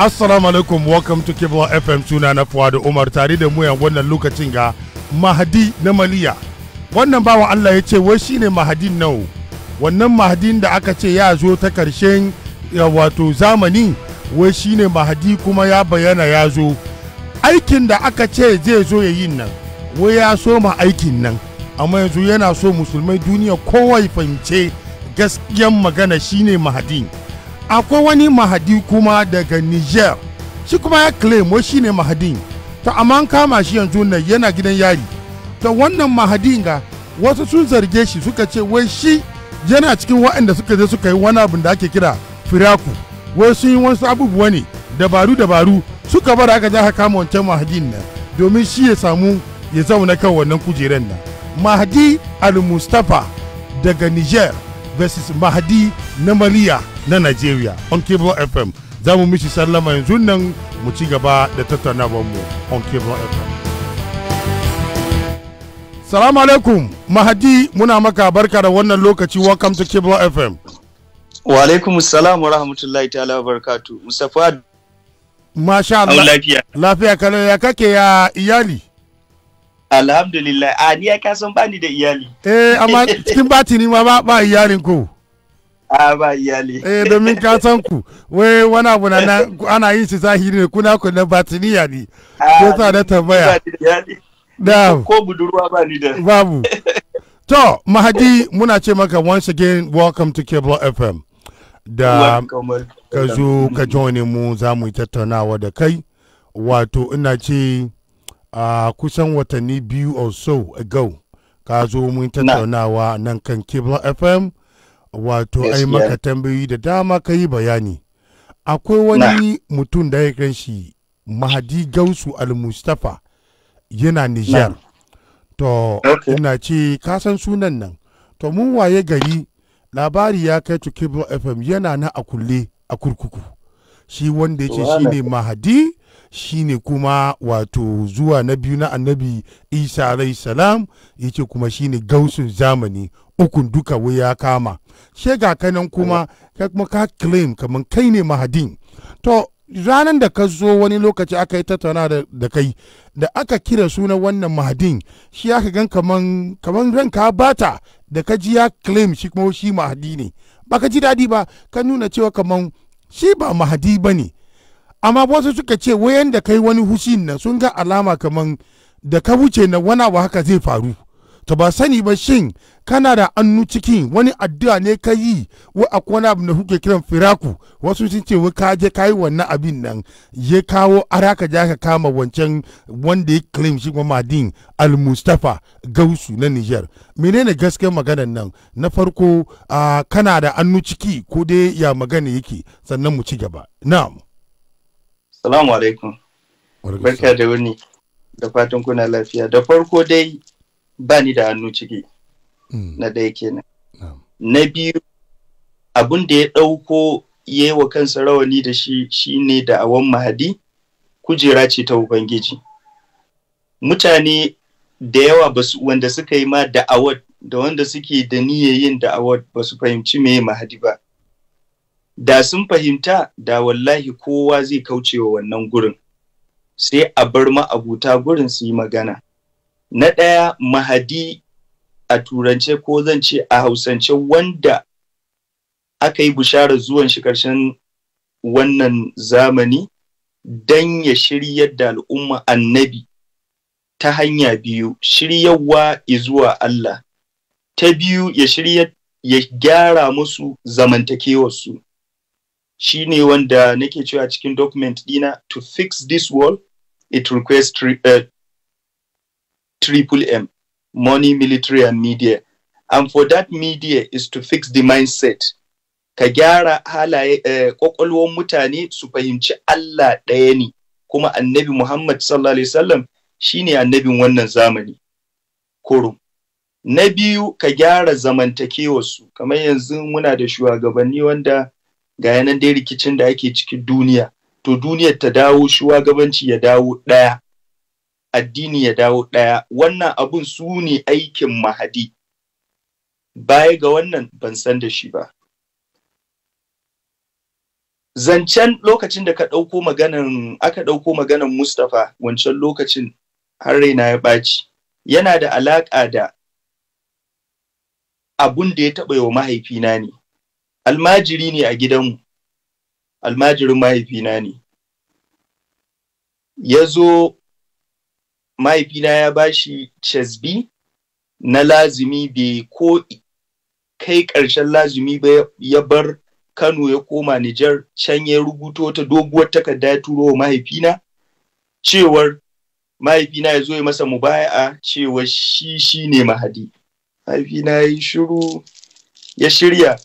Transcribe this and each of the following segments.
Assalamu alaikum welcome to Kibla FM suna na Fuad Umar tare da mu wannan lokacin ga Mahdi na Maliya. Wannan bawan Allah ya ce wai shine Mahdin nau. Wannan Mahdin da aka ce ya zo ta karshen wato zamani wai shine Mahdi kuma ya bayyana ya zo. Aikin da aka ce zai zo ya yin nan wai ya so ma aikin nan amma yanzu yana so musulmai duniya kowa fahimce gaskiyan magana shine Mahdin. akwai wani mahadi kuma daga niger shi kuma ya claim wai shine mahadin to amma an kama shi yanzu nan yana gidan yari to wannan mahadi ga wasu sun zarge shi suka ce wai shi yana cikin waɗanda suka je suka yi wani abin da ake kira firaku wai sun yi wasu abubuwa ne dabaru dabaru suka bar aka ja ka kama wancan mahadi nan domin shi ya samu ya zauna kan wannan kujeran nan mahadi al-mustapha daga niger versus mahadi na mariya na nigeria on cable fm za mu mishi sallama yanzu nan mu ci gaba da tattaunawar mu on cable fm salamu alaikum mahadi muna maka barka da wannan lokaci welcome to cable fm wa alaikum salam wa rahmatullahi ta'ala wa barakatu mustafa masha Allah lafiya lafiya ya kake ya iyali Alhamdulillah, a ni ya kasan bani da iyali. Eh, amma cikin bati batini ma ba, ba iyalin ko. A ba iyali. Eh, domin kasan ku, wai wani abu na ana yin shi zahiri ne kuna ku na batiniya ne. Ko sa na tambaya. Da. Ko budurwa ba ni da. Babu. To, Mahadi muna ce maka once again welcome to Cable FM. Da ka zo ka join mu za mu yi tattaunawa da kai. Wato ina ce a kusan watanni biyu or so ago ka zo mun tattaunawa nan kan kibla fm wato ai maka tambayoyi da dama ka yi bayani akwai wani mutum da ya shi mahadi gausu al-mustapha yana nijar to ina ce kasan sunan nan to mun waye gari labari ya kai to kibla fm yana na a kulle a kurkuku shi wanda ya ce shi ne mahadi shine kuma wato zuwa na biyu na annabi isa alaihi salam yace kuma shine gausun zamani ukun duka wai ya kama she ga kanan kuma ka kuma ka claim kaman kai ne mahadin to ranar da ka zo wani lokaci aka yi tattauna da kai da aka kira suna wannan mahadin shi aka gan kaman kaman ranka bata da ka ji ya claim shi kuma shi mahadi ne baka ji daɗi ba ka nuna cewa kaman shi ba mahadi ba ne amma wasu suka ce wayan da kai wani hushi na sun ga alama kamar da ka wuce na wani abu haka zai faru to ba sani ba shin kana da annu cikin wani addu'a ne ka yi wa akwai wani abu da kuke kiran firaku wasu sun ce wai kaje ka yi wannan abin nan ya kawo araka ja ka kama wancan wanda ya claim shi kuma madin al mustafa gausu na niger menene gaskiyar maganar nan na farko ah, kana da annu ciki ko dai ya magana yake sannan mu ci gaba na'am Salamu alaikum. Barka da wuni da fatan kuna lafiya. Da farko dai ba ni da hannu ciki hmm. na ɗaya kenan. Na biyu abin da ya ɗauko ya yi wa kansa rawani da shi shine da awon mahadi kujera ce ta Ubangiji. Mutane da yawa wanda suka yi ma da awad da wanda suke da niyyar yin da awad ba su fahimci me mahadi ba. da sun fahimta da wallahi kowa zai kauce wa wannan gurin sai a bar ma'abuta gurin su yi magana na ɗaya mahadi a turance ko zance a hausance wanda aka yi bisharar zuwan shi ƙarshen wannan zamani don ya shiryar da al'umma annabi ta hanya biyu shiryarwa izuwa Allah ta biyu ya shiryar ya gyara musu zamantakewarsu shi ne wanda nake cewa cikin document dina to fix this wall it requires uh, triple uh, m money military and media and for that media is to fix the mindset ka gyara halaye uh, kwakwalwar mutane su fahimci Allah ɗaya ne kuma annabi Muhammad sallallahu alaihi wasallam shine annabin wannan zamani kurum na biyu ka gyara su. kamar yanzu muna da shugabanni wanda ga yanan dai rikicin da ake cikin duniya to duniyar ta dawo shugabanci ya dawo ɗaya addini ya dawo ɗaya wannan abun su ne aikin mahadi baya ga wannan ban san da shi ba zancen lokacin da ka ɗauko maganan aka ɗauko maganan mustapha wancan lokacin har raina ya ɓaci yana da alaƙa da abun da ya taɓa wa mahaifina ne almajiri ne a gidanmu almajirin mahaifina ne ya zo mahaifina ya ba shi casbi na lazumi bai ko kai ƙarshen lazumi ba ya bar kano ya koma nijar can ya rubuto ta doguwar takarda ya turo wa mahaifina cewar mahaifina ya zo ya masa mubaya'a cewa shi shi ne mahadi mahaifina ya yi shiru ya shirya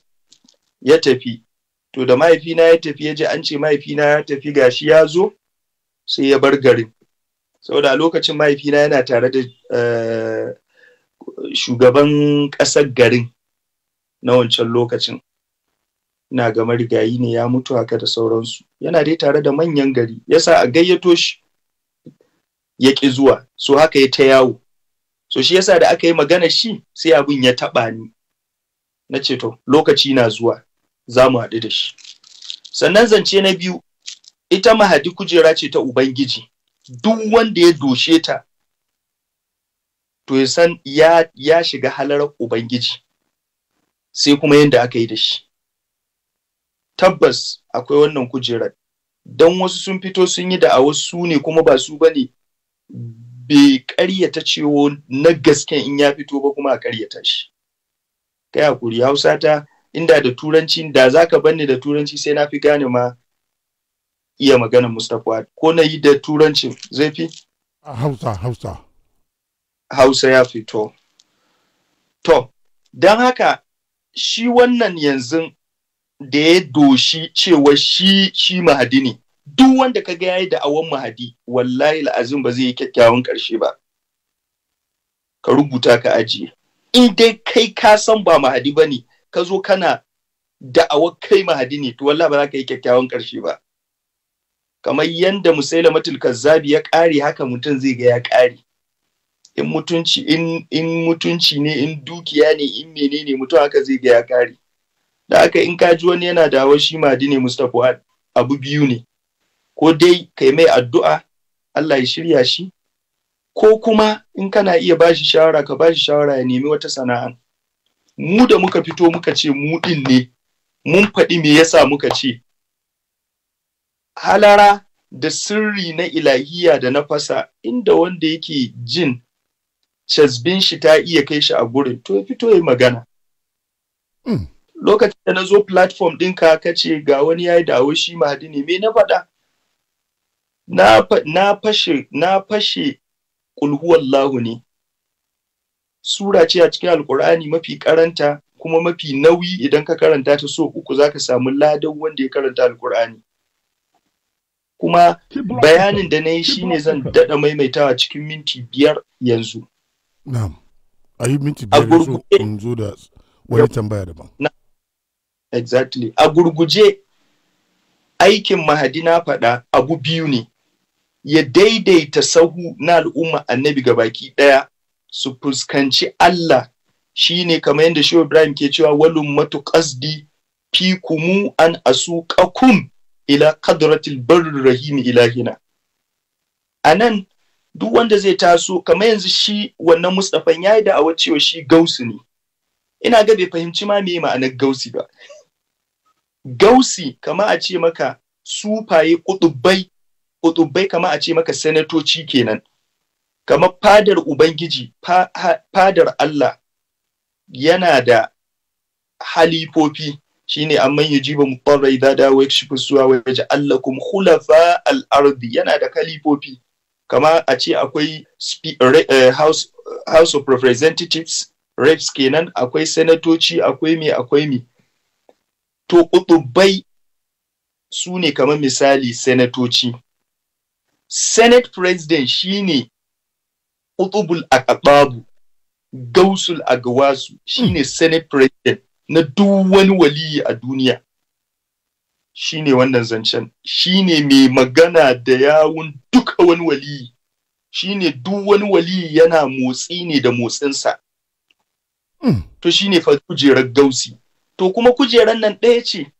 ya tafi to da mahaifina ya tafi ya ji an ce mahaifina ya tafi gashi ya zo sai ya bar garin saboda a lokacin mahaifina yana tare da eh, shugaban ƙasar garin na wancan lokacin na ga marigayi ne ya mutu haka da sauransu yana dai tare da manyan gari yasa a gayyato shi ya ƙi zuwa so haka ya ta yawo so shi yasa da aka yi magana shi sai abin ya taɓa ni na ce to lokaci na zuwa za mu haɗu da shi sannan zance na biyu ita mahadi kujera ce ta ubangiji duk wanda ya doshe ta to ya san ya shiga halarar ubangiji sai kuma yadda aka yi da shi tabbas akwai wannan kujerar don wasu sun fito sun yi da su ne kuma ba su ba ne bai karyata cewa na gasken in ya fito ba kuma a karyata shi kai hakuri hausa ta inda da turanci da za zaka banni da turanci sai na fi gane ma iya magana Mustapha ko na yi da turancin zai fi? Hausa, Hausa. Hausa ya fito. To, don haka shi wannan yanzu da ya doshi cewa shi shi mahadi ne, duk wanda ka ga yayi da awon mahadi, wallahi la'azin ba zai yi kyakkyawan ƙarshe ba. Ka rubuta ka ajiye. In dai kai ka san ba mahadi ba ne, ka zo kana da kai mahadi ne to wallahi ba za ka yi kyakkyawan ƙarshe ba kamar yanda musailamatul kazzabi ya ƙare haka mutum zai ga ya ƙare in mutunci in in mutunci ne in dukiya ne in menene mutum haka zai ga ya kare da haka in ka ji wani yana da shi mahadi ne Mustapha abu biyu ne ko dai kai mai addu'a Allah ya shirya shi ko kuma in kana iya bashi shawara ka bashi shawara ya nemi wata sana'a mu da muka fito muka ce mu din ne mun faɗi me yasa muka ce halara da sirri na ilahiya da na fasa inda wanda yake jin cazbin shi ta iya kai shi a gurin to ya fito ya magana hmm. lokacin da na zo platform ɗinka ka ce ga wani yayi yi dawo shi mahadi ne me na faɗa na fashe na fashe kulhuwallahu ne sura ce a cikin alkur'ani mafi karanta kuma mafi nauyi idan ka karanta ta so uku za ka samu ladan wanda ya karanta alkur'ani kuma bayanin da na yi shi ne zan daɗa maimaitawa cikin minti biyar yanzu a yi minti biyar yanzu zo da wani tambaya daban exactly a gurguje aikin mahadi na faɗa abu biyu ne ya daidaita sahu na al'umma annabi ga baki ɗaya su fuskanci Allah shi ne kama yadda shi Ibrahim ke cewa walum matu fi fikumu an asu asuqakum ila qadratil barin rahimi ilahina anan duk wanda zai taso kamar yanzu shi wannan Mustafan yayi da awa cewa shi gausu ne ina ga bai fahimci ma me ma'anar gausi ba gausi kama a ce maka sufaye kutubai kutubai kama a ce maka sanatoci kenan kamar fadar ubangiji fadar Allah yana da halifofi shine amman yujibu mutarra idza da wa yakshifu su'a wa yaj'al khulafa al-ardi yana da kalifofi kama a ce akwai eh, house, of representatives reps kenan akwai senatoci akwai me akwai me to kutubai su ne kamar misali senatoci senate president shine Qutubul akababu Gausul Agawasu shine hmm. Senate President na duk wani waliyi a duniya shine wannan zancen shine mai magana da yawun duka wani waliyi shine duk wani waliyi yana motsi ne da motsinsa hmm. to shine fa kujerar gausi to kuma kujerar nan ɗaya ce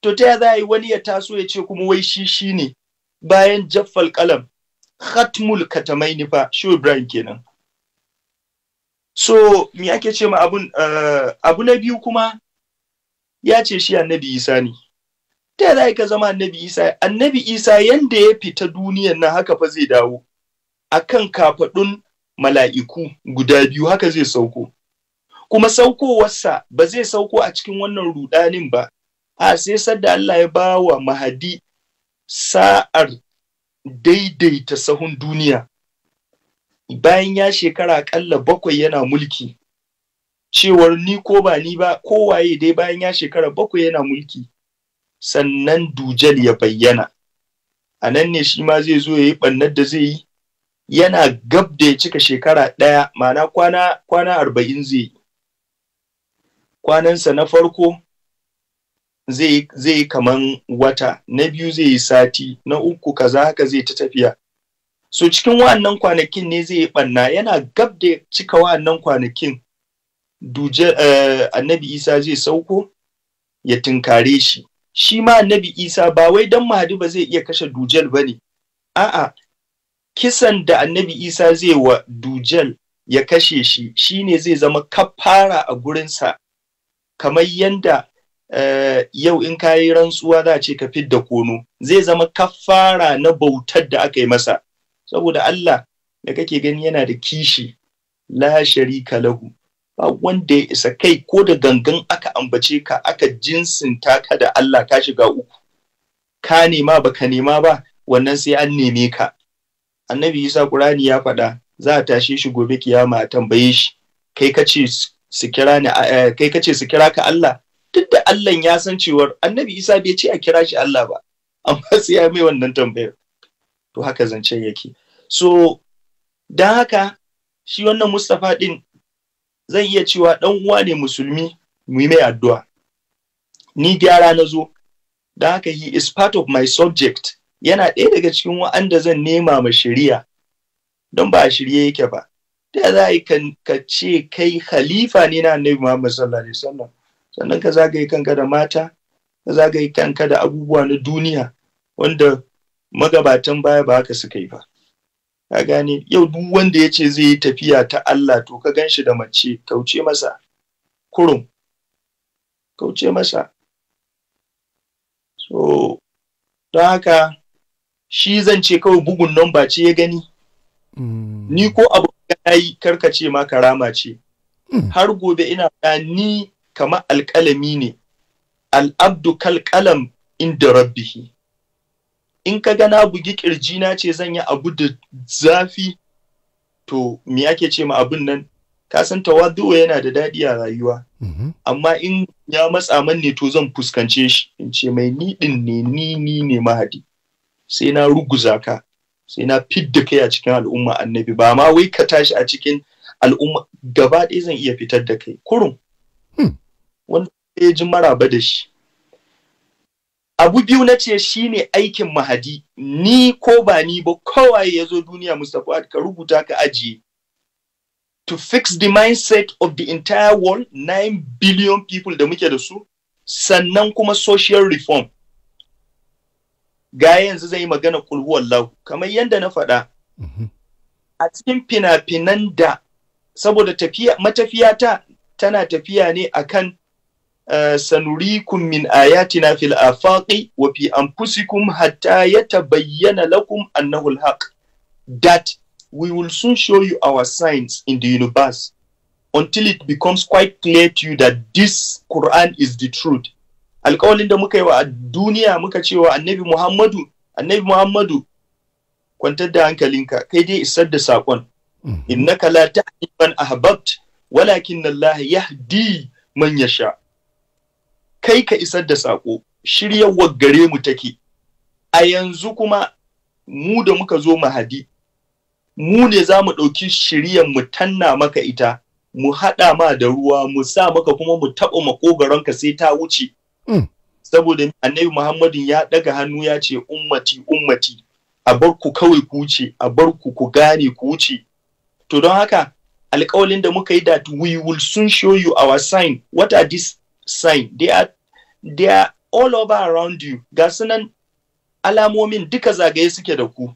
to ta za a yi wani ya taso ya ce kuma wai shi shine bayan jaffal kalam khatmul katamaini fa shi Ibrahim kenan so me ake ce ma abun eh, abu na biyu kuma ya ce shi annabi Isa ne ta za ka zama annabi Isa annabi Isa yanda ya fita duniyar nan haka fa zai dawo akan kafadun mala'iku guda biyu haka zai sauko kuma saukowarsa ba zai sauko a cikin wannan rudanin ba a sai sadda Allah ya ba wa mahadi sa'ar daidaita sahun duniya bayan ya shekara akalla bakwai yana mulki cewar ni ko ba ni ba kowaye dai bayan ya shekara bakwai yana mulki sannan dujal ya bayyana a nan ne shi ma zai zo ya yi ɓannar da zai yi yana gab da ya cika shekara ɗaya ma'ana kwana arba'in zai yi kwanansa na farko zai yi kaman wata na biyu zai yi sati na uku kaza haka zai ta tafiya so cikin wa'annan kwanakin ne zai yi ɓanna yana gab da cika wa'annan kwanakin duje eh, annabi isa zai sauko ya tunkare shi shi ma annabi isa ba wai dan mahadi ba zai iya kashe dujal ba ne a'a kisan da annabi isa zai wa dujel ya kashe shi shi ne zai zama kafara a gurinsa kamar yanda Eh, yau in ka yi rantsuwa za a ce ka fidda kono zai zama kafara na bautar da aka yi masa saboda Allah da kake gani yana da kishi la sharika lahu ba wanda ya isa kai ko da gangan aka ambace ka aka ta ka da Allah ka shiga uku ka nema ba ka nema ba wannan sai an neme ka annabi isa qur'ani ya faɗa za a tashe shi gobe kiyama a tambaye shi kai kace su kira ni eh, kai kace su kira ka Allah duk da Allah ya san cewar annabi Isa bai ce a kira shi Allah ba amma sai ya mai wannan tambayar to haka zance yake so don haka shi wannan Mustapha din zan iya cewa dan uwa ne musulmi mu yi mai addu'a ni gyara na zo dan haka he is part of my subject yana ɗaya daga cikin wa'anda zan nema ma shari'a don ba a shirye yake ba da za a yi ka ce kai khalifa ne na annabi Muhammad sallallahu alaihi wasallam sannan ka zagaye kanka da mata ka zagaye kanka da abubuwa na duniya wanda magabatan baya ba haka suka yi ba ka gane yau duk wanda ya ce zai yi tafiya ta Allah to ka gan shi da mace kauce masa kurum kauce masa so don haka shi zan ce kawai bugun nan ba ce ya gani mm. ni ko abu yi karkace ma karama ce mm. har gobe ina da ni kama alƙalami ne al'abdu kalƙalam inda rabbihi in ka ga na bugi ƙirji na ce zan yi abu da zafi to me ake ce ma abun nan ka san yana da daɗi a rayuwa mhm. amma in ya matsa man ne to zan fuskance shi in ce mai niɗin ne ni ni ne mahadi sai na ruguza ka sai na fidda kai a cikin al'umma annabi ba ma wai ka tashi a cikin al'umma gaba ɗaya zan iya fitar da kai kurum wanda ya ji maraba da shi abu biyu na ce shi ne aikin mahadi ni ko ba ni ba kawai ya zo duniya mustapha ka rubuta ka ajiye to fix the mindset of the entire world 9 billion people da muke da su sannan kuma social reform ga yanzu zai yi magana kulhuwallahu kamar yadda na faɗa mhm. a cikin fina-finan da saboda matafiya ta tana tafiya ne akan سنريكم eh, min ayatina fil الآفاق wa أنفسكم حتى hatta لكم lakum الحق that we will soon show you our signs in the universe until it becomes quite clear to you that this Quran is the truth alƙawalin da muka yi wa duniya muka ce wa annabi Muhammadu annabi Muhammadu kwantar da hankalinka kai dai isar da saƙon mhm. innaka la tahdi man ahbabt walakin Allah yahdi man yasha' kai ka isar da saƙo shiryawar gare mu take a yanzu kuma mu da muka zo mahadi mu ne za mu ɗauki shiryan mu tanna maka ita mu haɗa ma da ruwa mu sa maka kuma mu taɓa makogaronka sai ta wuce mm. saboda annabi muhammadin ya ɗaga hannu ya ce ummati ummati a bar ku kawai ku wuce a bar ku ku gane ku wuce to don haka alƙawalin da muka yi that we will soon show you our sign what are these sign they are they are all over around you ga sunan alamomin duka zagaye suke da ku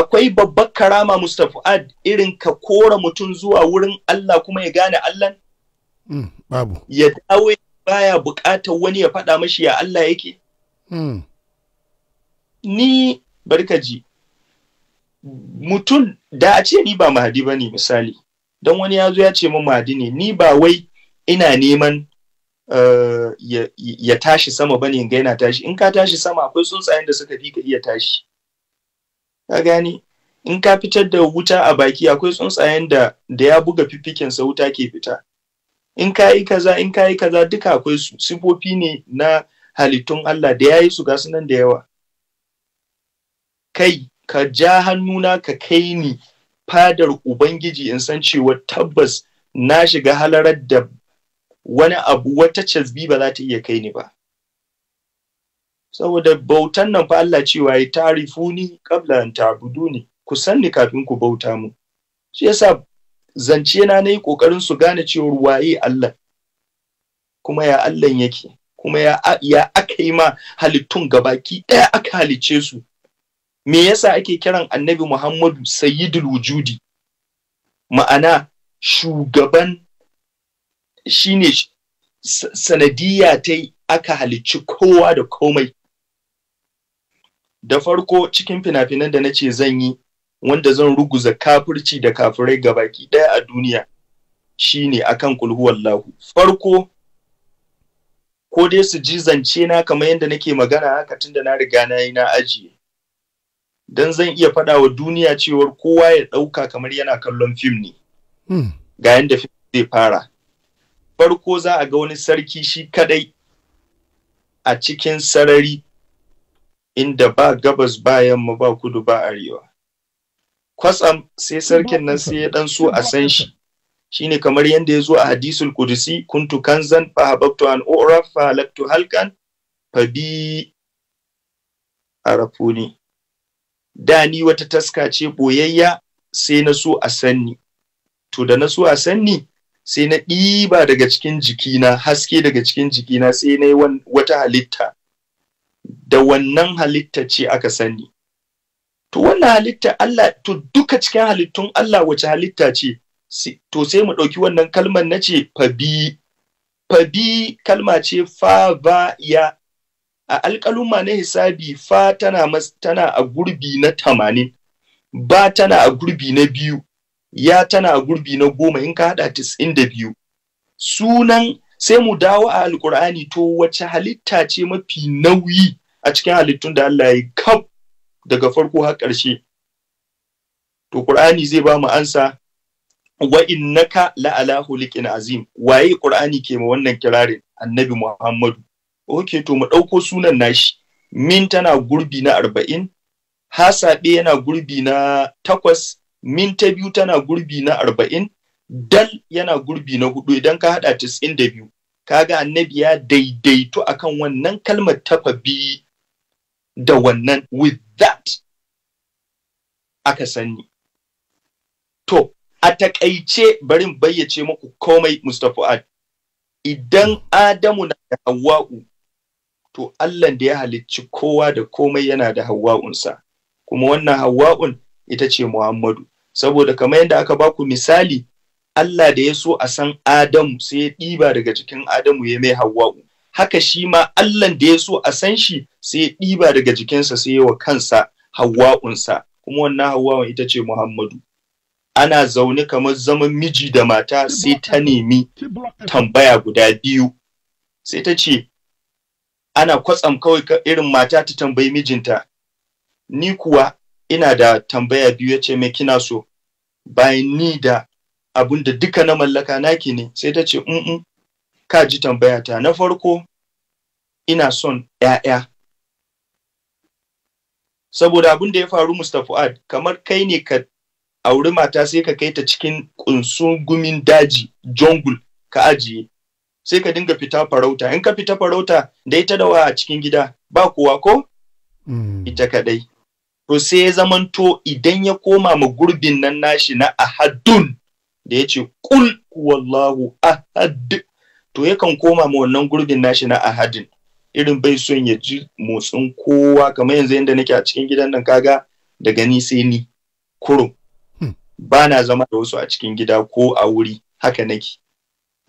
akwai babbar karama ad irin ka kora mutum zuwa wurin Allah kuma ya gane Allah mm, babu ya dawo baya bukatar wani ya faɗa mashi ya Allah yake mm. ni barkaji mutum da a ce ni ba mahadi ba ne misali don wani ya zo ya ce min mahadi ne ni ba wai ina neman Eh, ya, tashi sama bane ga yana tashi in ka tashi sama akwai tsuntsayen da suka fi ka iya tashi ka gani in ka fitar da wuta a baki akwai tsuntsayen da da ya buga fifikinsa wuta ke fita in ka yi kaza in ka yi kaza duka akwai sifofi ne na halittun Allah da ya yi su gasu nan da yawa kai ka ja hannuna ka kai ni fadar ubangiji in san cewa tabbas na shiga halarar da wani abu wata casbi ba za ta iya kai ni ba saboda bautan nan fa Allah cewa ya tarifuni qabla an ni ku san ni kafin ku bauta mu shi yasa zance na nayi ƙoƙarin su gane cewa waye Allah kuma ya Allah yake kuma ya aka yi ma halittun gabaki ɗaya aka halice su me yasa ake kiran annabi Muhammadu sayyidul wujudi ma'ana shugaban shine sanadiyya ta yi aka halicci kowa da komai da farko cikin fina-finan da na ce zan yi wanda zan ruguza kafirci da kafirai baki ɗaya a duniya shine akan lahu farko ko dai su ji zance na kamar yadda nake magana haka da na riga na yi na ajiye don zan iya faɗa wa duniya cewar kowa ya ɗauka kamar yana kallon fim ne hmm. ga yadda fim zai fara farko za a ga wani sarki shi kadai a cikin sarari inda ba gabas ba yamma ba kudu ba arewa kwatsam sai sarkin nan sai ya dan so a san shi shine kamar yadda ya zo a hadisul kudusi kuntu kanzan fa hababtu an uraf fa halkan fa bi arafuni da ni wata taska ce boyayya sai na so a sanni to da na so a sanni sai na ɗiba daga cikin jikina haske daga cikin jikina sai na yi wata halitta da wannan halitta ce aka sani to wannan halitta Allah to duka cikin halittun Allah wace halitta ce to sai mu ɗauki wannan kalmar na ce fabi fabi kalma ce fa ba ya a alƙaluma na hisabi fa tana tana a gurbi na tamanin ba tana a gurbi na biyu ya tana gurbi na goma in ka haɗa tis'in da biyu sunan sai mu dawo a alkur'ani to wace halitta ce mafi nauyi a cikin halittun da Allah ya kaf daga farko har ƙarshe to ƙur'ani zai ba mu ansa wa innaka la'ala hulikin azim waye ƙur'ani ke ma wannan kirarin annabi muhammadu ok to mu ɗauko sunan nashi min tana gurbi na arba'in hasaɓe yana gurbi na takwas min ta biyu tana gurbi na arba'in dal yana gurbi na hudu idan ka haɗa tisin da biyu ka ga annabi ya daidaito kan wannan kalmar tafa bi da wannan with that aka sani to a takaice bari bayyace muku komai Mustapha idan Adamu na da hawa'u to Allah da ya halicci kowa da komai yana da hawa'unsa kuma wannan hawa'un ita ce Muhammadu saboda kamar yadda aka baku misali Allah da ya so a san Adamu sai ya ɗiba daga jikin Adamu ya mai Hawwa'u haka shi ma Allah da ya so a san shi sai ya ɗiba daga jikinsa sai ya wa kansa Hawwa'unsa kuma wannan Hawwa'un ita ce Muhammadu ana zaune kamar zaman miji da mata sai ta nemi tambaya guda biyu sai ta ce ana kwatsam kawai irin mata ta tambayi mijinta ni kuwa ina da tambaya biyu ya ce me kina so bayan ni da abun da duka na mallaka naki ne sai ta ce mm, mm ka ji tambaya ta na farko ina son ‘ya'ya. Saboda abun da ya faru Mustapha Fuad, kamar kai ne ka auri mata sai ka kai ta cikin kunsun gumin daji, jungle, ka ajiye. Sai ka dinga fita farauta, in ka fita farauta da ita da a cikin gida, ba kowa ko? Mm. Ita kadai. to sai ya zamanto idan ya koma ma gurbin nan nashi na ahadun da ya ce kul wallahu ahad to yakan koma ma wannan gurbin nashi na ahadin irin bai son ya ji motsin kowa kamar yanzu yadda nake a cikin gidan nan kaga daga ni sai ni kurum hmm. ba na zama da wasu a cikin gida ko a wuri haka nake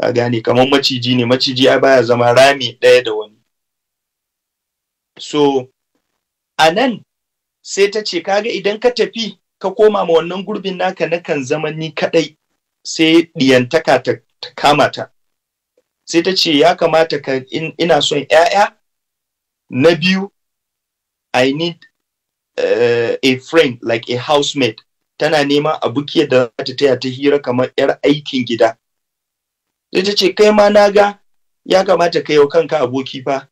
ka gane kamar maciji ne maciji ai baya zama rami ɗaya da wani so a nan sai ta ce kaga idan ka tafi ka koma ma wannan gurbin naka na kan zama ni kadai sai diyantaka ta kama ta sai ta ce ya kamata ka ina son ‘ya'ya na biyu I need eh, a friend like a housemate tana neman bukiyar da za ta taya ta hira kamar ‘yar aikin gida sai ta ce kai ma na ga ya kamata ka yau kanka aboki fa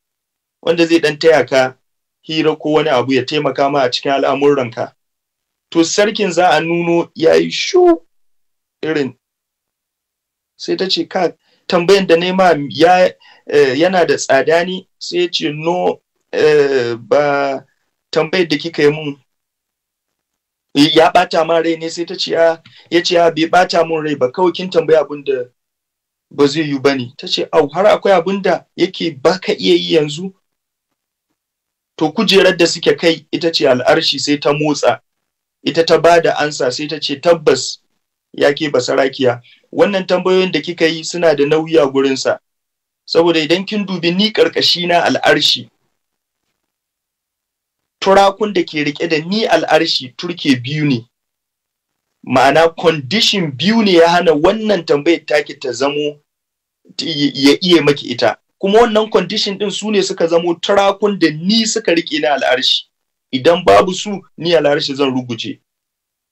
wanda zai ɗan taya ka hira ko wani abu ya taimaka ma a cikin al'amuran ka. to sarkin za a nuno ya yi shu irin sai ta ce ka tambayan da nema ya eh, yana da tsada ne sai ya ce no eh, ba tambayar da kika yi mun eh, ya bata ma rai ne sai ta ce ah, ya ce ya ah, bai bata mun rai ba kawai kin tambaya abin da ba zai yi ba ne ta ce au har akwai abin da yake baka iya yi yanzu to kujerar da suke kai ita ce al'arshi sai ta motsa ita ta ba da ansa sai ta ce tabbas ya ke basarakiya wannan tambayoyin da kika yi suna da nauyi a gurinsa saboda idan kin dubi ni karkashi na al'arshi turakun da ke rike da ni al'arshi turke biyu ne ma'ana condition biyu ne ya hana wannan tambayar take ta zamo ya iya maki ita kuma wannan condition din su ne suka zamo turakun da ni suka rike ni al'arshi idan babu su ni al'arshi zan ruguje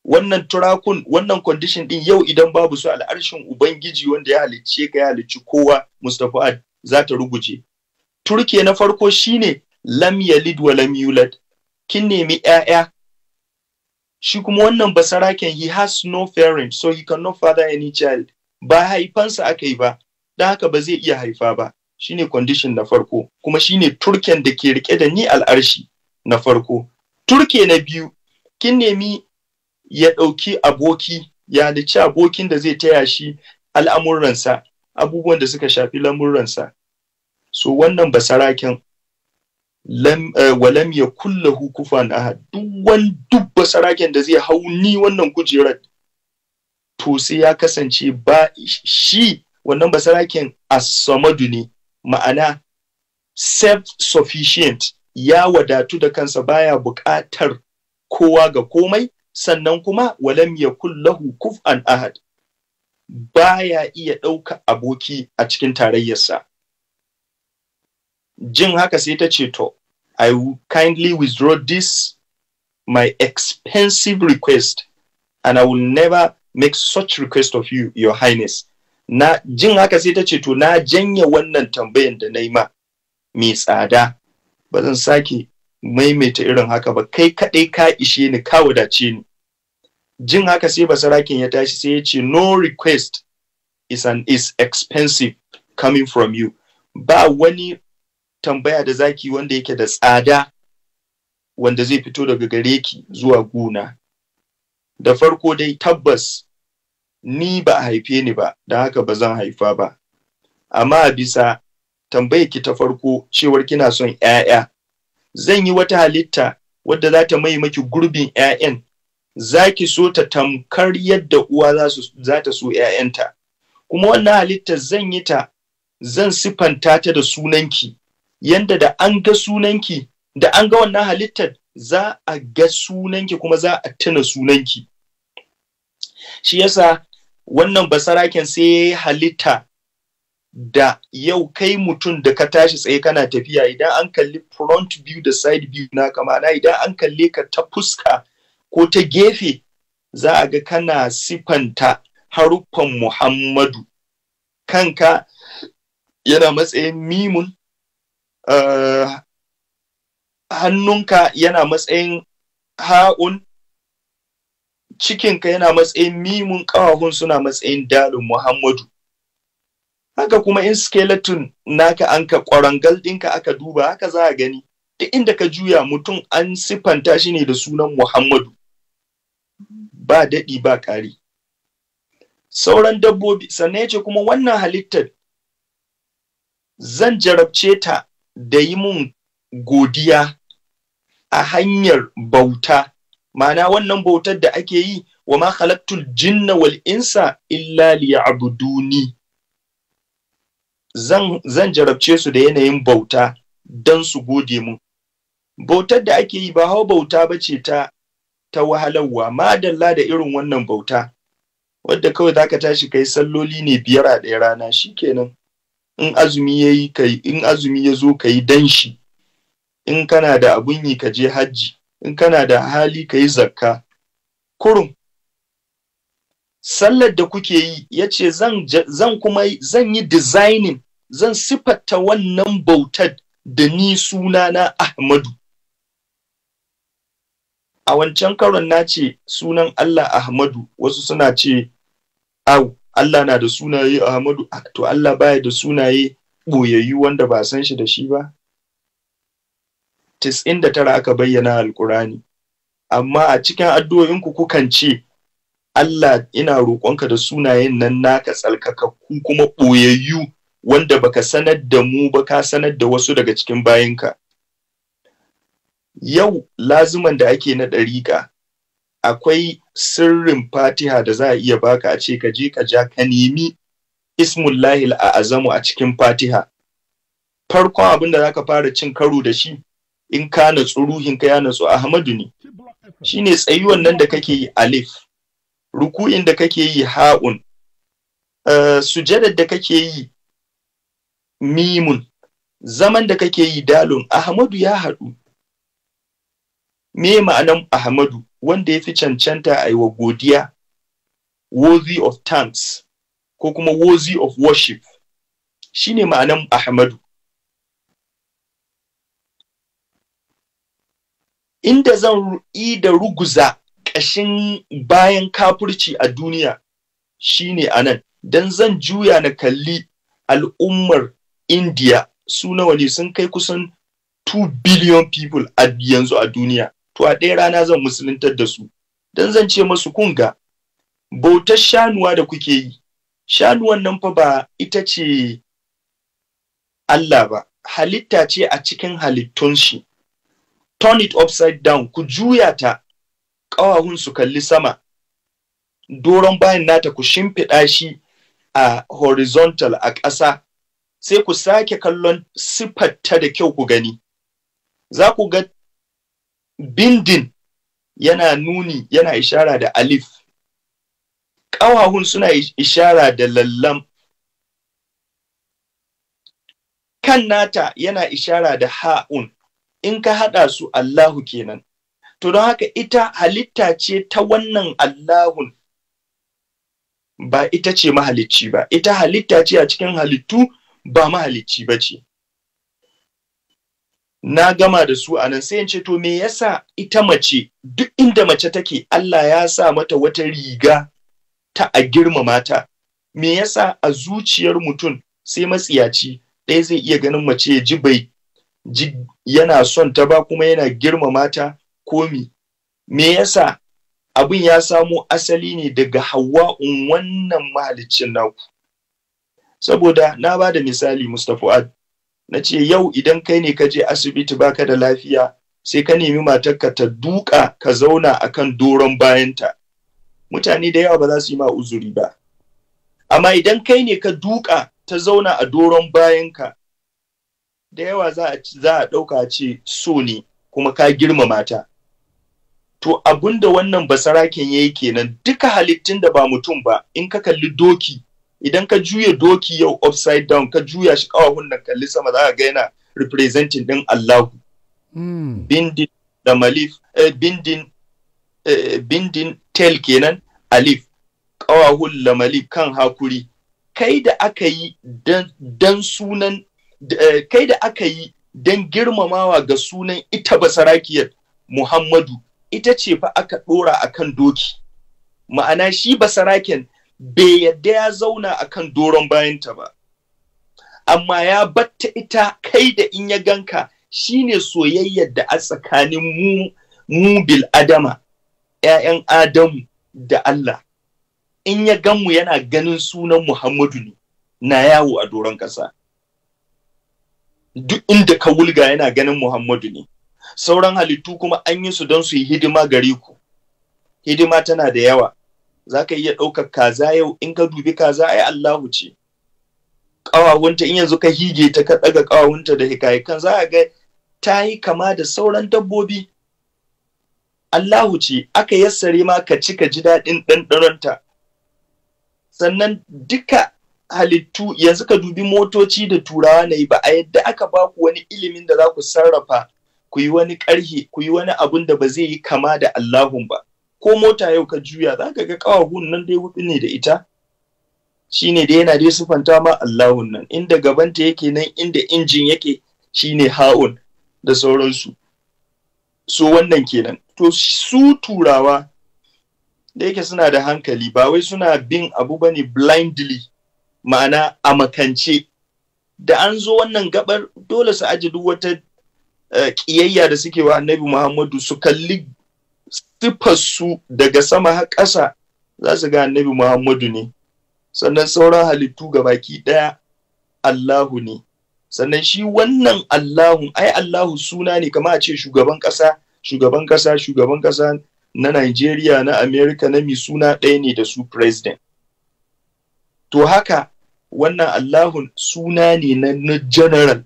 wannan turakun wannan condition din yau idan babu su al'arshin ubangiji wanda ya halicce ka ya halicci kowa Mustapha za ta ruguje turke na farko shine lam yalid wa lam yulad kin nemi ƴaƴa? shi kuma wannan basaraken he has no parent so he cannot father any child ba haifansa aka yi ba dan haka ba zai iya haifa ba shine condition na farko kuma shine turken da ke rike da ni al'arshi na farko turke na biyu kin nemi ya ɗauki aboki ya nace abokin da zai taya shi al'amuransa abubuwan da suka shafi lamurransa. so wannan basaraken eh, walam ya kulle kufan ahad duk wani duk basaraken da zai hau ni wannan kujerar to sai ya kasance ba shi wannan basaraken asamadu ne ma'ana self-sufficient ya wadatu da kansa baya buƙatar kowa ga komai sannan kuma walam ya lahu kuf'an ahad baya iya ɗauka aboki a cikin tarayyarsa jin haka sai ta ce to I will kindly withdraw this my expensive request and I will never make such request of you, Your Highness. na jin haka sai ta ce to na janye wannan tambayan da na yi ma mai tsada ba zan sake maimaita irin haka ba kai kaɗai ka ishe ni ka wadace ni jin haka sai basarakin ya tashi sai ya ce no request is an is expensive coming from you ba wani tambaya da zaki wanda yake da tsada wanda zai fito daga gare ki zuwa guna da farko dai tabbas ni ba a haife ni ba da haka ba zan haifa ba amma bisa tambayar ki ta farko cewar kina son 'ya'ya zan yi wata halitta wadda za ta mai maki gurbin 'ya'yan za ki so ta tamkar yadda uwa za ta so 'ya'yanta kuma wannan halitta zan yi ta zan sifanta ta da sunanki yadda da an ga sunanki da an ga wannan halittar za a ga sunanki kuma za a tuna sunanki shi yasa wannan basaraken sai halitta da yau kai mutum da ka tashi tsaye kana tafiya idan an kalli front view da side view na kamana idan an kalli ka ta fuska ko ta gefe za a ga kana sifanta haruffan muhammadu kanka yana matsayin mimun eh, hannunka yana matsayin ha'un cikinka yana matsayin mimun ƙawahun suna matsayin dalin Muhammadu. Haka kuma in skeleton naka an ka ƙwarangal ɗinka aka duba haka za a gani, duk inda ka juya mutum an siffanta shi ne da sunan Muhammadu. Ba daɗi ba ƙari. Sauran dabbobi, sannan ya ce kuma wannan halittar zan jarabce ta da yi mun godiya a hanyar bauta ma'ana wannan bautar da ake yi wa ma khalaqtul jinna wal insa illa liya'buduni zan zan jarabce su da yanayin bauta dan su gode mu bautar da ake yi ba hau bauta bace ta ta wahalarwa madalla da irin wannan bauta wadda kawai zaka tashi kai salloli ne biyar a ɗaya rana shikenan in azumi yayi kai in azumi ya zo kai dan shi in kana da abun yi ka je hajji in kana da hali ka yi zakka kurum sallar da kuke yi ya ce zan kuma zan yi designing zan sifatta wannan bautar da ni sunana Ahmadu a wancan karon na ce sunan Allah Ahmadu wasu suna ce au Allah na da sunaye Ahmadu to Allah baya da sunaye boyayyu wanda ba san shi da shi ba tis'in da tara aka bayyana alkurani amma a cikin addu'o'inku kukan ce Allah ina roƙonka da sunayen nan naka tsalkakakku kuma ɓoyayyu wanda baka sanar da mu ba ka sanar da wasu daga cikin bayinka. yau lazuman da ake na ɗariƙa akwai sirrin fatiha da za a iya baka a ce ka je ka ja ka nemi ismullahi a azamu a cikin fatiha farkon abin da za ka fara cin karo da shi in ka natsu ruhinka ya natsu Ahmadu ne shine tsayuwan nan da kake yi alif ruku'in da kake yi ha'un uh, da kake yi mimun zaman da kake yi dalun Ahmadu ya haɗu me ma'anan Ahmadu wanda ya fi cancanta a yi godiya worthy of thanks ko kuma worthy of worship shine ma'anan Ahmadu inda zan yi da ruguza ƙashin bayan kafurci a duniya shine anan, nan don zan juya na kalli al'ummar indiya su nawa ne sun kai kusan 2 billion people a yanzu a duniya to a ɗaya rana zan musuluntar da su don zan ce masu kunga bautar shanuwa da kuke yi shanuwan nan fa ba ita ce Allah ba halitta ce a cikin halittun shi turn it upside down ku juya ta ƙawahun su kalli sama doron bayan nata ku shimfiɗa shi a horizontal a ƙasa sai ku sake kallon siffarta da kyau ku gani za ku ga bindin yana nuni yana ishara da alif ƙawahun suna ishara da lallam kan nata yana ishara da ha'un in ka haɗa su Allahu kenan to don haka ita halitta ce ta wannan Allahun ba ita ce mahalicci ba ita halitta ce a cikin halittu ba mahalicci ba ce na gama da su anan sai in ce to me yasa ita mace duk inda mace take Allah ya sa mata wata riga ta a girmama ta me yasa a zuciyar mutum sai matsiyaci ɗaya zai iya ganin mace ya ji bai ji yana son ta ba kuma yana girmama ta komi me yasa abin ya samo asali ne daga hawa'un wannan mahaliccin naku saboda na ba da misali mustafa'ad na ce yau idan kai ne ka je asibiti baka da lafiya sai ka nemi matarka ta duka ka zauna akan doron bayanta mutane da yawa ba za su yi ma uzuri ba amma idan kai ne ka duka ta zauna a doron bayanka da yawa za a ɗauka ce so ne kuma ka girmama ta to abinda wannan basaraken ya yi kenan duka halittun da ba mutum ba in ka kalli doki idan ka juya doki yau upside down ka juya shi kawahun nan kalli sama za ka ga yana representing din Allahu hmm. bindin da malif eh, bindin eh, tel kenan alif kawahun lamalif kan hakuri kai da aka yi dan sunan Eh, kai da aka yi don girmamawa ga sunan ita basarakiyar Muhammadu ita ce fa aka ɗora a kan doki. Ma'ana shi basaraken bai yadda ya zauna a kan doron bayanta ba. Amma ya batta ita kai da in ya ganka shi ne soyayyar da a tsakanin mu, mu bil adama, ‘ya'yan Adamu da Allah. In ya ganmu yana ganin sunan Muhammadu ne na yawo a doron ƙasa. duk inda ka wulga yana ganin Muhammadu ne. Sauran halittu kuma an yi su don su yi hidima gare ku. Hidima tana da yawa. Za ka iya ɗaukar kaza yau in ka dubi kaza ai Allahu ce. Ƙawawunta in yanzu ka hige ta ka ɗaga ƙawawunta da kan za a ga ta yi kama da sauran dabbobi. Allahu ce aka yassare ma ka ci ka ji daɗin ɗanɗanonta. Sannan duka halittu yanzu ka dubi motoci da turawa na yi ba a yadda aka ba ku wani ilimin da za ku sarrafa ku yi wani ƙarhe ku yi wani abun da ba zai yi kama da Allahun ba ko mota yau ka juya za ka ga ƙawahun nan dai hudu ne da ita shine da yana dai sufanta ma Allahun nan inda gabanta yake nan inda injin yake shine ha'un da sauransu so wannan kenan to su turawa da yake suna da hankali ba wai suna bin abu bane blindly ma'ana a makance da an zo wannan gabar dole su aji duk wata eh, ƙiyayya da suke wa annabi muhammadu su kalli su daga sama har ƙasa za su ga annabi muhammadu ne sannan sauran halittu ga baki ɗaya allahu ne sannan shi wannan allahu ai allahu suna ne kama a ce shugaban ƙasa shugaban ƙasa shugaban ƙasa na nigeria na america na mi suna ɗaya ne da su president to haka wannan Allahun suna ne na general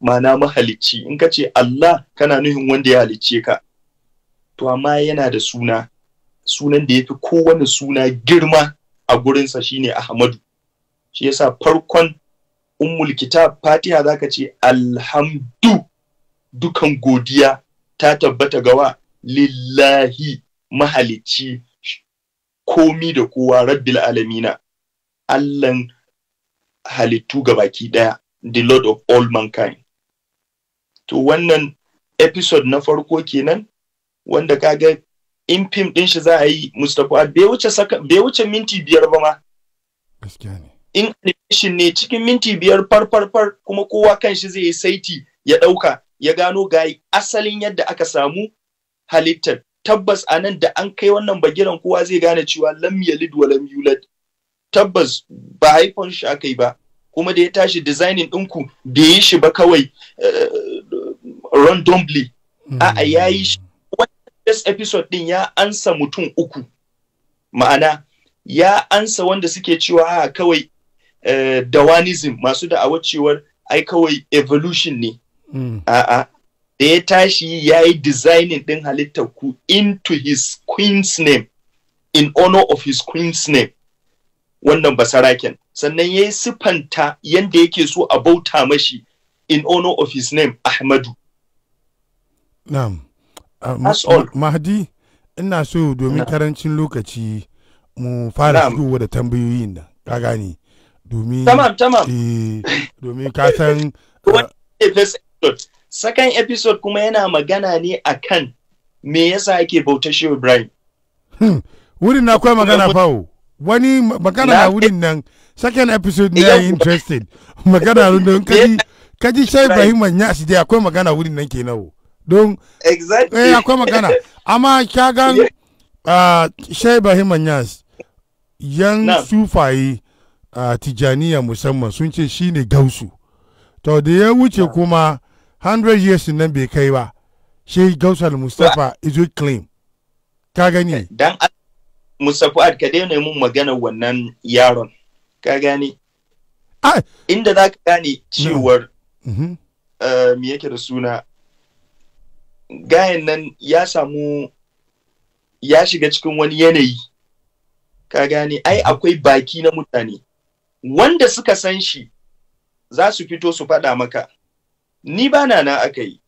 ma'ana mahalicci in ka ce Allah kana nuhin wanda ya halicce ka to amma yana da suna sunan da ya fi kowane suna girma a gurinsa shine Ahmadu shi yasa farkon ummul kitab fatiha ka ce alhamdu dukan godiya ta tabbata gawa lillahi mahalicci komi da kowa rabbil alamina Allahn halittu ga baki daya the lord of all mankind to wannan episode na farko kenan wanda kaga in fim din shi za a yi mustapha bai wuce minti biyar ba ma in animation ne cikin minti biyar farfarfar kuma kowa kan shi zai yi saiti ya ɗauka, ya gano ga asalin yadda aka samu halittar tabbas a nan da an kai wannan bagiran kowa zai gane cewa lam yalid wa lam yulad tabbas ba haifon shi aka yi ba kuma da ya tashi designing ɗinku bai yi shi ba kawai eh, randomly a'a hmm. ya yi shi wannan episode ɗin ya ansa mutum uku ma'ana ya ansa wanda suke cewa a kawai eh, dawanism masu da awa cewar ai kawai evolution ne hmm. a'a da ya tashi ya yi designing ɗin halittar ku into his queen's name in honor of his queen's name wannan basaraken sannan ya yi siffanta yadda yake so a bauta mashi in honor of his name ahmadu na'am ah, mahdi ina so domin karancin lokaci mu fara shigowa da tambayoyin da ka gani domin eh, domin kasan Sakan ah, second episode kuma yana magana ne kan me yasa ake bautar shehu ibrahim hmm. wurin na akwai magana fawo wani magana a wurin nan second episode ne yi interested magana don kaji kaji shai ibrahim ya shi dai akwai magana wurin nan kenan don exactly eh akwai magana amma kagan ah, shai ibrahim manya yan sufaye a ah, tijaniya musamman sun ce shi ne gausu to da ya wuce kuma 100 years nan bai kai ba shi Gausar Mustapha is izo claim ka gani dan Mustapha Fuad ka daina mun magana wannan yaron. Ka gane? Inda za ka gane cewar mi mm-hmm. eh, yake da suna gayan nan ya samu ya shiga cikin wani yanayi. Ka gane? Ai akwai baki na mutane. Wanda suka san shi za su fito su faɗa maka. Ni ba na na aka yi.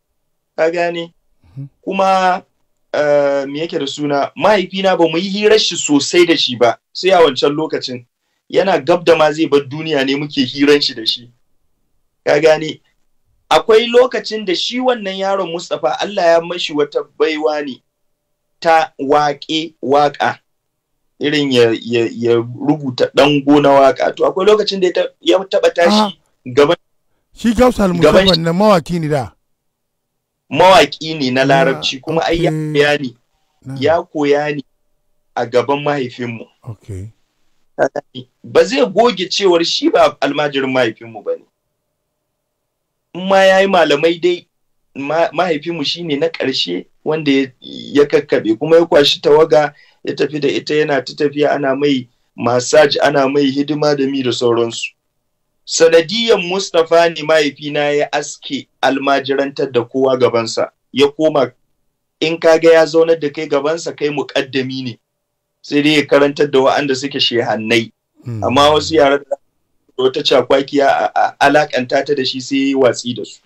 Ka gane? Mm-hmm. Kuma Eh, me yake da suna mahaifina ba mu yi hirar shi sosai da shi ba sai a wancan lokacin yana gab da ma zai bar duniya ne muke hiran shi da shi ka gane akwai lokacin da shi wannan yaron Mustapha Allah ya mashi wata baiwa ne ta waƙe waƙa irin ya, ya, ya rubuta ɗan gona waƙa to akwai lokacin da ya taɓa tashi gaban shi gausa almusa wannan mawaki ne da mawaƙi ne na ah, larabci kuma ai ya koya ne ya koya ne a gaban mahaifinmu ba zai goge cewar shi ba almajirin mahaifinmu ba ne in ma ya yi malamai dai mahaifinmu shi ne na ƙarshe wanda ya kakkaɓe kuma ya kwashi tawaga ya tafi da ita yana ta tafiya ana mai masaj ana mai hidima da mi da sauransu sanadiyan Mustapha ne mahaifina ya aske almajirantar da kowa gabansa ya koma in kaga ya zaunar da kai gabansa kai muƙaddami ne sai dai ya karantar da wa'anda suke shehannai hmm. amma wasu yaren da wata cakwakiya a alakanta ta da shi sai ya yi watsi da su.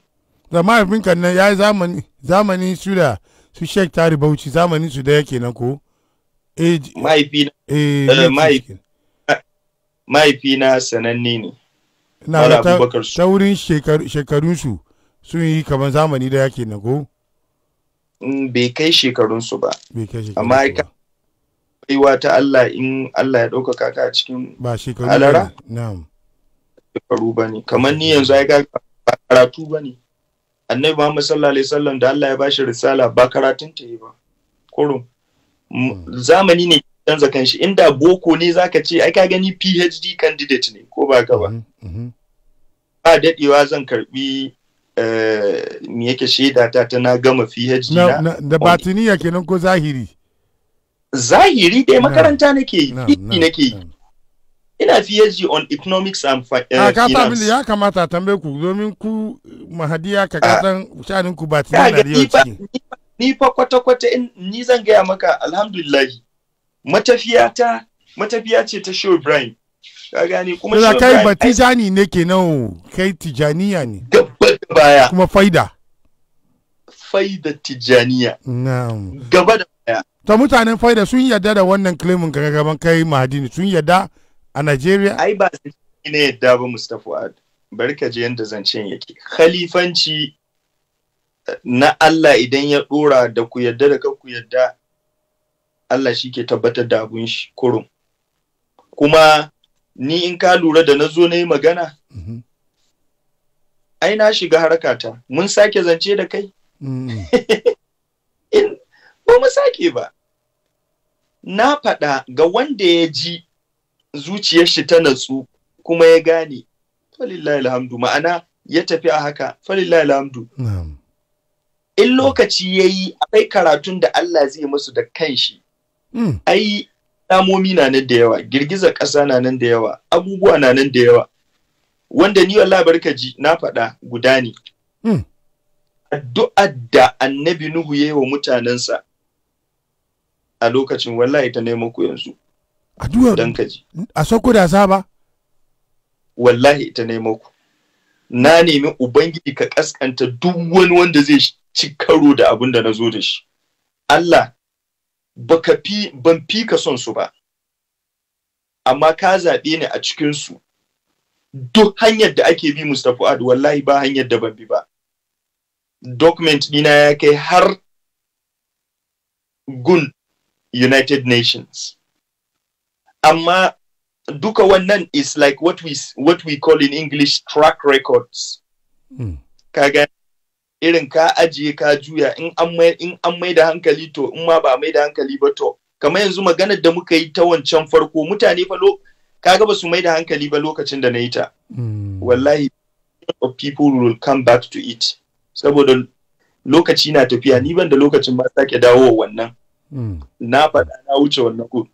da mahaifinka nan ya yi zamani zamani su da su shek tari bauchi zamani su da yake nan ko. Eh, eh, eh, mahaifina sananne ne. na da ta wurin shekarunsu sun yi kamar zamani da yake na go? Mm, bai kai shekarunsu ba amma ka baiwa ta Allah in Allah ya ɗaukaka ka a cikin ba shekaru alara na'am shekaru ba ne kamar ni yanzu ai ga ba karatu ba ne annabi Muhammad sallallahu alaihi wasallam da Allah ya bashi risala ba karatun ta yi ba kurum hmm. zamani ne canza kanshi inda boko ne zaka ce ai ka gani PhD candidate ne ko ba ka ba mm-hmm, mm-hmm. ba dadewa zan karbi eh, me yake shaida ta na gama PhD na da batiniya kenan ko zahiri zahiri dai makaranta nake yi nake yi ina PhD on economics and eh, ah, finance. Ka ta abin da ya kamata tambaye ku domin ku mahadiya ka kasan ah. shanin ku ba na da yau ciki. Ni fa kwata-kwata ni zan gaya maka alhamdulillah. matafiya ta matafiya ce ta show Brian. ka gane kuma Shehu Ibrahim kai ba tijani ne kenan kai tijaniya ne gaba da baya kuma faida faida tijaniya na'am gaba da baya Ta mutanen faida sun yarda da wannan claimin ka gaban kai Mahadini sun yarda a Najeriya ai ba su ne yarda ba Mustafa bari ka je yanda zancen yake khalifanci na Allah idan ya dora da ku yarda da ku yarda Allah shi ke tabbatar da abun shi kurum kuma ni in ka lura da na zo na yi magana mhm. ai na shiga harkata mun sake zance da kai mhm. in ba mu sake ba na faɗa ga wanda ya ji zuciyar shi ta natsu kuma ya gane falillahi alhamdu ma'ana ya tafi a haka falillahi alhamdu in lokaci ya yi akwai karatun da Allah zai masu da kanshi Hmm. ai namomi na nan da yawa girgizar ƙasa na nan da yawa abubuwa na nan da yawa wanda ni wallahi barka ji na faɗa guda ne hmm. addu'ar da annabi nuhu ya yi wa mutanensa a lokacin wallahi ta nemo ku yanzu addu'a dan ji. a sako da saba wallahi ita nemo ku na nemi ubangiji ka kaskanta duk wani wanda zai ci karo da abin da na zo da shi Allah baka fi ban fi ka son su ba amma ka zaɓe ni a cikin su duk hanyar da ake bi Mustapha Ad wallahi ba hanyar da ban bi ba document dina ya kai har gun United Nations amma duka wannan is like what we what we call in English track records. Mm. Kaga irin ka ajiye ka juya in an mai da hankali to in ma ba mai da hankali ba to kamar yanzu maganar da muka yi ta wancan farko mutane fa lo kaga ba su mai da hankali ba lokacin da na yi ta hmm. wallahi of people will come back to it saboda lokaci na tafiya ni ban da lokacin ba sake dawo wannan hmm. na faɗa na wuce wannan ku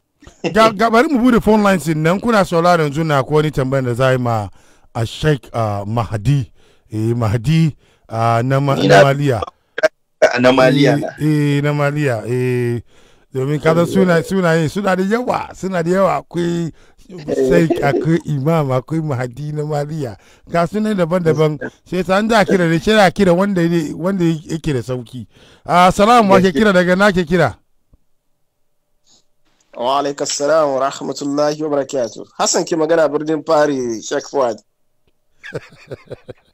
bari mu bude phone lines nan kuna sauraron yanzu na ko wani tambayar da za yi ma a Sheikh ah, Mahdi eh, Mahdi uh, na, maliya na maliya eh, eh, na maliya eh domin kaza sunaye suna da yawa suna da yawa akwai sai akwai imam akwai mahadi na maliya ga suna daban-daban sai ta an da kira da kira kira wanda wanda yake da sauki assalamu ah, wa kira daga na kira wa alaikas salam wa rahmatullahi wa barakatuh hassan ki magana birnin fari shek fuad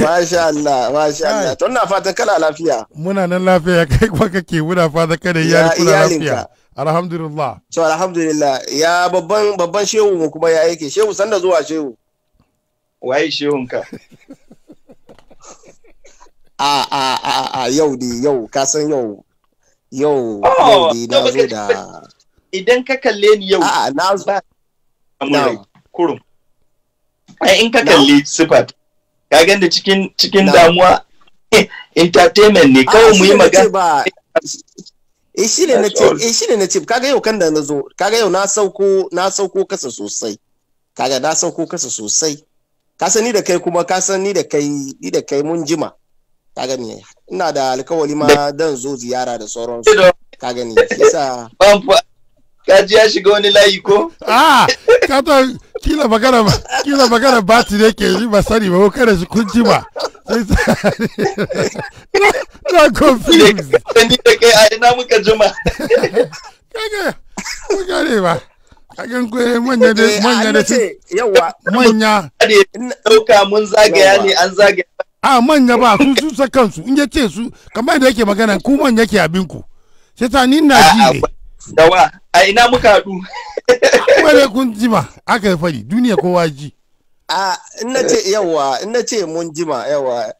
Masha Allah, masha Allah. Tun na fatan kala lafiya. Muna nan lafiya kai kuma kake muna fatan kada iyali kuna lafiya. Alhamdulillah. To alhamdulillah. Ya babban babban shehu mu kuma ya yake. Shehu sanda zuwa shehu. Waye shehun ka? a a a a yau ne yau ka san yau. Yau oh, yau na zo da Idan ka kalle ni yau. A'a na zo. Kurum. in ka kalle sifat ka ganda cikin cikin damuwa eh, entertainment ne ah, kawai mu yi magana E, shi ne nace eh shi ne ce eh, kaga yau kan da nazo kaga yau na sauko na sauko kasa sosai kaga na sauko kasa sosai ka sani da kai kuma ka sani da kai ni da kai mun jima ka ni ina da alkawari ma dan zo ziyara da sauransu ka gani yasa kaji ya shiga wani layi ko? Ah, kato kila magana ba, kila magana ba ti ne ke yi ba sani ba, kada shi kun ji ba. Na confused. Ni da kai a ina muka jima. Kaga, kuka ne ba. Kagan kwe manya da manya da ci. Yawa. Manya. Ɗauka mun zagaya ne an zagaya. A ah, manya ba, kun su sa kansu, in ya ce su, kamar da yake magana, ku manya ke abinku. Sai ta ni na ji ne. dawa a ina muka haɗu mare kun jima aka yi fari duniya kowa ji a ina ce yawa ina ce mun jima yawa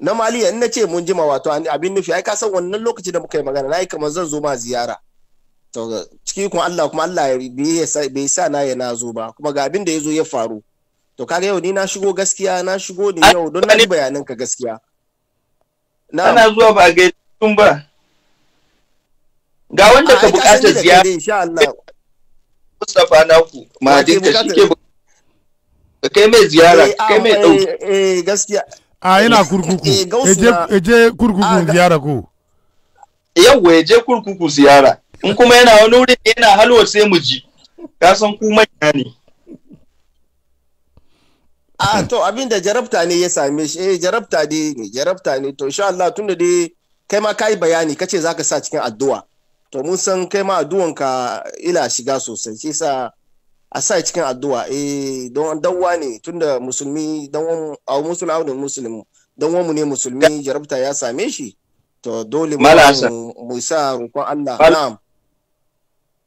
na maliya ina ce mun jima wato abin nufi ai ka san wannan lokaci da muka yi magana na yi kamar zan zo ma ziyara to ciki kuma Allah kuma Allah bai sa na ya na zo ba kuma ga abin da ya zo ya faru to kaga yau ni na shigo gaskiya na shigo ne yau don na bayanan ka gaskiya ana zuwa ba gaitun ba ga wanda ka bukata ziyara insha Allah Mustapha Naku mahadinka shike kai mai ziyara eh, ah, kai mai dau eh, eh, eh gaskiya a yana kurkuku eje kurkuku ah, ziyara ko yawa eje kurkuku ziyara in kuma yana wani ne yana halwa sai mu ji ka san ku manya ne a ah, to abin da jarabta ne ya same shi eh jarabta ne jarabta ne to insha Allah tunda dai kai ma kai bayani kace zaka sa cikin addu'a to mun san kai ma addu'an ka ila shiga sosai shi sa a sa cikin addu'a eh don danwa ne tunda musulmi dan a musulmi musulmi dan mu ne musulmi jarabta ya same shi to dole mu sa roƙon Allah na'am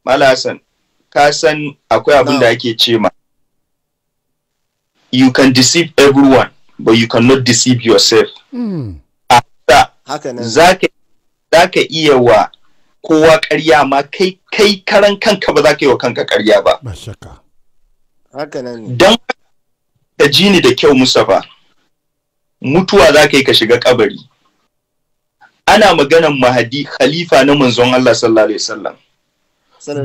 malasan ka san akwai abin da ake ce ma you can deceive everyone but you cannot deceive yourself mm. haka za ka iya wa kowa karya ma kai kai karan kanka ba za ka yi wa kanka ƙarya ba Mashaka. haka nan dan ka ji ni da kyau Mustapha mutuwa za ka yi ka shiga kabari ana maganan mahadi khalifa na manzon Allah sallallahu alaihi wasallam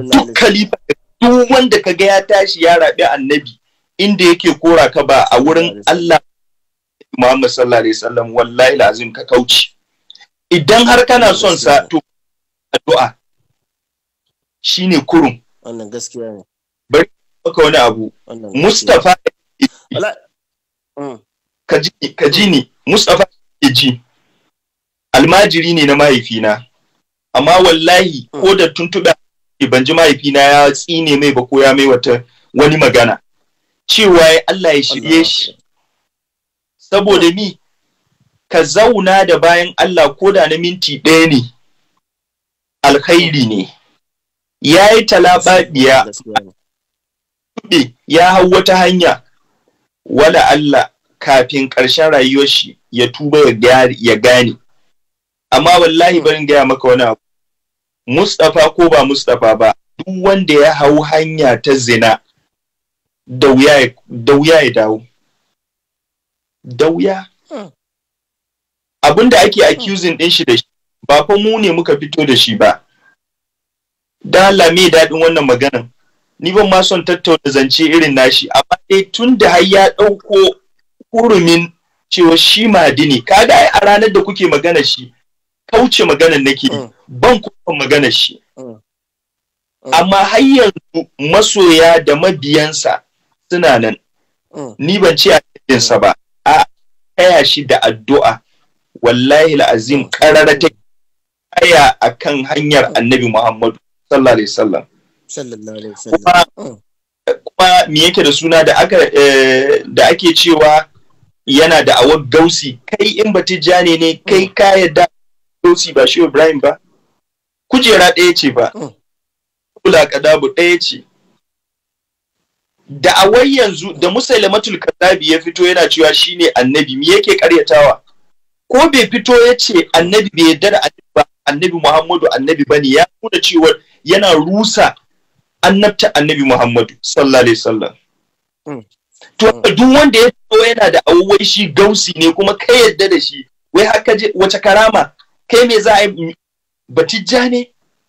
duk khalifa duk wanda ka ga ya tashi ya rabi annabi inda yake kora ka ba a wurin Allah Muhammad sallallahu alaihi wasallam wallahi lazim ka kauce idan har kana son sa to addu'a shine kurum wannan gaskiya ne bari ka wani abu Mustapha mm. ka ji ni mustafa ke ji almajiri ne na mahaifina amma wallahi mm. ko da tuntuɓe ban ji mahaifina ya tsine mai ba ko ya mai wata wani magana cewa Allah ya shirye shi saboda ni mm. ka zauna da bayan Allah ko da na minti ɗaya ne alkhairi ne ya yi talababiya ya hau wata hanya wala Allah kafin ƙarshen rayuwar shi ya tuba ya gane amma wallahi barin gaya maka wani abu Mustapha ko ba Mustapha ba duk wanda ya hau hanya ta zina da wuya ya dawo da wuya hmm. abinda ake accusing din shi da ba fa mu ne muka fito da shi ba da me daɗin wannan maganan ni ban ma son tattauna zance irin nashi amma dai tun da har ya ɗauko kurumin cewa shi madini ga a ranar da kuke magana shi kauce maganar nake mm. ban kuma magana shi mm. Mm. amma har yanzu masoya da mabiyansa suna nan ni ban ce a ba a kaya shi da addu'a wallahi la'azim karara take tsaya akan hanyar annabi Muhammadu sallallahu alaihi wasallam sallallahu alaihi wasallam kuma oh. me yake da suna eh, da ake cewa yana da awar gausi kai in ba tijjani ne kai ka yadda gausi ba shi Ibrahim ba kujera ɗaya ce ba oh. kula kadabu ɗaya ce da awar yanzu da musailamatul kazabi ya fito yana cewa shine annabi me yake karyatawa ko bai fito ya ce annabi bai yarda da annabi ba annabi Muhammadu annabi bane ya nuna cewa yana rusa annabta annabi Muhammadu sallallahu alaihi hmm. to hmm. duk wanda ya fito yana da awwai shi gausi ne kuma kai yadda da shi wai haka je wace karama kai me za a yi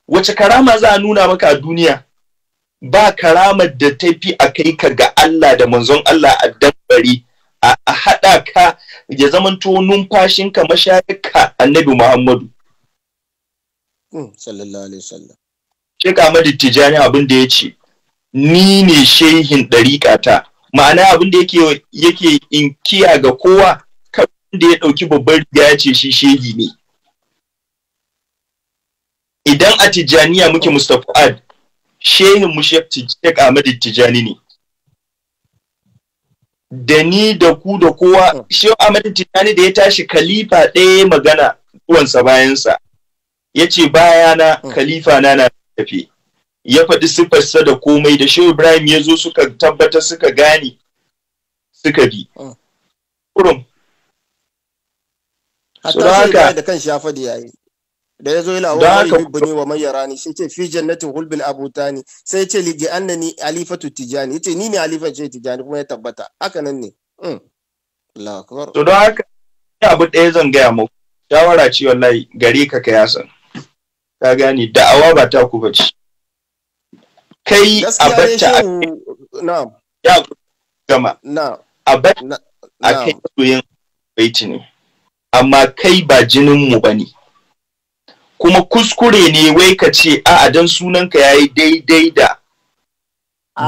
wace karama za a nuna maka a duniya ba karamar da ta fi a kai ka ga Allah da manzon Allah a dambari a haɗa ka ya zamanto numfashinka mashayarka annabi Muhammadu Mm, sallallahu alaihi wasallam Sheikh Ahmad Tijani abin da ya ce ni ne shehin dariƙata, ma'ana abin da yake yake inkiya ga kowa kan da ya ɗauki babbar riga ya ce shi shehi ne idan a Tijaniya muke Mustafa'ad shehin mu Sheikh Ahmad Tijani ne da ni da ku da kowa mm. Sheikh Ahmadu Tijani da ya tashi khalifa ɗaya magana zuwansa bayansa ya ce na mm. khalifa na na tafi ya faɗi siffarsa da komai da shehu ibrahim ya zo suka tabbata suka gane suka bi mm. kurum hatta sai da kan shi ya faɗi yayi da ya zo yi la'awar wa mai yarani sai ce fi jannatin hulbin abutani sai ce ligi annani alifatu tijani ce ni ne alifan ce tijani kuma ya tabbata haka nan ne mm. to don haka abu ɗaya zan gaya mu shawara ce wallahi gare ka ka yasan ka gani da'awa ba ta ku bace kai a bacci a ya gama a bacci a kai soyin baiti ne amma kai ba jinin mu bane kuma kuskure ne wai ka ce a adan sunan ka yayi daidai da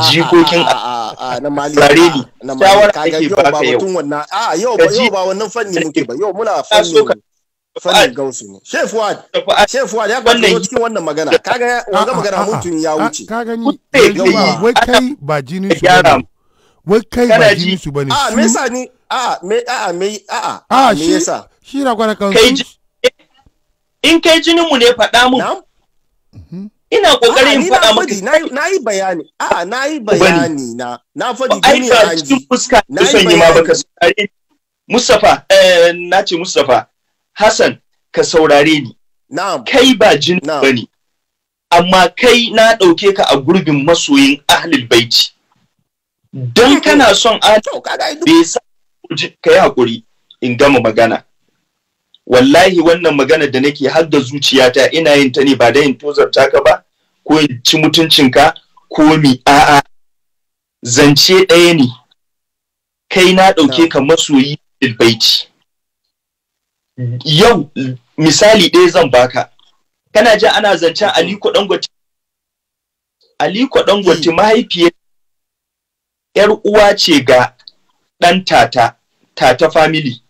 jikokin a na mali na mali kaga yau ba batun wannan a yau ba yau ba wannan fanni muke ba yau muna fanni fannin gamsu ne shef wad shef wad ya kwato cikin wannan magana kaga wanga magana mutum ya wuce ka gani wai kai ba jinin su bane wai kai ba jinin su bane a me yasa ni a me a me a a me yasa shi ra gwada kan in kai jinin mu ne faɗa mu mhm. ina kokarin faɗa maka na yi bayani a na yi bayani na na faɗi duniya an ji na yi bayani ma baka sare Mustafa eh na ce Mustafa Hassan ka saurare ni kai ba jini ne. amma kai na ɗauke ka a gurbin masoyin ahlil baici. don kana son ahlul bai sa ka yi haƙuri in gama magana wallahi wannan magana da nake har zuciyata ina yin ta ne ba da yin tozarta ka ba ko in ci mutuncinka ko mi a'a zance ɗaya ne kai na ɗauke ka masoyi baiti yau misali ɗaya zan baka kana ji ana zancen mm-hmm. aliko dangote aliko dangote mm. mahaifiyar yar uwa ce ga ɗan tata tata family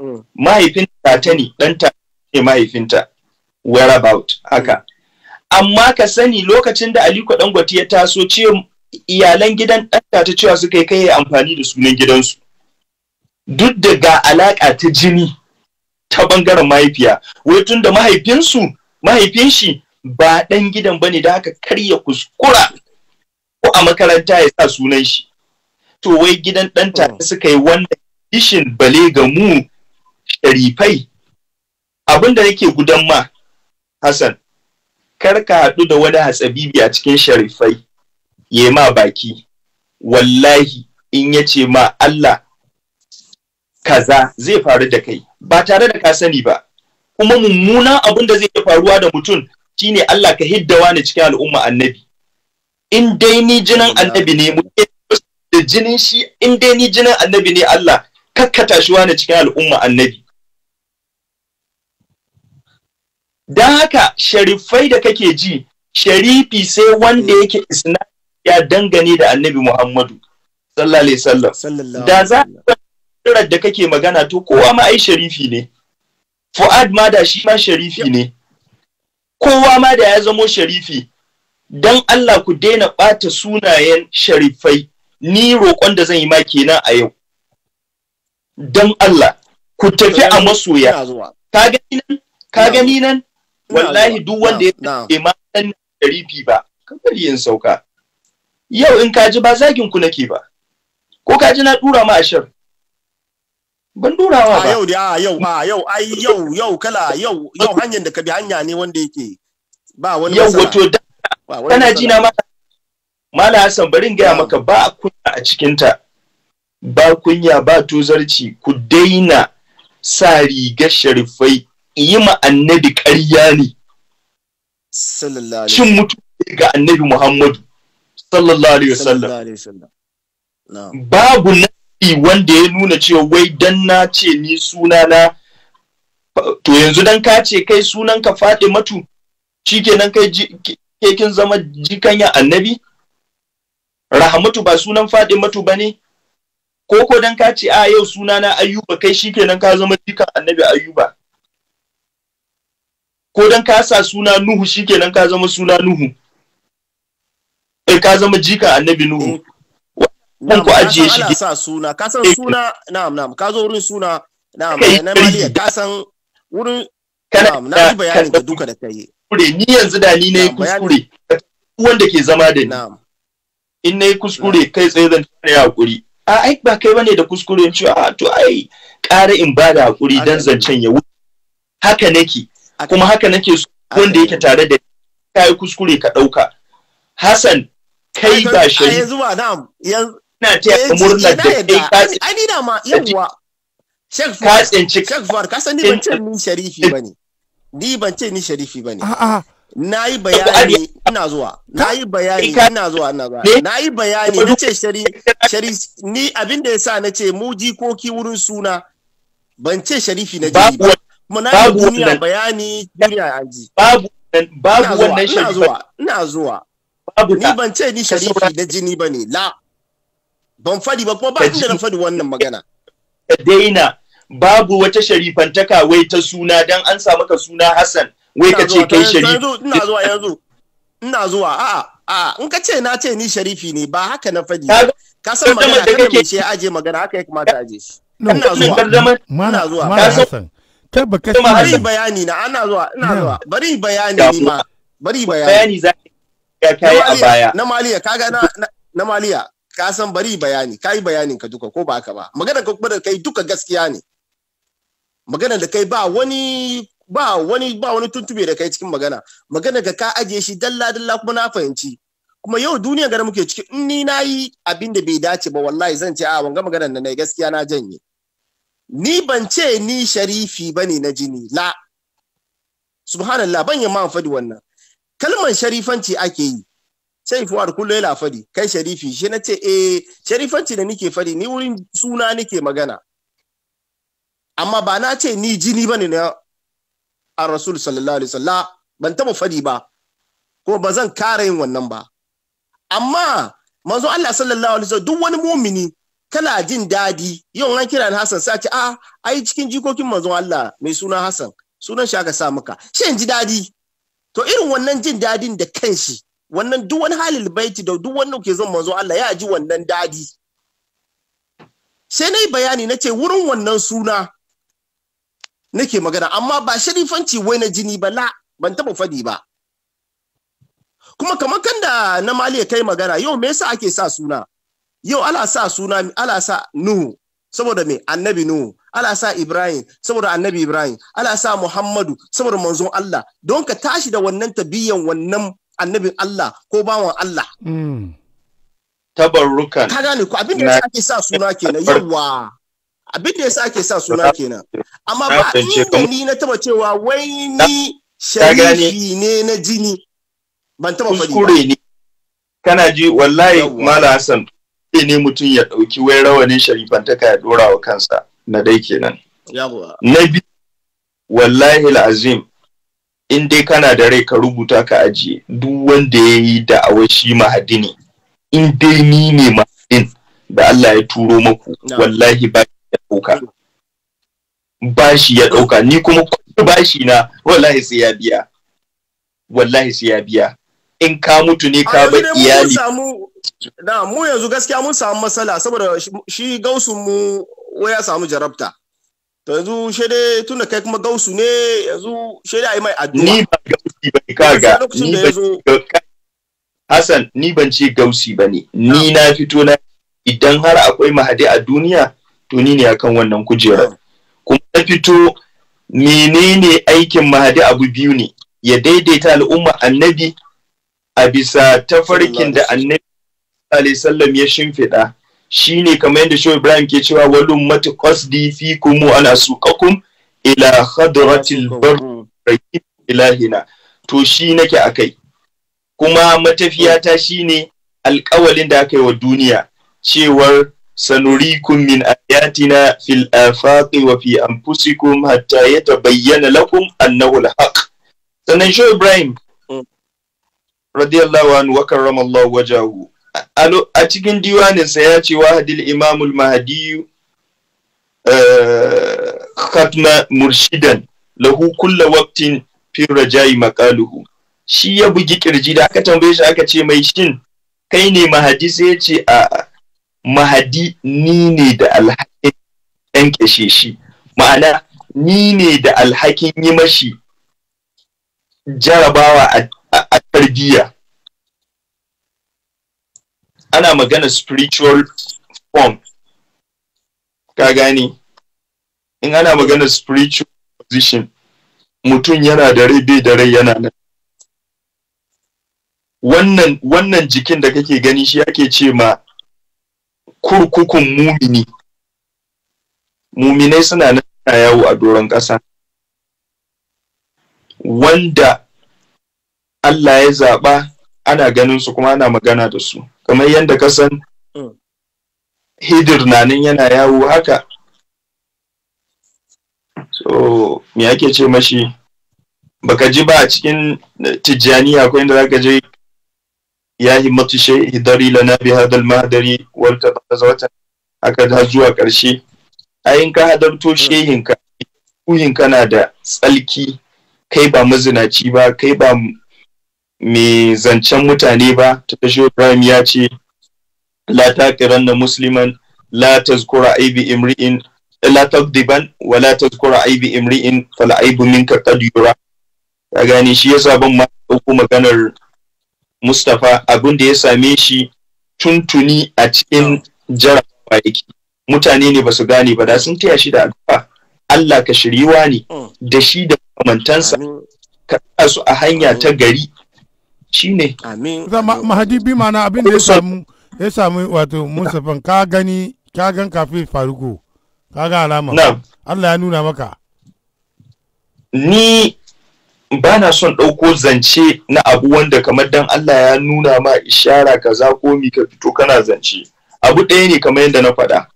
mm. mahaifin tata ne ɗan tata ne mahaifinta whereabout haka mm. amma ka sani lokacin da aliko dangote ya taso ce iyalan gidan ɗan tata cewa suka yi kai amfani da sunan gidansu duk da ga alaƙa ta jini ta bangaren mahaifiya wai tunda da mahaifinsu mahaifin shi ba ɗan gidan bane da aka karya kuskura ko a makaranta ya sa sunan shi to wai gidan ɗanta hmm. suka yi wannan ishin bale ga mu sharifai abin da nake gudan ma hassan kar ka haɗu da wani hatsabibi a cikin sharifai ya ma baki wallahi in ya ce ma Allah kaza zai faru da kai ba tare da ka sani ba kuma mummunan abin da zai iya faruwa da mutum shine Allah ka hiddawa ne cikin al'umma annabi in dai ni jinin annabi ne mu da jinin shi in dai ni jinin annabi ne Allah kakkata shi wani cikin al'umma annabi dan haka sharifai da kake ji sharifi sai wanda yake isna ya dangane da annabi Muhammadu sallallahu alaihi wasallam da za ƙirar da kake magana to kowa ma ai sharifi ne fu'ad ma da shi ma sharifi ne kowa ma da ya zamo sharifi dan Allah ku daina ɓata sunayen sharifai ni roƙon da zan yi ma kenan a yau dan Allah ku tafi a masoya ka gani nan ka gani nan wallahi duk wanda ya ke ma dan sharifi ba kamar yin sauka yau in ka ji ba zagin ku nake ba ko kaji na dura ma ashar ban durawa ba yau da yau ba yau ai yau yau kala yau yau hanyar da ka bi hanya ne wanda yake ba wani yau wato kana ji na mala Hassan bari in gaya maka ba kunya a cikinta ba kunya ba tozarci ku daina sa riga sharifai yi ma annabi ƙarya ne cin mutu ga annabi Muhammadu sallallahu alaihi wasallam babu na wanda ya nuna cewa wai dan na ce ni suna na to yanzu dan ka ce kai sunan ka faɗi matu shikenan kai ke kin zama ya annabi rahamatu ba sunan faɗi matu ne ko ko dan ka ce a yau suna na Ayuba kai shikenan ka zama jikan annabi Ayuba? ko dan ka sa suna nuhu shikenan ka zama suna nuhu eh ka zama jikan annabi nuhu kun ku ajiye shi ana sa suna ka san suna na'am na'am ka zo wurin suna na'am na'am, na'am, ka san wurin na'am na na'am, bayanin da duka da kai kure ni yanzu da ni na yi kuskure wanda ke zama da ni In na yi kuskure kai tsaye zan tare hakuri a ai ba kai bane da kuskure ci a to ai ƙara in ba da hakuri dan zancen ya wuce haka nake kuma haka nake so wanda yake tare da kai kuskure ka dauka Hassan kai ba shari'a yanzu ba na'am yanzu ina taya ka eh, murnar da kai ka ai ni da ma yawa Sheikh Fuad Sheikh Fuad ka san ni ban ce ni sharifi bane ni ban ce ni sharifi bane a'a na yi bayani ina zuwa na yi bayani ina zuwa ina zuwa na yi bayani ni ce shari shari ni abin da yasa na ce mu jikoki wurin suna ban ce sharifi na jini ba Muna na duniya bayani duniya an ji babu babu wannan sharifi ina zuwa ina zuwa ni ban ce ni sharifi na jini bane la ban fadi ba kuma ba inda na fadi wannan magana ka daina babu wata sharifantaka wai ta suna dan an sa maka suna Hassan wai ka ce kai sharifi ina zuwa yanzu ina zuwa a'a a'a in ka ce na ce ni sharifi ne ba haka na fadi ka san magana kada mu ce aje magana haka ya kamata aje shi ina zuwa ina zuwa ina zuwa, tabba ka bari bayani na ana zuwa ina zuwa bari bayani ni ma bari bayani bayani za ka yi a baya na maliya kaga na na maliya ka san bari bayani kayi bayanin ka duka ko ba ka ba magana ka kuma da kai duka gaskiya ne magana da kai ba wani ba wani ba wani tuntube da kai cikin magana magana ka ka ajiye shi dalla dalla kuma na fahimci kuma yau duniya ga muke ciki in ni na yi abin da bai dace ba wallahi zan ce a wanga maganar da na gaskiya na janye ni ban ce ni sharifi bane na jini la subhanallah ban yi ma faɗi wannan Kalmar sharifanci ake yi sai fuwar kullum yana fadi kai sharifi shi na ce eh sharifanci da nike fadi ni wurin suna nike magana amma ba na ce ni jini ne na a rasul sallallahu alaihi ban taba fadi ba kuma ba zan kara yin wannan ba amma manzo Allah sallallahu alaihi duk wani mumini kana jin daɗi yau an kira ni Hassan sai ce a ah, ai cikin jikokin manzo Allah mai suna Hassan sunan shi aka sa maka shi ji daɗi to irin wannan jin daɗin da kanshi wannan duk wani halil baiti da duk wannan ke zon manzo Allah ya ji wannan dadi sai na yi bayani na ce wurin wannan suna nake magana amma ba sharifanci wai na jini ba la ban taba faɗi ba kuma kamar kan da na mali ya kai magana yau me yasa ake sa suna yau ala sa suna ala sa nuhu saboda me annabi nuhu ala sa ibrahim saboda annabi ibrahim ala sa muhammadu saboda manzon Allah don ka tashi da wannan tabiyan wannan annabin Allah ko bawan Allah mm. tabarrukan ka gane ko abin da yasa ake sa suna kenan yawa abin da yasa ake sa suna kenan amma ba inda ni na taba cewa wai ni sharifi ne na jini ban taba fadi kuskure ne kana ji wallahi mala hasan ne mutum ya ɗauki wai rawanin sharifantaka ya ɗora wa kansa na dai kenan na biyu wallahi la'azim in dai kana da rai ka rubuta ka ajiye duk wanda ya yi da shi mahadi ne in dai ni ne mahadin da Allah ya turo maku wallahi ba shi ya ɗauka ba shi ya ɗauka ni kuma ba shi na wallahi sai ya biya wallahi sai ya biya in ka mutu ne ka bar iyali na mu yanzu gaskiya mun samu matsala saboda shi gausun mu waya samu jarabta to shede tun da kai kuma gausu ne yanzu shede a yi mai addu'a ni ba gausi ba ne kaga ni Hassan ni ban ce gausi ba ne ni na fito na idan har akwai mahadi a duniya to ni ne akan wannan kujerar kuma na fito menene aikin mahadi abu biyu ne ya daidaita al'umma annabi a bisa tafarkin da annabi alaihi sallam ya shimfiɗa shine kamar yadda shi Ibrahim ke cewa walum mati qasdi fikum ana suqakum ila khadratil barri ilahina to shi nake akai kuma matafiyata shine alƙawalin da aka yi wa duniya cewar sanurikum min ayatina fil afaqi wa fi anfusikum hatta yatabayyana lakum annahu alhaq sanan shi Ibrahim mm. radiyallahu anhu wa karramallahu wajahu a cikin diwaninsa ya ce wahadil imamul mahadiyu eh, khatma murshidan lahu kulla waktin fi raja'i shi ya bugi kirji da aka tambaye shi aka ce mai shin kai ne mahadi sai ya ce a mahadi ni ne da alhakin yankashe shi ma'ana ni ne da alhakin yi mashi jarabawa a tarbiyya ana magana spiritual form ka gane in ana magana spiritual position mutum yana da rai bai da rai yana nan wannan wannan jikin da kake gani shi ake ce ma kurkukun mumini muminai suna nan yawo a doron ƙasa wanda Allah ya zaɓa ana ganin su kuma ana magana da su kamar yadda ka san mm. hidir na nan yana yawo haka so me ake ce mashi baka ji ba a cikin eh, tijjani akwai inda zaka je ya himmatu shi hidari lana bi hadal mahdari wal tazawata aka da zuwa karshe ayin ka hadarto mm. shehin ka kuhin kana da tsalki kai ba mazinaci ba kai ba mai zancen mutane ba ta shi Ibrahim ya ce la taqiran na musliman la tazkura aibi imri'in la taqdiban wa la tazkura aibi imri'in fal aibu minka qad yura ya gane shi yasa ban ma maganar Mustapha abin da ya same shi tuntuni a cikin jarabawa yake mutane ne ba su gane ba da sun taya shi da addu'a Allah ka shiriwa ne mm. da shi da kamantansa ka su a hanya ta gari shi amin mahadi bi mana abin da ya samu ya samu wato musafan ka gani ka gan kafin faruko ka ga alama Allah ya nuna maka ni ba na son ɗauko zance na abu wanda kamar dan Allah ya nuna ma ishara ka ko mi ka fito kana zance abu ɗaya ne kamar yadda na faɗa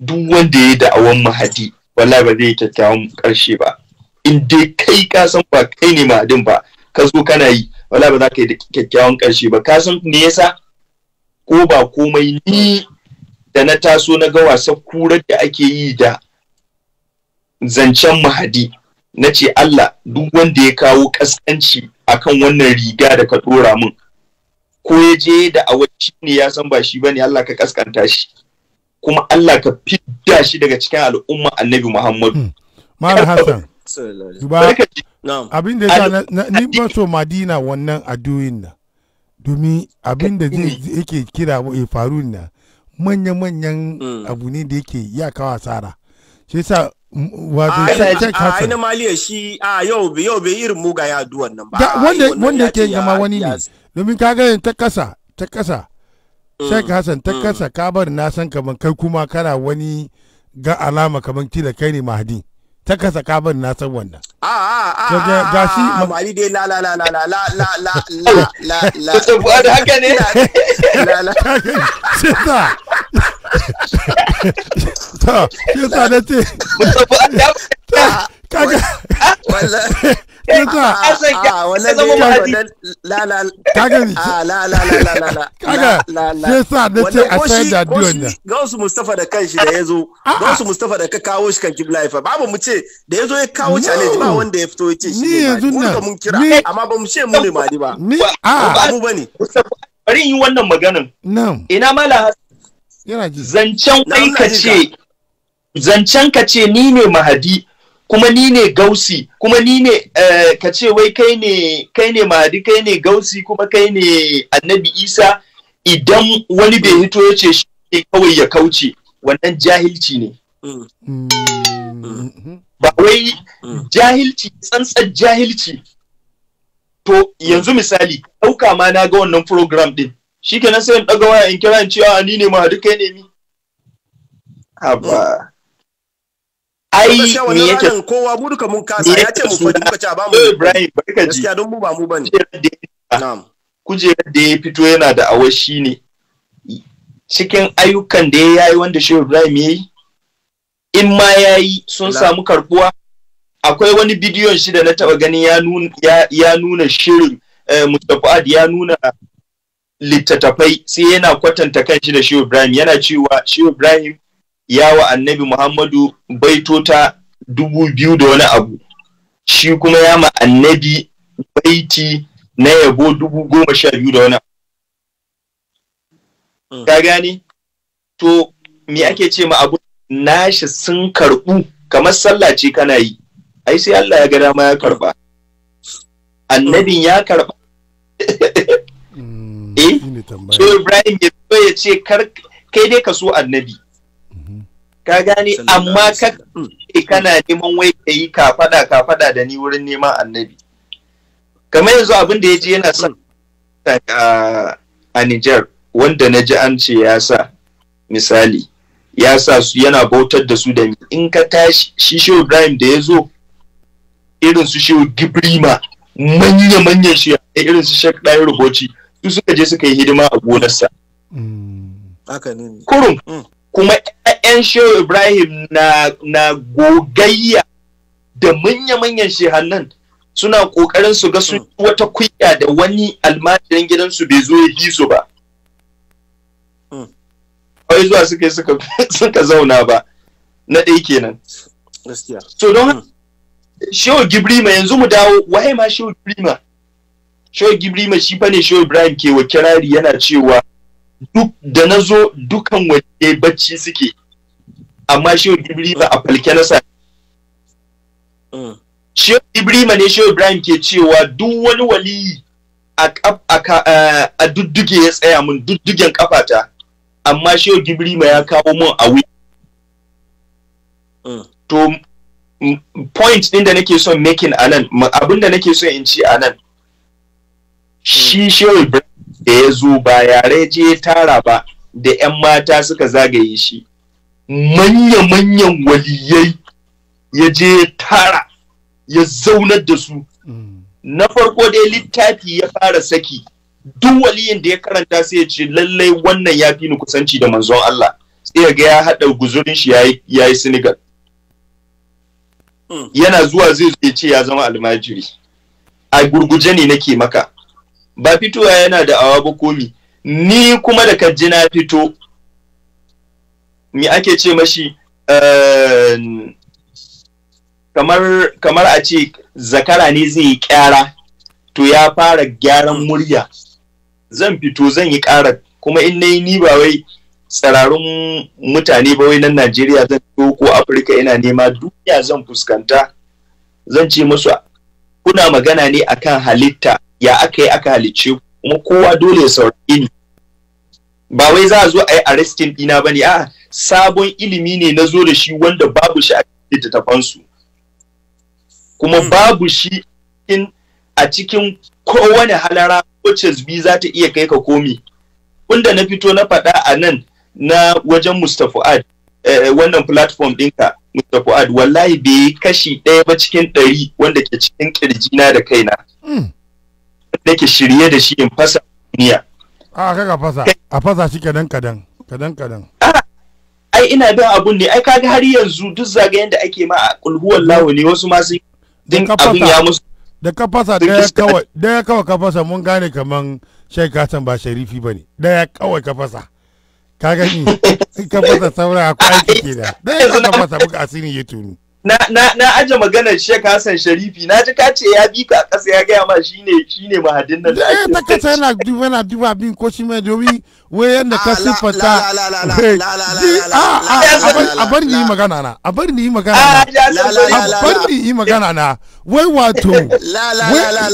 duk wanda ya yi da'awan mahadi wallahi ba zai yi kyakkyawan ƙarshe ba in dai kai ka san ba kai ne mahadin ba ka zo kana yi wala ba za ka yi da kyakkyawan ƙarshe ba ka san me yasa ko ba komai ni da na taso na ga wasan kurar da ake yi da zancen mahadi na ce Allah duk wanda ya kawo kaskanci akan wannan riga da ka ɗora min ko ya je da awaci ne ya san ba shi bane Allah ka kaskanta shi kuma Allah ka fidda shi daga cikin al'umma annabi Muhammadu. Hmm. Mara Hassan, abin da na ni ba so madina wannan adoyin na domin abin da mm. yake kira ya faru na manya-manyan mm. abu ne da yake ya kawo asara shi sa wato check ah, hassan ah, a maliya shi a ah, yau yau bai irin muga ya duwan nan ba wanda wanda yake gama wani ne domin ka ga ta kasa ta kasa check mm. hassan ta kasa kabar na san kaman kai kuma kana wani ga alama kaman kila kai ne mahdi ta kasa kabin na san wannan. a a a dai la la la la la la la la la la la la La la. yasa na ce a sayar da addu'an nan gausu mustafa da kanshi da yazo gausu mustafa da ka kawo shi kan kibla ifa babu mu ce da yazo ya kawo challenge ba wanda ya fito ya ce shi ne mun mun kira amma ba mu ce mu ne mali ba ni a mu bane bari yi wannan maganin ina mala zancen kai ka ce zancen ka ce ni ne mahadi kuma ni ne gausi kuma ni ne eh, ka ce wai kai ne kai ne mahadi kai ne gausi kuma kai ne annabi isa idan wani bai hito ya ce shi ne kawai ya kauce wannan jahilci ne mm. ba wai mm. jahilci tsantsar jahilci to yanzu mm. misali ɗauka ma na ga wannan program din shi kenan sai in ɗaga waya in kira in cewa ah, ni ne mahadi kai ne ni ai ni yake kowa mu duka mun kasa ya ce mu fadi muka ce ba mu Ibrahim barka ji gaskiya don mu ba mu bane na'am kujerar da ya fito yana da awashi ne cikin ayyukan da ya yi wanda shi Ibrahim yayi in ma yayi sun samu karbuwa akwai wani bidiyon shi da na taba gani ya nuna ya nuna shirin eh, Mustapha ya nuna littattafai sai yana kwatanta kan shi da shi Ibrahim yana cewa shi Ibrahim Ya wa annabi Muhammadu baitota dubu biyu da wani abu shi kuma ya ma annabi baiti na yabo dubu goma sha biyu da wani abu hmm. ka gane to me ake ce ma abu nashi sun karɓu kamar sallah ce kana yi ai sai Allah ya ga dama ya karɓa annabin ya karɓa hmm, eh so Ibrahim ya ya ce kai dai ka so annabi ka gane amma ka hmm. kana neman wai ka yi kafada kafada da ni wurin neman annabi kamar yanzu abin da ya ji yana son a Nijar wanda na ji an ce ya sa misali ya sa su yana bautar da su da ni in ka tashi shi shehu Ibrahim da ya zo irin su shehu Gibrima manya-manyan shi irin su shek Dahir rubuci su suka je suka yi hidima a gonarsa. Hmm. Haka Kurun. Hmm. kuma 'yan shehu ibrahim na gogayya da manya-manyan shehannan suna ƙoƙarin su ga su hmm. wata kuya da wani almajirin gidansu bai zo ya ji su ba. Kawai hmm. zuwa suka suka zauna ba, na ɗaya kenan. So don hmm. Shehu Gibrima yanzu mu dawo, waye ma Shehu Gibrima? Shehu Gibrima shi fa ne Shehu Ibrahim ke wa kirari yana cewa duk da na zo dukan waje bacci suke amma shehu ibrima a falke na sa mm. shehu ibrima ne shehu ibrahim ke cewa duk wani wali a dudduge ya tsaya min duddugen kafata amma shehu ibrima ya kawo min a wuya mm. to point din da nake son making a nan abin da nake son in ci a nan shi mm. shehu ibrahim da ya zo ba yare je tara ba da 'yan mata suka zagaye shi manya-manyan waliyai ya je tara ya zaunar da su mm. na farko dai littafi ya fara saki duk waliyin da ya karanta sai ya ce lallai wannan ya fi ni kusanci da manzon Allah sai ya ga ya haɗa guzurin shi ya yi sinigar mm. yana zuwa zai ce ya zama almajiri a gurguje ne nake maka ba fitowa yana da awa ba komi ni kuma da kaji na fito me ake ce mashi eh, kamar kamar a ce zakara ne zai yi kyara to ya fara gyaran murya zan fito zan yi ƙara kuma in na yi ni ba wai tsirarun mutane ba wai nan Najeriya zan fito ko Afirka ina nema duniya zan fuskanta zan ce musu kuna magana ne akan halitta ya aka yi aka halicce kuma kowa dole ya saurari ni ba wai za a zo a yi arrestin ɗina ba ne a sabon ilimi ne na zo da shi wanda babu shi a littattafansu kuma hmm. babu shi a cikin kowane halara coaches bi za ta iya kai ka komi Kunda na fito na faɗa a nan na wajen Ad, eh, wannan platform ɗinka Ad wallahi bai kashi ɗaya ba cikin ɗari wanda ke cikin na da kaina hmm. nake shirye da shi in fasa duniya ah, a kaga fasa a fasa shi kadan kadan kadan kadan ah, ai ina bin abun ne ai kaga har yanzu duk zagayen da ake ma a kulhuwar lawo ne wasu ma sun din abun ya musu da ka fasa daya kawai daya kawai ka fasa mun gane kaman shai kasan ba sharifi ne. daya kawai ka fasa ka gani ka fasa saura akwai aiki da, daya ka fasa muka asini ya tunu na na na aje maganar Sheikh Hassan Sharifi na ji ka ce ya bi ka kasa ya gaya ma shine shine mahadin nan da ake. ka ta na duba na duba bin ko shi mai domin wai yanda ka ta A bar ni yi magana na. A bar ni yi magana na. A bar ni yi magana na. Wai wato.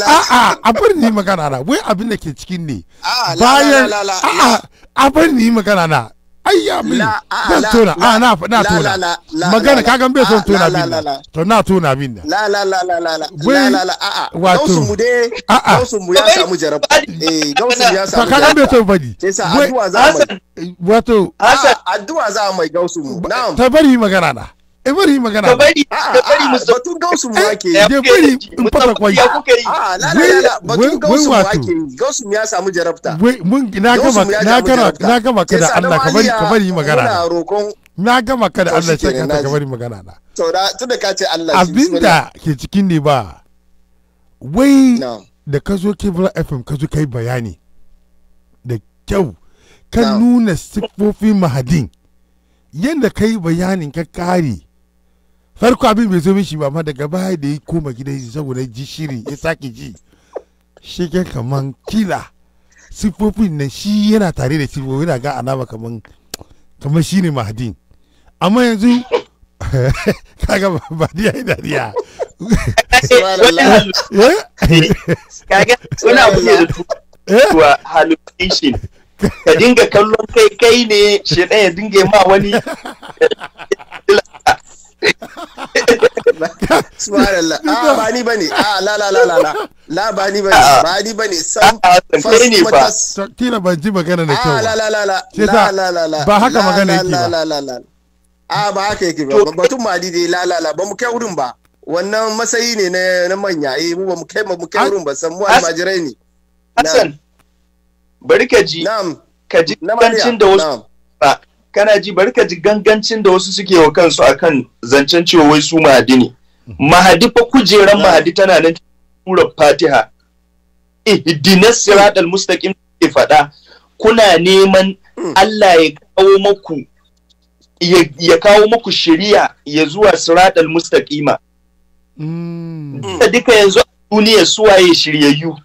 a a a bar ni yi magana na. Wai abin da ke cikin ne. Bayan a a bar ni yi magana na. ayya mi zan tona a na ah, na tona magana ka gan bai son tona min na to na tona min na. la la la la la la la a a wato mu de a a mu ya samu eh gausu ya samu ka gan bai son fadi sai addu'a za wato addu'a za gausu mu na'am ta bari magana na e bari magana ka bari ka bari batun gausu eh, eh, mu ake yi bari in fata kwai a la la la batun gausu mu ake yi gausu ya samu jarabta mun na gama na gama na gama kada Allah ka bari ka bari magana na gama kada Allah sai ka ka bari magana na saura tunda ka ce Allah abinda ke cikin ne ba wai da ka zo kibla fm ka zo kai bayani da kyau ka nuna sifofin mahadin yadda ka yi bayanin ka kare farko abin bai zo mishi ba amma daga baya da ya koma gidan shi saboda ji shiri ya sake ji shi ke kaman kila sifofin nan shi yana tare da siffofi yana ga alama kaman kaman shi ne mahadin amma yanzu kaga ba ya yi dariya eh? kaga suna wuce da eh? hallucination ka dinga kallon kai kai ne shi ɗaya dinga ma wani subhanallah a ah, ba ni bane a ah, la la la la la la ba ni bane ah. ba ni bane sam ne fa kila ban ji magana da kyau la la la la la la la ba haka magana yake ba la la la a ba haka yake ba batun mali dai la la la ba mu kai wurin ba wannan masayi ne na manya eh mu ba mu kai mu kai wurin ba san mu almajirai ne Hassan bari ka ji ka ji kancin da wasu ba kana ji bari ka ji gangancin da wasu suke wa kansu akan zancen cewa wai su mahadi ne mahadi fa kujeran mahadi tana nan tura fatiha Eh, ihdinas siratal mustaqim ke faɗa kuna neman Allah ya kawo maku ya kawo maku shiriya ya zuwa siratal mustaqima hmm. duka yanzu a duniya suwaye shiryayyu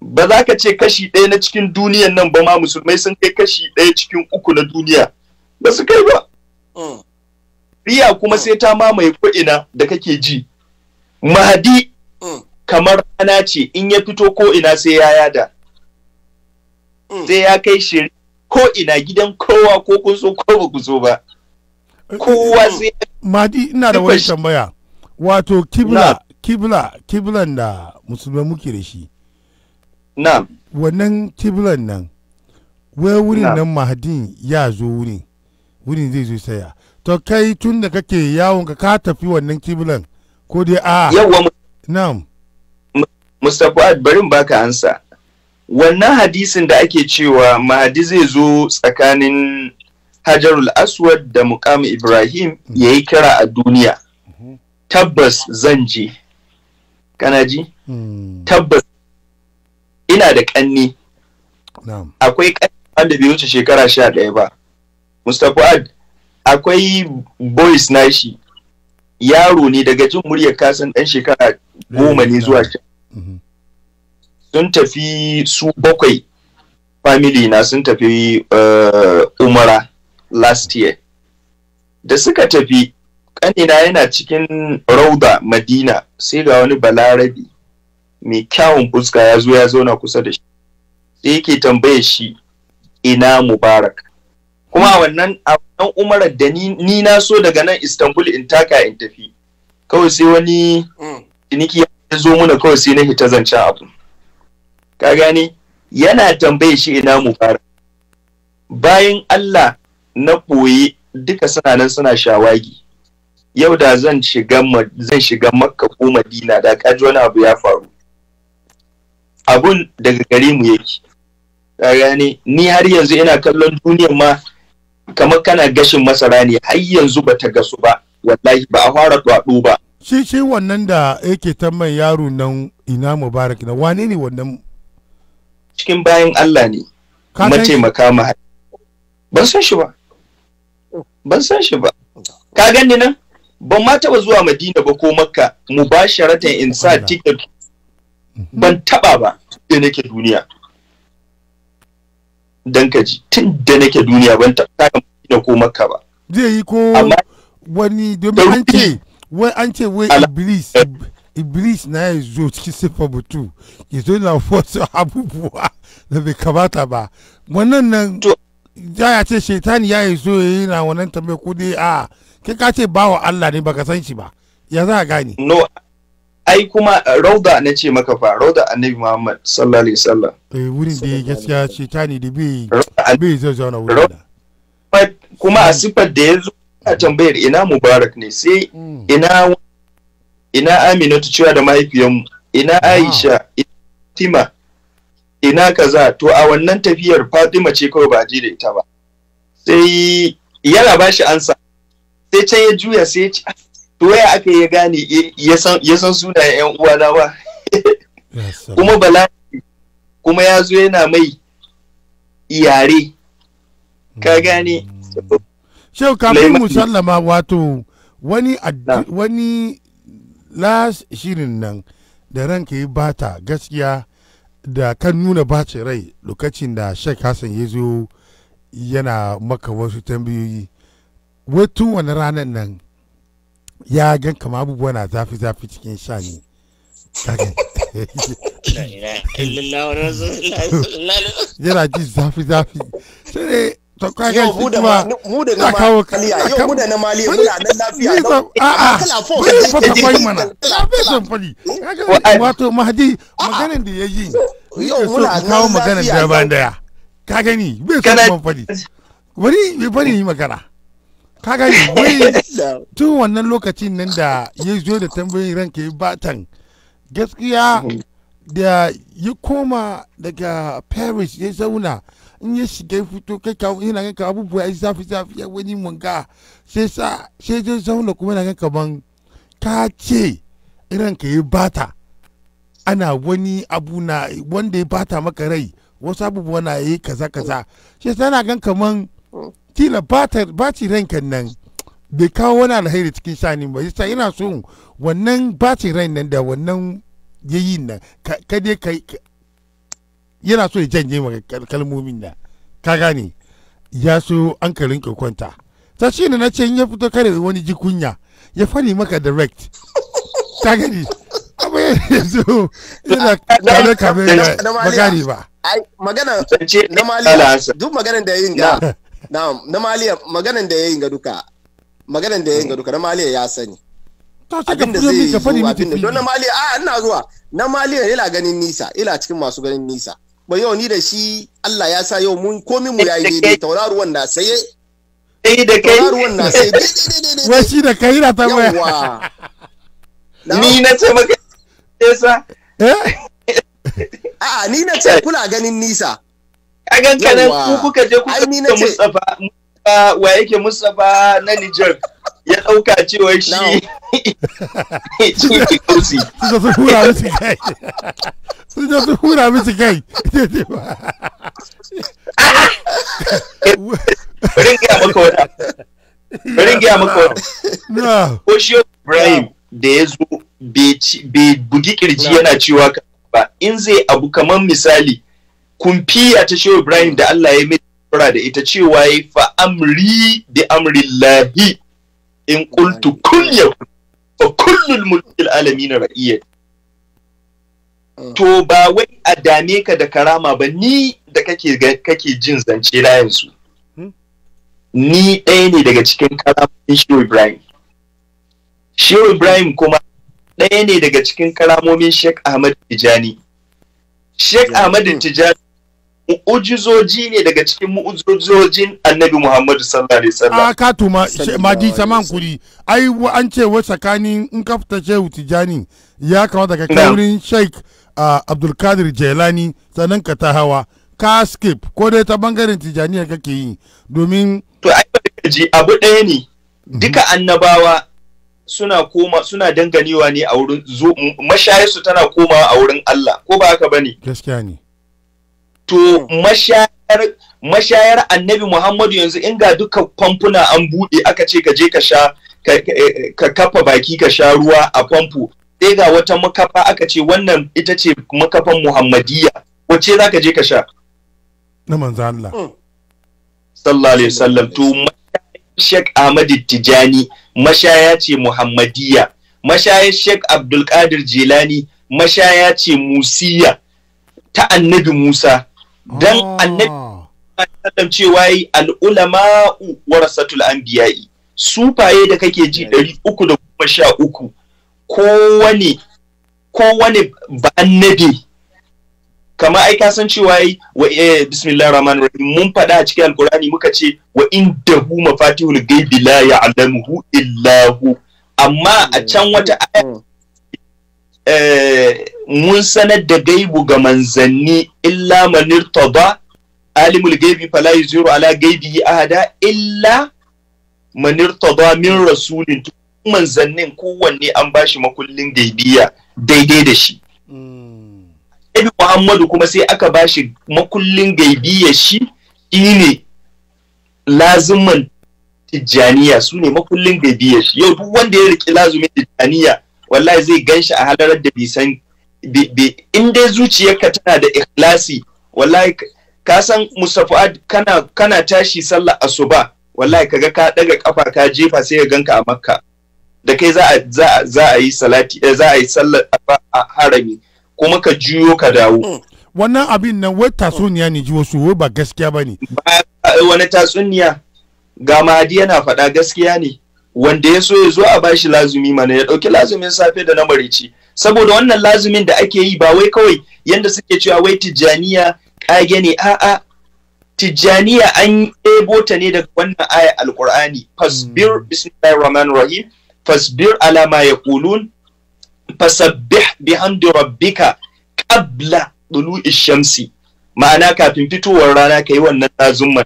ba za ka ce kashi ɗaya na cikin duniyan nan ba ma musulmai sun kai kashi ɗaya cikin uku na duniya ba su kai ba mm. riya kuma sai ta mamaye ko'ina da kake ji mahadi mm. kamar rana ce in ya fito ko'ina sai ya yada mm. sai ya kai shiri ko'ina gidan kowa ko kun so ko ba ku so ba eh, kowa sai mahadi ina da wani tambaya wato kibla kibla kiblan da musulmai muke da shi na'am wannan tibulan nan wai wurin nan mahadin ya zo wurin wurin zai zo saya to kai tun da kake yawon ka ka tafi wannan tibulan, ko dai a yawa na'am mustapha barin baka ansa wannan hadisin da ake cewa mahadi zai zo tsakanin hajarul aswad da mukamu ibrahim mm-hmm. ya yi kira a duniya mm-hmm. tabbas zan je kana ji mm. tabbas ina da kanni akwai ƙanni da bai wuce shekara sha ɗaya ba mustapha akwai boys nashi yaro ne daga jin murya kasan ɗan shekara goma ne zuwa sha mm-hmm. sun tafi su bakwai family na sun tafi eh, umara last year da suka tafi ƙanina yana cikin rauda madina sai ga wani balarabi mai kyawun fuska ya zo ya zauna kusa da shi sai yake tambaye shi ina mubarak kuma a wannan umarar da ni na so daga nan istanbul in taka in tafi kawai sai wani mm. ciniki ya zo muna kawai sai na hita zancen abu ka gane yana tambaye shi ina mubarak bayan allah na ɓoye duka suna nan suna shawagi yau da zan shiga makka ko madina da kaji wani abu ya faru abun daga gare mu yake gane ni har yanzu ina kallon duniyar ma kamar kana gashin masara ne har yanzu ba ta gasu ba wallahi ba a fara duwatsu ba shi shi wannan da yake tamman yaro nan ina mubarak na wane ne wannan cikin bayan Allah ne mace makama ban san shi ba ban san shi ba ka gani nan ban ma taba zuwa madina ba ko makka mu ba in sa ticket ban taba ba da nake duniya dan kaji tun da nake duniya ban taba da ko makka ba zai yi ko wani domin an ce wai an ce wai iblis eh. iblis na ya zo cikin sifa mutu ya zo na wasu abubuwa da bai kamata ba wannan nan ya ya ce shaitani ya zo ya yi na wannan tambaye ko dai a kai ka ce bawa Allah ne baka san shi ba ya za a gane no ai kuma eh, rauda na ce maka fa rauda annabi muhammad sallallahu alaihi wasallam eh wurin da gaskiya ce ta ne da bai bai zai zauna wurin kuma a sifar da yanzu a tambayar ina mubarak ne sai hmm. ina ina aminatu cewa da mu, ina ah. aisha ina fatima ina kaza to a wannan tafiyar fatima ce kawai ba ji da ita ba sai yana ba shi ansa sai can ya juya sai ya ci. to waya aka ya gane ya san suna yan uwa ba kuma bala kuma ya zo yana mai iyare ka mm. gane shau kafin mu sallama wato wani wani las shirin nan da ranka yi bata gaskiya da kan nuna bacin rai lokacin da shek hassan ya zo yana maka wasu tambayoyi wato wani ranar nan ya gan kama abubuwa na zafi-zafi cikin shani yana ji zafi-zafi sai dai to shi kuma na kawo kaliya yau mu da na maliya muna nan lafiya a a a a fata kwai mana lafiya san fadi wato mahdi maganar da yi yau muna kawo maganar da ban daya ka gani bai san fadi bari bari ni magana ka gani wai tun wannan lokacin nan da ya zo da tambayin ranka ya batan gaskiya mm-hmm. da ya koma daga paris ya zauna in ya shiga fito kai ka yana ganka abubuwa ya zafi zafi ya wani munga sai sa sai zai zauna kuma yana ganka ban ka ce ranka ya bata ana wani abu na wanda ya bata maka rai wasu abubuwa na yi kaza kaza sai yana ganka kaman mm. kila ci rankan nan bai kawo wani alheri cikin shani ba yasa ina so wannan bacin rai nan da wannan yayi nan ka dai kai yana so ya janye maka kalmomin nan ka gane ya so an ka rinka kwanta ta shi na ce ya fito kare wani jikunya ya fari maka direct ta gani amma so yana kare kame ba gane ba magana na maliya duk maganar da yin ga na na maliya maganan da yayin ga duka maganan da yayin ga duka na maliya ya sani abinda zai yi abinda don na maliya a ina zuwa na maliya ila ganin nisa ila cikin masu ganin nisa ba yau ni da shi Allah ya sa yau mun komi mu yayi ne tauraruwan na saye sai da kai tauraruwan na saye wai shi da kai na tambaya ni na ce maka yasa eh a ni na ce kula ganin nisa kagan kanan ku kuka je kuka ga Mustafa wa yake Mustafa na Niger ya dauka cewa shi Su suka su hura musu kai suka su hura musu kai bari ga maka wata bari ga maka wata ko shi Ibrahim da ya zo bai bugi kirji yana cewa ba in zai abu kamar misali kumfiya ta shehu ibrahim da Allah ya mai fara da ita cewa ya fa amri bi lahi in kultu kunya fa kullul mulkil alamin ra'iyya to ba wai a dame ka da karama ba ni da kake kake jin zance na yanzu hmm? ni ɗaya ne daga cikin karamomin shehu ibrahim shehu ibrahim kuma ɗaya ne daga cikin karamomin sheikh ahmad tijani sheikh ahmad tijani mu'ujizoji ne daga cikin mu'ujizojin annabi Muhammadu sallallahu alaihi wasallam. A ah, ka tuma maji saman kuri ai an ce wa tsakanin in ka fita Tijani ya kawo daga kaurin Sheikh ah, Abdul Kadir Jailani sannan ka ta hawa ka skip ko dai ta bangaren Tijaniya kake yi domin to ai ji abu ɗaya ne mhm. duka annabawa suna koma suna danganewa ne a wurin mashayarsu tana komawa a wurin Allah ko ba haka bane gaskiya ne to mm. mashayar mashayar annabi Muhammadu yanzu in ga duka famfuna an buɗe aka ce ka je ka sha ka kafa baki ka sha ruwa a famfo sai ga wata makafa aka ce wannan ita ce makafan Muhammadiyya wacce za ka je ka sha na manzo Allah mm. sallallahu alaihi wasallam to Sheikh Ahmad Tijani mashaya ce Muhammadiyya mashayar Sheikh Abdul Qadir Jilani mashaya ce Musiya ta annabi Musa dan ah. annabi sallam cewa yi al'ulama'u warasatul anbiya'i sufaye da kake ji ɗari uku da kuma sha uku kowane kowane ba annabi kama ai ka san cewa wa eh, bismillahir rahmanir rahim mun faɗa a cikin alkurani muka ce wa indahu mafatihul ghaibi la ya'lamuhu illa amma a hmm. can wata aya hmm. Eh, mun sanar da gaibu ga manzanni illa manir toba alimul gaibi fala yuziru ala gaibi yi ahada illa manir toba min rasulin manzannin kowanne an ba shi makullin gaibiya daidai da shi hmm. Nabi Muhammadu kuma sai aka ba shi makullin gaibiya shi ne lazuman tijjaniya su ne makullin gaibiya shi yau duk wanda ya riƙe lazumin tijjaniya wallahi zai ganshi a halarar da bisan in dai zuciyarka tana da ikhlasi wallahi ka san musafu'ad kana kana tashi sallar asuba wallahi kaga ka daga kafa ka jefa sai ka ganka a makka da kai za a za a yi salati eh, za a yi sallar a harami kuma ka juyo ka dawo hmm. wannan abin nan wai tatsuniya ne ji wasu wai ba gaskiya bane wani tatsuniya ga mahadi yana faɗa gaskiya ne wanda ya so ya zo a bashi lazumi mana ya ɗauki lazumin safe da na marici saboda wannan lazumin da ake yi ba wai kawai yanda suke cewa wai tijjaniya ƙage ne a'a tijjaniya an ɗebo ta ne daga wannan aya alkur'ani fasbir hmm. bismillahir rahmanir rahim fasbir ala ma yaqulun fasabbih bihamdi rabbika qabla tulu'i shamsi ma'ana kafin fitowar rana kai wannan lazumin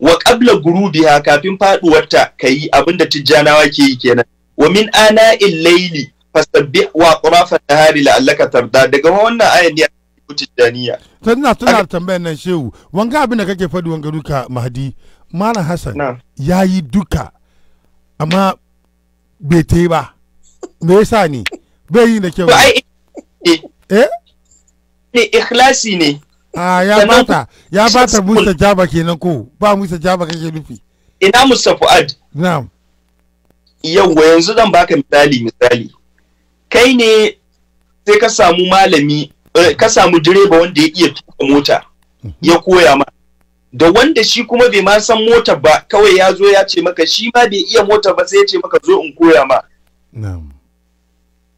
wa qabla gurubiha kafin faduwarta kayi abinda tijjanawa ke yi kenan wa min ana illaili fasabbih wa qurafa nahari la'allaka tarda daga wannan ayan ne tijjaniya tana tuna tambayar nan shehu wanga abin da kake faɗi wanga duka mahdi malam hassan ya yi duka amma bai te ba me yasa ne bai yi da kyau eh, eh ne ikhlasi ne a ah, ya bata ya bata musa jaba kenan ko ba musa jaba kake nufi ina musa fuad na'am yawwa yanzu zan baka misali misali kai ne sai ka samu malami eh, ka samu direba wanda ya iya tuka mota mhm. ya koya ma da wanda shi kuma bai ma san mota ba kawai ya zo ya ce maka shi ma bai iya mota ba sai ya ce maka zo in koya ma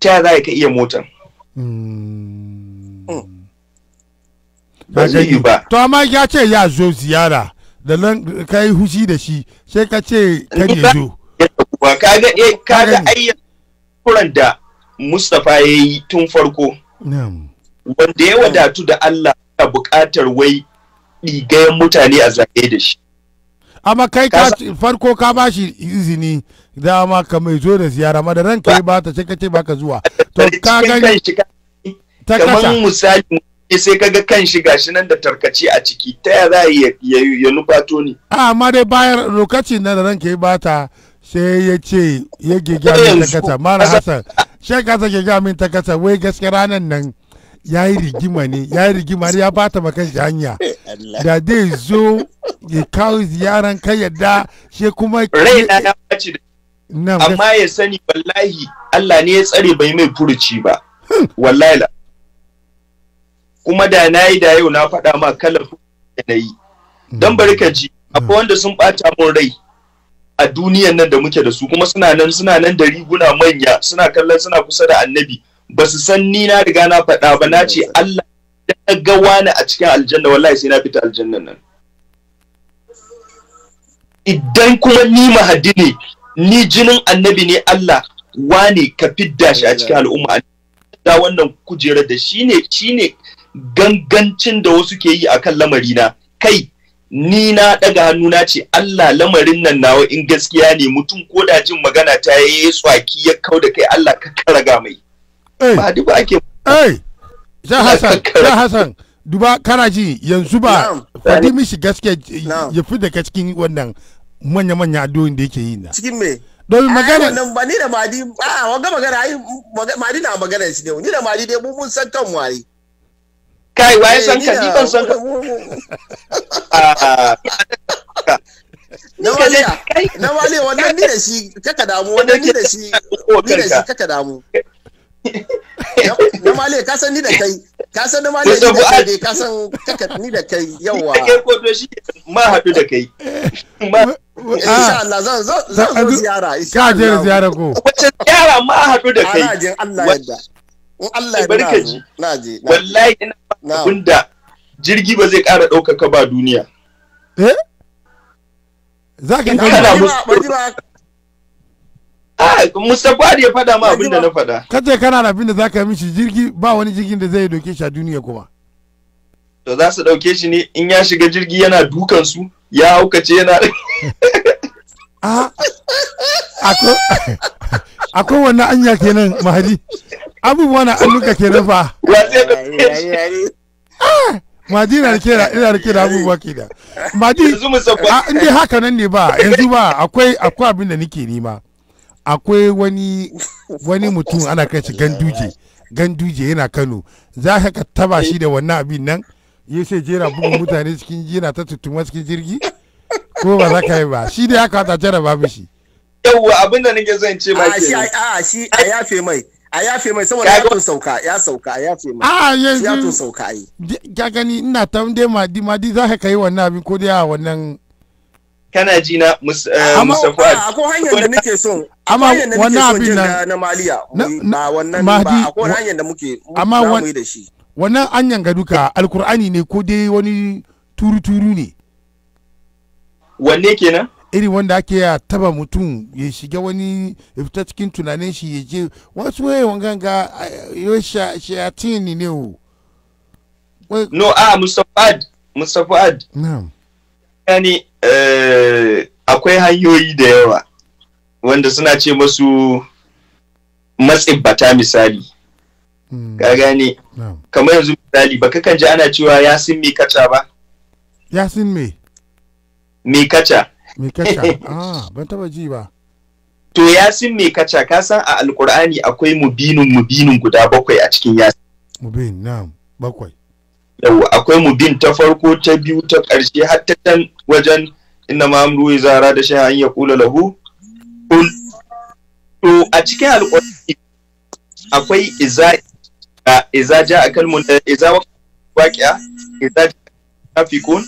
ta za ka iya motan? Mm. Mm. ba zai yi ba to amma ya ce ya zo ziyara da nan ka yi hushi da shi sai ka ce ka ne zo kaga eh kaga ayyan kuran da Mustapha ya yi tun farko wanda ya wadatu da Allah ya buƙatar wai ɗigayen mutane a zaɓe da shi amma kai ka farko ka ba shi izini dama ka mai zo da ziyara ma da ranka ba ta sai ka ce baka zuwa to ka gani ta kasa kamar misali sai kaga kan shi gashi nan da tarkace a ciki ta ya za ya nufato ni amma dai bayan lokaci na da zan kai bata sai ya ce ya giga min takata mara hasan ka hasan giga min takata wai gaske ranar nan ya yi rigima ne ya yi rigima ya bata makan shi hanya da dai zo ya kawo ziyaran kai yadda shi kuma na, ya amma ya sani wallahi Allah ne ya tsare bai mai furuci ba hmm. wallahi kuma da na yi da yau na faɗa ma kalar da na yi hmm. don bari ka ji akwai wanda sun ɓata mun rai a duniyan nan da muke da su kuma suna nan suna nan da riguna manya suna kallon suna kusa da annabi ba su san ni na riga na faɗa ba na ce Allah da ga wani a cikin aljanna wallahi sai na fita aljannan nan idan kuma ni mahadi ne ni jinin annabi ne Allah wane ka fidda shi a cikin al'umma da wannan kujerar da shine shine gangancin da wasu ke yi akan na, kai ni na daga hannuna ce Allah lamarin nan nawa in gaskiya ne mutum ko da jin magana ta yi tsaki ya kau da kai Allah ka karaga mai ba duk ake ai ja hasan ja hasan duba kana ji yanzu ba fadi mishi gaskiya ya fi daga cikin wannan manya manya addu'o'in da yake yi na cikin me don magana nan ba ni da madi a wanga magana ai madi na magana shi ne ni da madi dai mun san kan wari kai wa eh, san ka di ban san ka na wale na wale wannan ni da shi kaka damu wannan ni da shi ni da shi kaka damu na male ka san ni da kai ka san na male ni da kai ka san kaka ni da kai yawa kai ko to shi ma hadu da kai eh, insha ah. Allah zan zo zan zo ziyara ka je ziyara ko wace ziyara ma hadu da kai ana jin Allah yadda in Allah ya barka ji na je wallahi ina abinda jirgi ba zai ƙara ɗaukaka ba duniya eh za ka kana Mustapha ah, ya faɗa ma abin da na faɗa. Kace kana da abin da za ka mishi jirgi ba wani jirgin da zai doke shi a duniya kuma. To za su ɗauke shi ne in ya shiga jirgi yana dukan su ya haukace yana. Ah. Akwai wannan anya kenan mahadi. abubuwa na annuka ke nufa ah, maji na rike da ina rike da abubuwa ke da maji ah, in haka nan ne ba yanzu ba akwai akwai abin da nike nema akwai wani wani mutum ana kai shi ganduje ganduje yana kano za ka ka taba shi da wannan abin nan ya sai jera bugun mutane cikin jina ta tutuma cikin jirgi ko ba za ka yi ba shi da ya kawata jaraba mishi yawwa abin da nake zan ce ba ke a shi a yafe mai a yafe mai saboda ya tun sauka ya sauka a yafe mai a ah, yanzu ya tun sauka ai ka gani ina ta dai madi madi za ka kai wannan abin ko da wannan kana ji na eh, musafuwa akwai hanyar da nake son amma wannan abin nan na maliya ba wannan ba akwai hanyar da muke amma da shi wannan anyan ga duka alkur'ani ne ko dai wani turu-turu ne wanne kenan iri wanda ake ya taba mutum ya shiga wani ya fita cikin tunanin shi ya je wasu wani wanganga eh, ya shayatini ne o no a ah, musafad musafad yani eh, akwai hanyoyi da yawa wanda suna ce masu matsibbata misali hmm. ka gane kamar yanzu misali baka kan ji ana cewa yasin mai kaca ba yasin mai mai kaca me kacha? ah ban taba ji ba to yasin me kacha ka san a alkur'ani akwai mubinun mubinun guda bakwai a cikin yasin mubin na'am bakwai Yawwa, akwai mubin ta farko ta biyu ta ƙarshe har ta can wajen inna ma amru zara da shi an ya kula lahu to a cikin alkur'ani akwai iza iza ja akal mun iza waqi'a iza fikun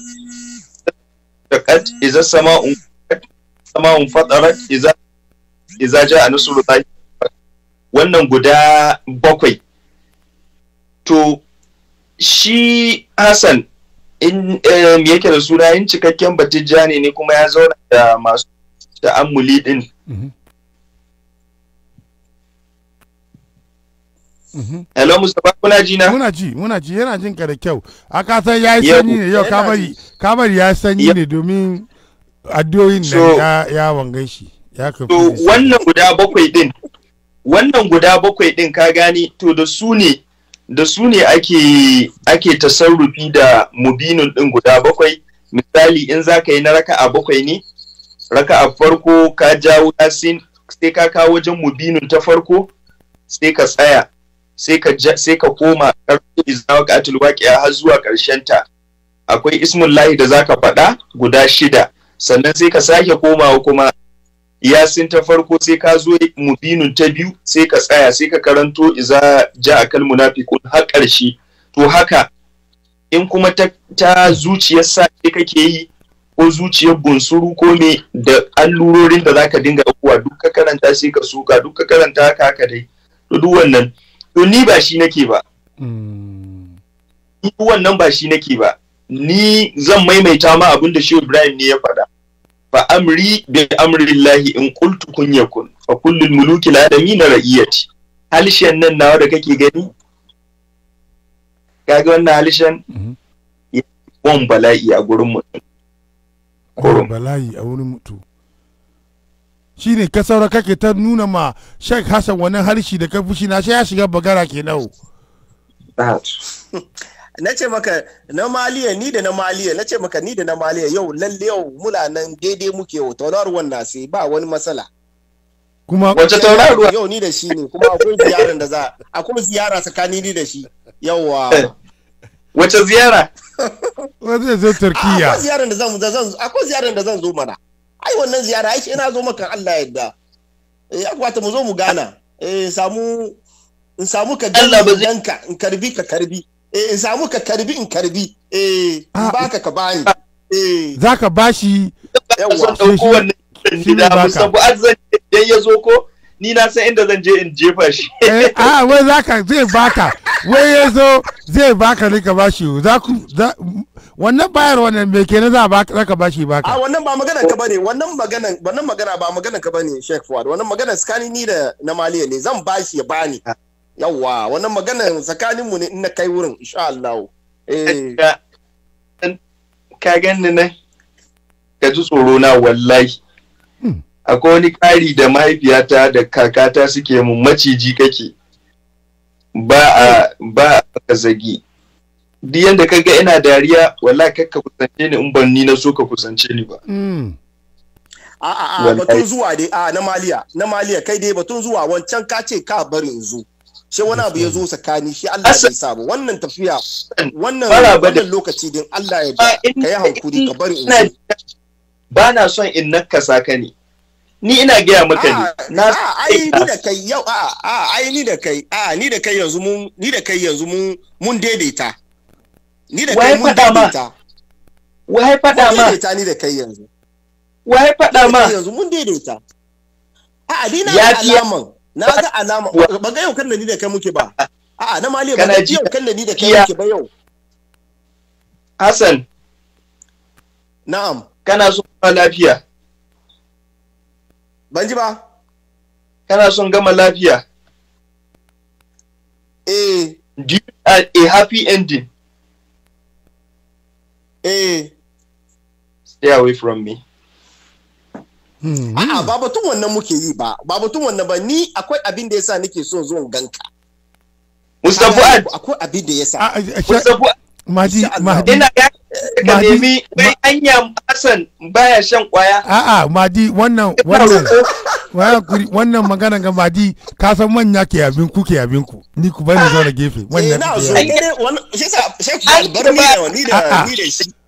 sama un fatarat wannan guda bakwai to shi Hassan in eh, yake da suna yin cikakken batijja ne kuma ya zauna da masu ta'ammuli din mhm. Hello Mustapha kuna ji na? Muna ji, muna ji yana jin ka da kyau. A ka san yi sanyi ne yau kabari, kabari ya sanyi ne domin addu'o'in nan ya ya wangan shi. Ya So, wannan guda bakwai din. Wannan guda bakwai din ka gani to da su ne da su ne ake ake tasarrufi da mubinun din guda bakwai. Misali in za ka yi na raka a bakwai ne, raka a farko ka jawo yasin sai ka kawo wajen mubinun ta farko sai ka tsaya sai ka koma karfi izawa ka waqi'a har zuwa karshen ta akwai ismullahi da zaka faɗa guda shida sannan sai ka sake komawa kuma yasin ta farko sai ka zo mubinun ta biyu sai ka tsaya sai ka karanto iza ja akal munafiqun har karshe to haka in kuma ta, zuciyar sa kake yi ko zuciyar bunsuru ko me da allurorin da zaka dinga kuwa, duk karanta sai ka suka duk karanta haka haka dai to duk wannan to ni ba shi nake ba hmm. ni wannan ba shi nake ba ni zan maimaita ma abin da shi Ibrahim ne ya faɗa fa amri bi amrillahi in qultu kun yakun fa kullul muluki la na ra'iyati halishan nan nawa da kake gani kaga wannan halishan hmm. wan bala'i a gurin mutum bala'i a wurin mutum shi ne ka saura kake ta nuna ma sheikh hassan wannan harshe da kafi shi na shi ya shiga bagara ke nau na ce maka na maliya ni da na maliya na ce maka ni da na maliya yau lalle yau mula nan daidai muke yau tauraruwan na sai ba wani matsala kuma wace tauraruwa yau ni da shi ne kuma akwai ziyarar da za a kuma ziyara tsakanin ni da shi yawa wace ziyara wace zai turkiya akwai ziyarar ziyarar da zan zo mana ai wannan ziyara ai ina zo maka Allah yadda eh, ya kwata mu zo mu gana eh samu in samu ka Allah ba zan ka in karbi ka karbi eh in samu ka karbi in karbi eh in ah. baka ka bani ah. eh zaka bashi yawa sai shi wannan da musabu azzan dan ko ni na san inda zan je in jefa shi eh, a wai za ka, zai baka wai ya zo zai baka ne ka bashi za ku wannan bayar wannan me kenan za baka ka shi baka a wannan ba magana ka bane wannan magana wannan magana ba magana ka bane Sheikh Fuad wannan magana tsakanin ni da na Maliya ne zan bashi ya ni, yawa wannan magana tsakanin mu ne in na kai wurin insha Allah eh. ka ganni ne ka ji tsoro na wallahi hmm. akwai wani ƙari da mahaifiyata da kakata suke mu maciji kake ba a ba a zagi duk yadda kaga ina dariya wala kakka kusance ni in ban ni na so ka kusance ni ba a a a batun zuwa dai a na maliya na maliya kai dai batun zuwa wancan ka ce ka bari in zo shi wani abu ya zo tsakani shi Allah ya sa wannan tafiya wannan wannan lokaci din Allah ya ba ka yi hankuri ka bari in zo ba na son in nakasa ka ne ni ina gaya maka ne ah, na ah, ai ni da kai yau a ah, a ai ni da kai a ni da kai yanzu mun ni da kai yanzu mun mun daidaita ni da kai mun daidaita wai fada ma daidaita ni da kai yanzu wai fada ma yanzu mun daidaita a a ni na ga alaman na ga alaman ba ga yau kan da ni da kai muke ba a a na mali ba ga yau kan da ni da kai muke ba yau Hassan na'am kana so lafiya ban ji ba kana son gama lafiya eh do you have a happy ending eh stay away from me Ah, ba tun wannan muke yi ba, ba tun wannan ba ni akwai abin da yasa nake so zuwa ganka. Mustafa Akwai abin da yasa. Mustafa Mahdi Mahdi ina ya ka nemi bai anya Hassan baya shan kwaya a'a madi wannan wannan wannan magana ga madi ka san manya ke abin ku ke abin ku ni ku bari zo eh, na gefe wannan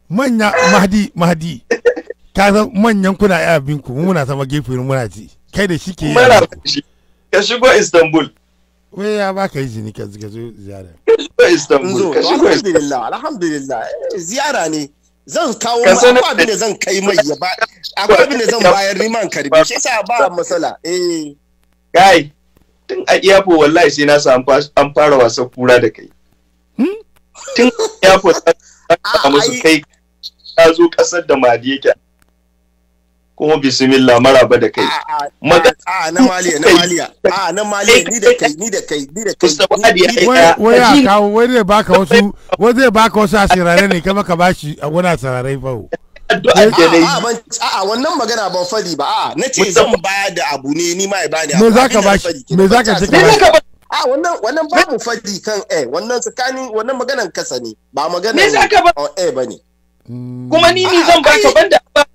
manya mahdi mahdi ka san manyan kuna abin ku muna sama gefe muna ci kai da shi ke ka shigo Istanbul wai ya baka yi jini ka zo ziyara zuwa istanbul ka shigo alhamdulillah alhamdulillah eh, ziyara ne zan kawo akwai abin da zan kai mai ya ba akwai abin da zan bayar ni man karbi shi yasa ba matsala eh kai tun a iyafo wallahi sai na samu an fara wasan kura da kai hmm? tun iyafo ta samu su kai ka zo kasar da madi yake kuma bismillah maraba da kai a na maliya na maliya a na maliya ni da kai ni da kai ni da kai wai ya kawo wai zai baka wasu wai zai baka wasu asirare ne kama ka bashi a wani asirare ba a'a wannan magana ban fadi ba a'a na ce zan bayar da abu ne ni ma ya bani abu me zaka bashi me zaka ce ka bashi a wannan wannan babu fadi kan eh wannan tsakanin wannan maganan kasa ne ba maganan me zaka ba eh bane mm. kuma ni ni zan baka banda ba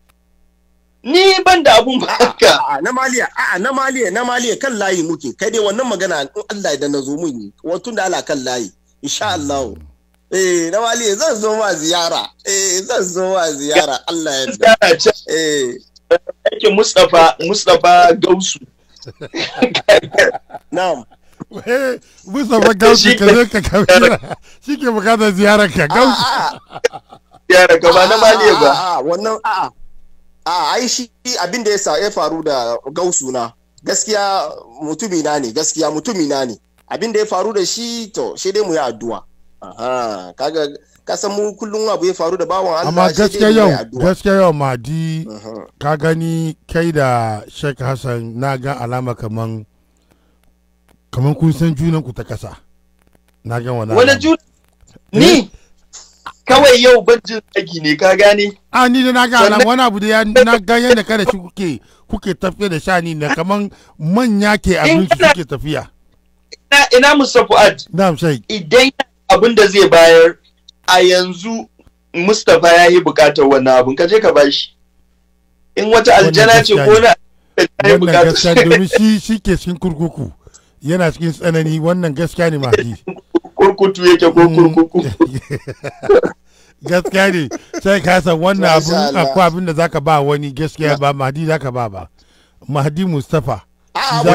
ni ban da abun ba a'a na maliya a'a na maliya na maliya kan layi muke kai dai wannan magana in Allah da na zo mun yi wato da Allah kan layi insha hmm. Allah eh na maliya zan zo ma ziyara eh zan zo ma ziyara Allah ya yarda eh ake Mustafa Mustafa Gausu na'am eh, Mustafa Gausu ka zo ka kabira shi ke bukatar ziyarar ka Gausu ziyarar ka ba na maliya ba wannan a'a a ai shi abin da ya faru da gausu na gaskiya mutumi na ne gaskiya mutumi na ne abin da ya faru da shi to shi dai mu yi addu'a aha kaga kasan mu kullum abu ya faru da bawan Allah amma gaskiya yau gaskiya yau madi ka gani kai da Sheikh Hassan na ga alama kaman kaman kun san junan ku ta kasa na ga wannan wani ni eh, kawai yau ban jin ne ka gane a ni da na ga alamu wani abu da ya na ganye da kada shi kuke kuke tafiya da shani na kaman manya ke abinci su suke tafiya ina Musa Fuad na'am sai idan abin da zai bayar a yanzu Mustapha ya yi bukatar wannan abin ka je ka bashi in wata aljana ce ko na wannan gaskiya domin shi shi ke cikin kurkuku yana cikin tsanani wannan gaskiya ne ma. kurkutu yake ko mm. kurkuku gaskiya ne sai ka san wannan abu akwai abin da zaka ba wani gaskiya ba mahdi zaka ba ba mahdi mustafa abu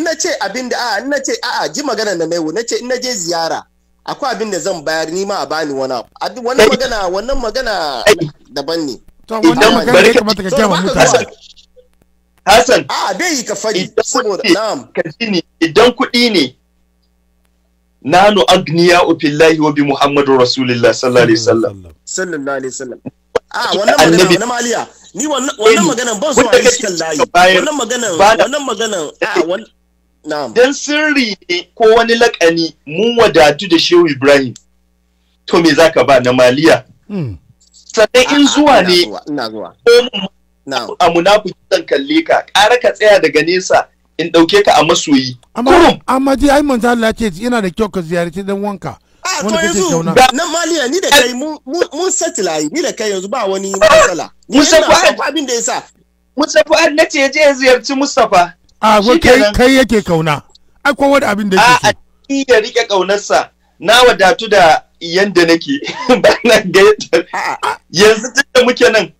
na ce abin da a na ce a ji magana da naiwo na ce na je ziyara akwai abin da zan bayar ni ma a bani wani abu wannan magana wannan magana daban ne to wannan magana ne kamar ka kyama mutane Hassan a dai ka fari saboda na'am idan kuɗi ne nanu agniya ufillahi wa bi muhammadu rasulillah sallallahu alaihi wasallam sallallahu alaihi wasallam a ah, wannan magana wannan maliya ni wannan magana ban so a cikin layi wannan magana wannan magana a ah, sirri ne ko wani lakani mun wadatu da shehu ibrahim to me zaka ba na maliya hmm. sannan in ah, zuwa ne ko a munafuki zan kalle ka ƙara ka tsaya daga nesa in ɗauke ka a masoyi. Amma dai ai manzo Allah ce yana da kyau ka ziyarci dan wanka. Wanda to yanzu Na maliya ni da kai mun satila ni da kai yanzu ba wani ah! matsala. Ni ina abin da yasa. Mustapha har na ce je ziyarci Mustapha. A ah, kai kai yake kauna. Ai ko wani abin da yake. A ni da rike kaunarsa na wadatu da yanda nake ba na gayyata. Yanzu tun da muke nan.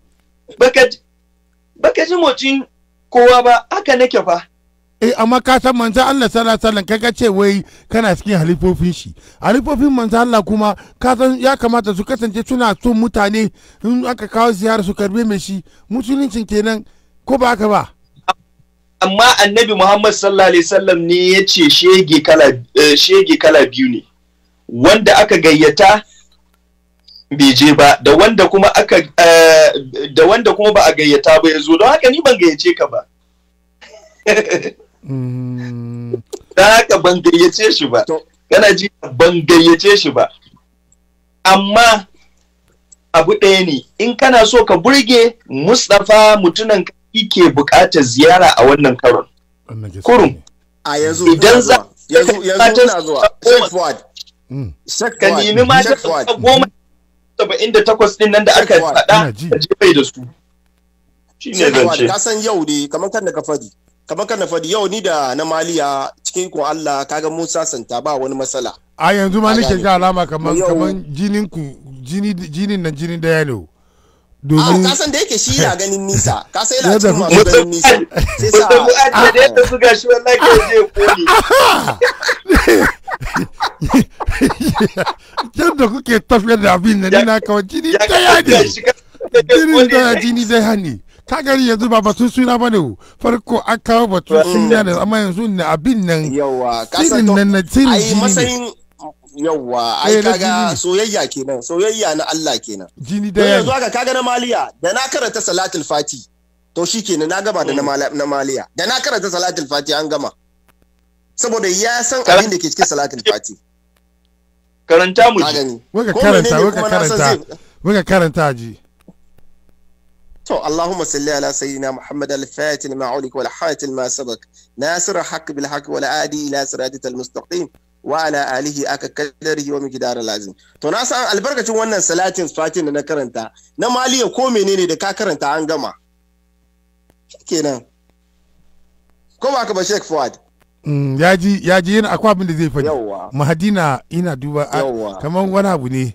Baka ji mocin kowa ba haka nake fa. eh amma ka san manzo Allah sallallahu alaihi wasallam kaga ce wai kana cikin halifofin shi halifofin manzo Allah kuma ka san ya kamata su kasance suna son mutane in aka kawo ziyara su karbe mai shi musuluncin kenan ko ba haka ba amma annabi Muhammad sallallahu alaihi wasallam ne ya ce shege kala eh, shege kala biyu ne wanda aka gayyata bai je ba da wanda kuma aka eh, da wanda kuma ba a gayyata ba ya zo don haka ni ban gayyace ka ba Mm. Da haka ban gayyace shi ba. Kana ji ban gayyace shi ba. Amma abu ɗaya ne, in kana so ka burge Mustapha mutunan ke buƙatar ziyara a wannan karon. Kurum, A yanzu idan za yanzu yanzu na zuwa. Step forward. Mm. Ka nemi mata goma saba'in da takwas ɗin nan da aka faɗa ka jefe da su. Shi ne zance. Ka san yau ne kamar kan da ka fadi. kamar kan na yau ni da na maliya cikin ku Allah kaga Musa santa ba wani matsala a yanzu ma nake ga alama kamar kamar jinin ku jini jinin nan jinin daya yalo domin ka san da yake shi yana ganin nisa ka sai la cikin ganin nisa sai sa mu adda da yadda su shi wallahi ke je koli yadda kuke tafiyar da abin nan ina kawai jini daya ne jini daya jini daya ne ka gari yanzu ba batun suna ba ne farko an kawo batun suna da amma yanzu ne abin nan sidin nan na sidin eh, jini yawwa ai kaga soyayya kenan soyayya na Allah kenan jini da yanzu haka kaga na maliya da na karanta salatul fati to shikenan na gaba da mm. na maliya da na karanta salatul fati an gama saboda ya san abin da ke cikin salatul fati karanta mu ji waka karanta waka karanta waka karanta ji To Allahumma salli ala sayyidina Muhammad al-Fatin ma'ulik wal hatil ma sabak nasir haqq bil haqq wal adi ila siratal mustaqim wa ala alihi aka kadarihi wa miqdar lazim to na san albarkacin wannan salatin fatin da na karanta na maliya ko menene da ka karanta an gama kenan ko ba ka ba Sheikh Fuad mm, ya ji ya ji yana akwai abin da zai faɗi mahadina ina duba kamar wani abu ne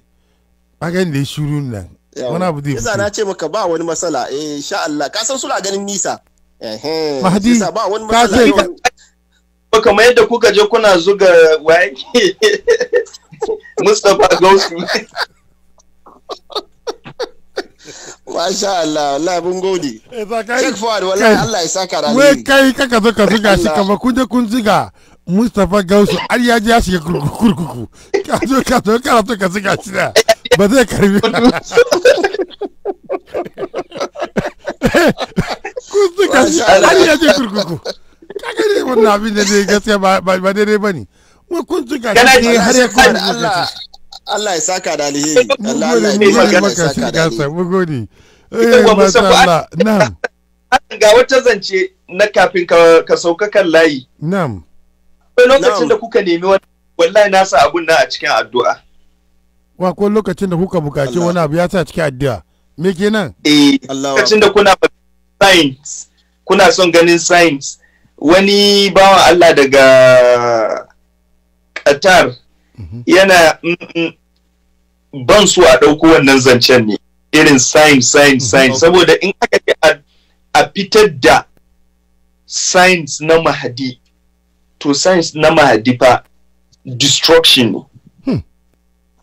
akan da ya shuru nan wani abu da yasa na ce maka ba wani matsala eh sha Allah ka san suna ganin nisa eh mahdi ba wani matsala ba kamar yadda kuka je kuna zuga waye Mustapha Gausu Masha Allah, Allah mun gode. Check eh, forward, wallahi Allah ya saka rani. Wai kai kaka zo ka zuga shi kamar kun je kun ziga Mustapha Gausu har ya je ya shiga kurkuku. Ka zo ka zo ka zo ka zuga shi da. ba zai karbi ba. kun ka shi hali ya je kurkuku kaga ne wannan abin da ne gaske ba daidai ba ne kun ka shi har ya kuma Allah Allah ya saka da alheri Allah ya saka da alheri mu gode eh masha Allah na'am ga wata zance na kafin ka sauka kan layi na'am lokacin da kuka nemi wani. wallahi na sa abun na a cikin addu'a wa ko lokacin da kuka bukaci wani abu ya sa cikin addu'a me kenan eh lokacin da kuna science kuna son ganin science wani bawan Allah daga Qatar mhm. yana mm, mm, ban su a ɗauko wannan zancen ne irin science science mhm. science saboda in aka ce a fitar da science na mahadi to science na mahadi fa destruction ne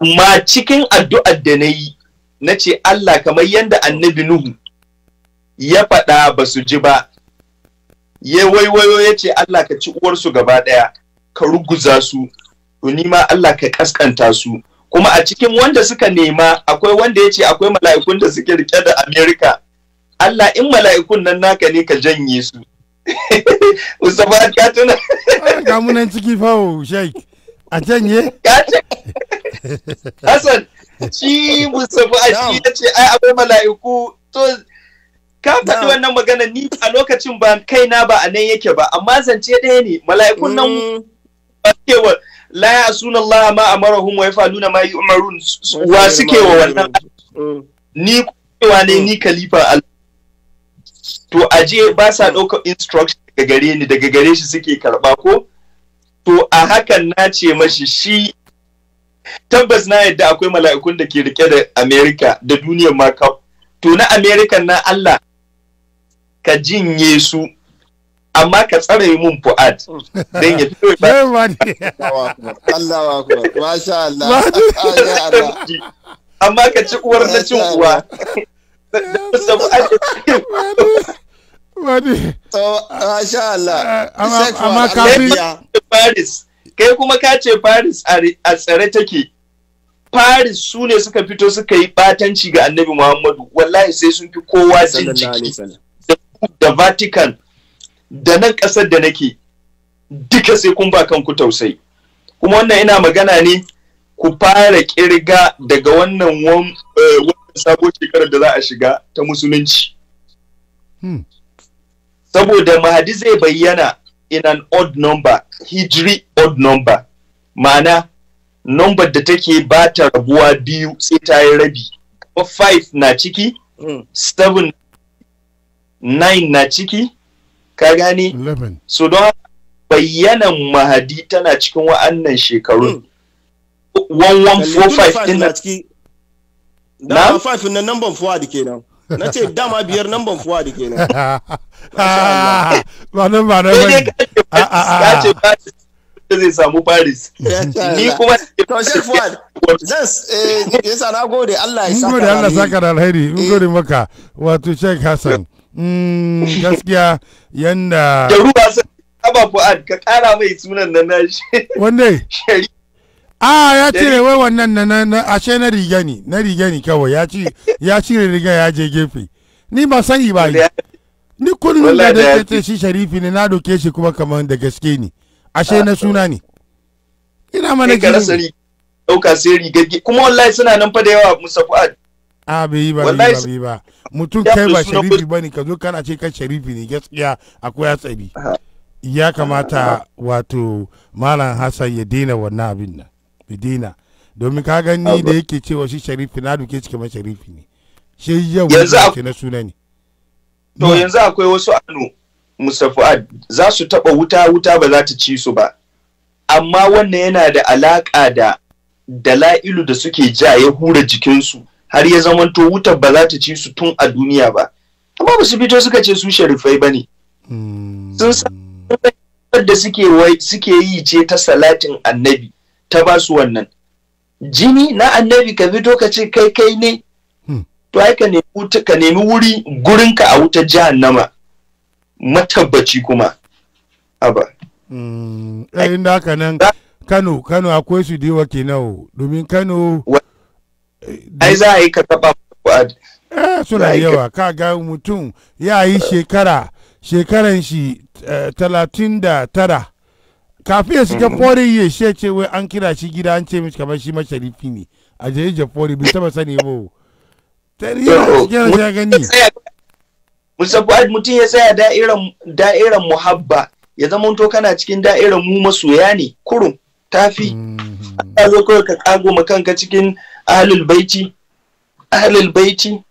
ma cikin addu'ar da na yi na ce Allah kamar yadda annabi Nuhu ya faɗa ba su ji ba ya waiwayo ya ce Allah ka ci uwarsu gaba ɗaya ka ruguza su to nima ma Allah ka kaskanta su kuma a cikin wanda suka nema akwai wanda ya ce akwai mala'ikun da suke rike da Amerika Allah in mala'ikun nan naka ne ka janye su Mustapha ka tuna ga munan ciki fawo oh, sheik a janye Hassan shi Mustapha a shi ya ce ai akwai mala'iku to ka faɗi wannan magana ni a lokacin ba kaina ba a nan yake ba amma zance ɗaya ne mala'ikun nan mm. ba suke wa la ya asuna Allah ma amarahum wa yafaluna ma yu'marun wa suke wa wannan mm. ni kuwa ne ni mm. kalifa Allah to aje ba sa ɗaukar instruction daga gare ni daga gare shi suke karɓa ko to a hakan na ce mashi shi tabbas na yadda akwai mala'ikun da ke rike da Amerika da duniyar maka to na Amerika na Allah ka jinye su amma ka tsare mun fu'ad don ya fito ba Allah wa masha Allah amma ka ci uwar na cin uwa Wadi. masha Allah. Eh, amma kafin. Paris. kai kuma ka ce Paris a tsare take Paris su ne suka fito suka yi batanci ga Annabi Muhammadu wallahi sai sun fi kowa jin jiki da Vatican da nan ƙasar da nake duka sai kun ba kanku tausayi kuma wannan ina magana ne ku fara kirga daga wannan eh, wannan sabon shekarar da za a shiga ta musulunci hmm. saboda mahadi zai bayyana in an odd number hijri odd number ma'ana number da take ba ta rabuwa biyu sai ta yi rabi 5 na ciki 7 hmm. 9 na ciki ka gane so don bayyanan mahadi tana cikin wa'annan shekarun 1145 hmm. din na 5 na number 4 nan na ce dama biyar nan ban kuwa da kenan ah, ba nan ba nan ah, ah, ya ce zai samu paris ni kuma to shek fuad zan eh, yasa na gode Allah ya saka gode Allah saka da alheri mun eh. gode maka wato Sheikh hassan mm, gaskiya yanda da ruwa sai ba fuad ka kara mai sunan nan nashi wanne shari'a a ah, ya cire wai wannan na ashe na riga ne na riga ne kawai ya ci ya cire riga ya je gefe ni ba sani ba ni kullum da da ce shi sharifi ne na doke shi kuma kamar da gaske ne ashe ah. na suna ne ina mana gari dauka sai riga kuma wallahi suna nan fa da yawa musa fuad a ah, bai yi ba bai yi ba mutum kai ba sharifi ba ne ka zo kana ce kan sharifi ne gaskiya akwai hatsari ya kamata wato malam hassan ya daina wannan abin nan Medina domin ka gani da yake cewa shi sharifi na duke cikin mai sharifi ne shi yau yake na suna ne to yanzu akwai wasu anu musafu'ad za su taba wuta wuta ba za ta ci su ba amma wannan yana da alaka da dala'ilu da suke ja ya hura jikinsu har ya zamanto wutar ba za ta ci su tun a duniya ba amma ba su fito suka ce su sharifai ba ne hmm. sun san da suke yi ce ta salatin annabi ta ba su wannan jini na annabi ka fito ka ce kai kai ne hmm. to ai ka nemi wuri gurinka a wutar jahannama matabbaci kuma aba ɗayin hmm. da haka nan kano kano akwai su diwa ke nawo domin kano ai za a yi ka taba eh suna yawa ka ga mutum ya yi shekara shekaran shi eh, talatin da tara kafin ya shiga mm. fori ya shi ce wai an kira shi gida an ce mishi kamar shi masharifi ne a jayi jafori bai taba sani ba mutum ya tsaya da'irar muhabba ya zama to kana cikin da'irar mu masoya ne kurum tafi mm-hmm. a zo kawai ka kago ma kanka cikin ahlul baiti ahlul baiti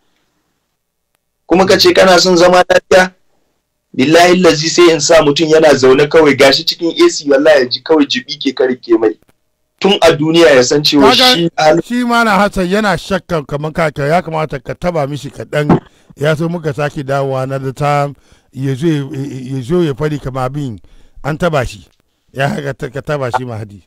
kuma ka ce kana son zama lafiya billahi lazi sai in sa mutum yana zaune kawai gashi cikin AC wallahi ya ji kawai jibi ke karke mai tun a duniya ya san cewa shi shi mana Hassan yana shakkan kamar kaka ya kamata ka taba mishi kaɗan ya so muka sake dawowa na da ta ya zo ya fari kama abin an taba shi ya haka ka taba shi mahadi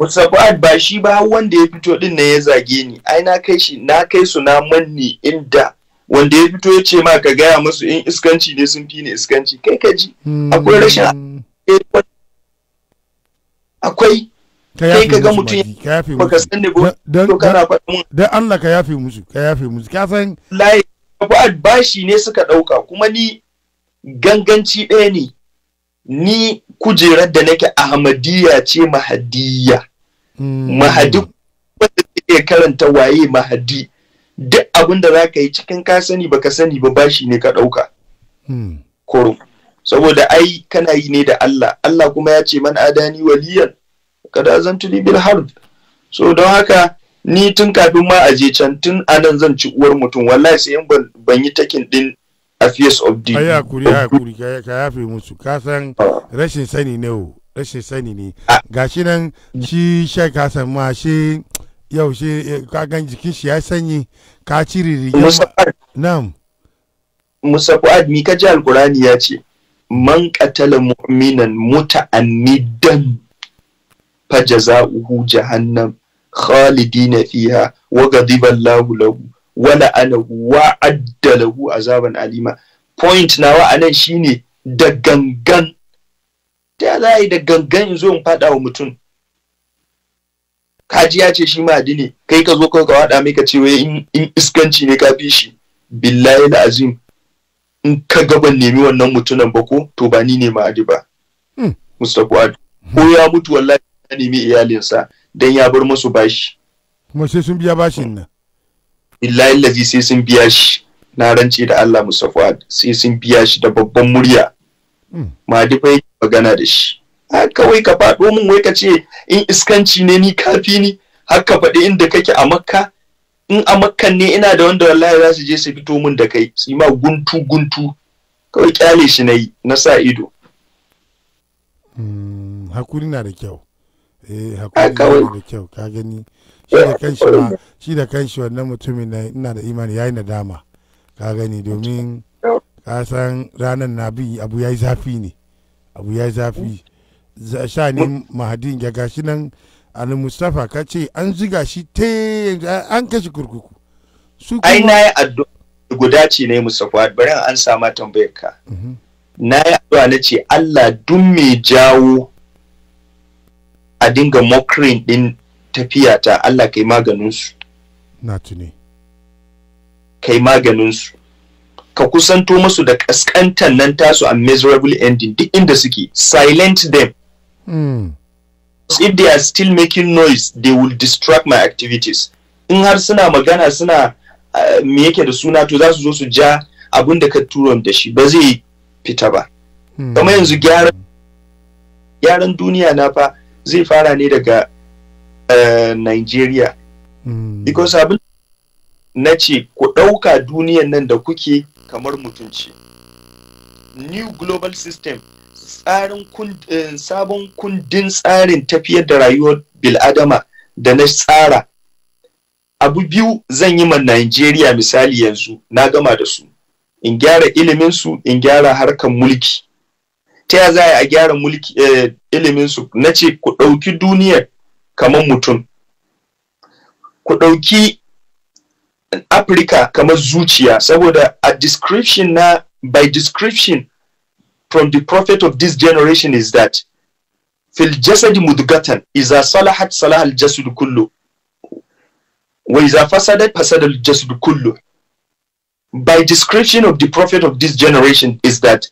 Musafa'ad ba shi ba wanda ya fito din ne ya zage ni ai na kai shi na kai su na manni inda wanda ya fito ya ce ma ka gaya musu in iskanci ne sun fi ni iskanci kai ka ji hmm. akwai rashin akwai kai ka ga mutum ka san ne to kana faɗa mun dan Allah ka yafe musu ka yafe musu ka san lai fa'ad bashi ne suka ɗauka kuma ni ganganci ɗaya ne ni kujerar da nake ahmadiyya ce mahadiyya hmm. mahadi wanda ke karanta waye mahadi duk abin da za ka yi cikin ka sani baka sani ba bashi ne ka ɗauka. Hmm. Koro. Saboda ai kana yi ne da Allah, Allah kuma ya ce man adani waliyan, kada zan tuni bil harb. So don haka ni tun kafin ma a je can tun anan zan ci uwar mutum wallahi sai ban yi takin din affairs of the. Ai hakuri, hakuri, ka yafe musu, ka san rashin sani ne o oh. rashin sani ne. Gashi nan shi shai ka ma shi yau shi eh, kagan jikin shi ya sanyi ka cire na'am Musa Fuad mi kaji Alkurani ya ce man qatala mu'minan muta'ammidan fajaza'uhu jahannam khalidina fiha wa ghadiba Allahu lahu wa la'anahu wa adda lahu azaban alima point nawa anan shine da gangan da za da gangan in zo in fada wa mutum kaji ya ce shi mahadi ne kai ka zo kawai ka wada mai ka ce wai in iskanci ne ka fi shi billahi da azim in ka gaban nemi wannan mutunan ba ko to ba ni ne adi ba hmm. mustapha adu ko ya mutu wallahi ya nemi iyalinsa dan ya bar musu bashi kuma sai sun biya bashin nan billahi lazi sai sun biya shi na rance da Allah mustapha sai sun biya shi da babban murya hmm. mahadi fa magana da shi a kawai ka faɗo min wai ka ce in iskanci ne ni kafi ni haka faɗi inda kake a makka in a makkan ne ina da wanda wallahi za su je su fito min da kai su yi ma guntu guntu kawai kyale shi na yi na sa ido hmm, hakuri na da kyau eh hakuri na da kyau ka gani shi da kanshi shi shi da shi wannan mutumin na ina da imani yayi nadama ka gani domin ka san ranar na bi abu yayi zafi ne abu yayi zafi hmm. shani mahadin ya gashi nan ali mustapha ka ce an ziga shi te an kashe kurkuku ai na yi addu'a guda ce ne mustapha bari an sama tambayar ka mhm. na yi addu'a na ce allah duk me jawo a dinga mokrin din tafiya ta allah kai maganin su na tuni kai maganin su ka kusanto masu da kaskantar nan tasu a miserable ending duk inda suke silent them Mm. If they are still making noise, they will distract my activities. In har suna magana suna eh, me yake da suna to za su zo su ja abin da ka turo da shi ba zai fita ba. Kamar yanzu gyaran duniya na fa zai fara ne daga eh, Nigeria. Because abin na ce ku ɗauka duniyan nan da kuke kamar mutunci. New global system tsarin eh, sabon kundin tsarin tafiyar da rayuwar bil'adama da na tsara abu biyu zan yi ma Najeriya misali yanzu na gama da su in gyara iliminsu in gyara harkar mulki ta ya za a gyara mulki eh, iliminsu na ce ku ɗauki duniyar kamar mutum ku ɗauki Afirka kamar zuciya saboda a description na by description from the prophet of this generation is that في الجسد مدغة إذا صلحت صلح الجسد كله وإذا فسدت فسد الجسد by description of the prophet of this generation is that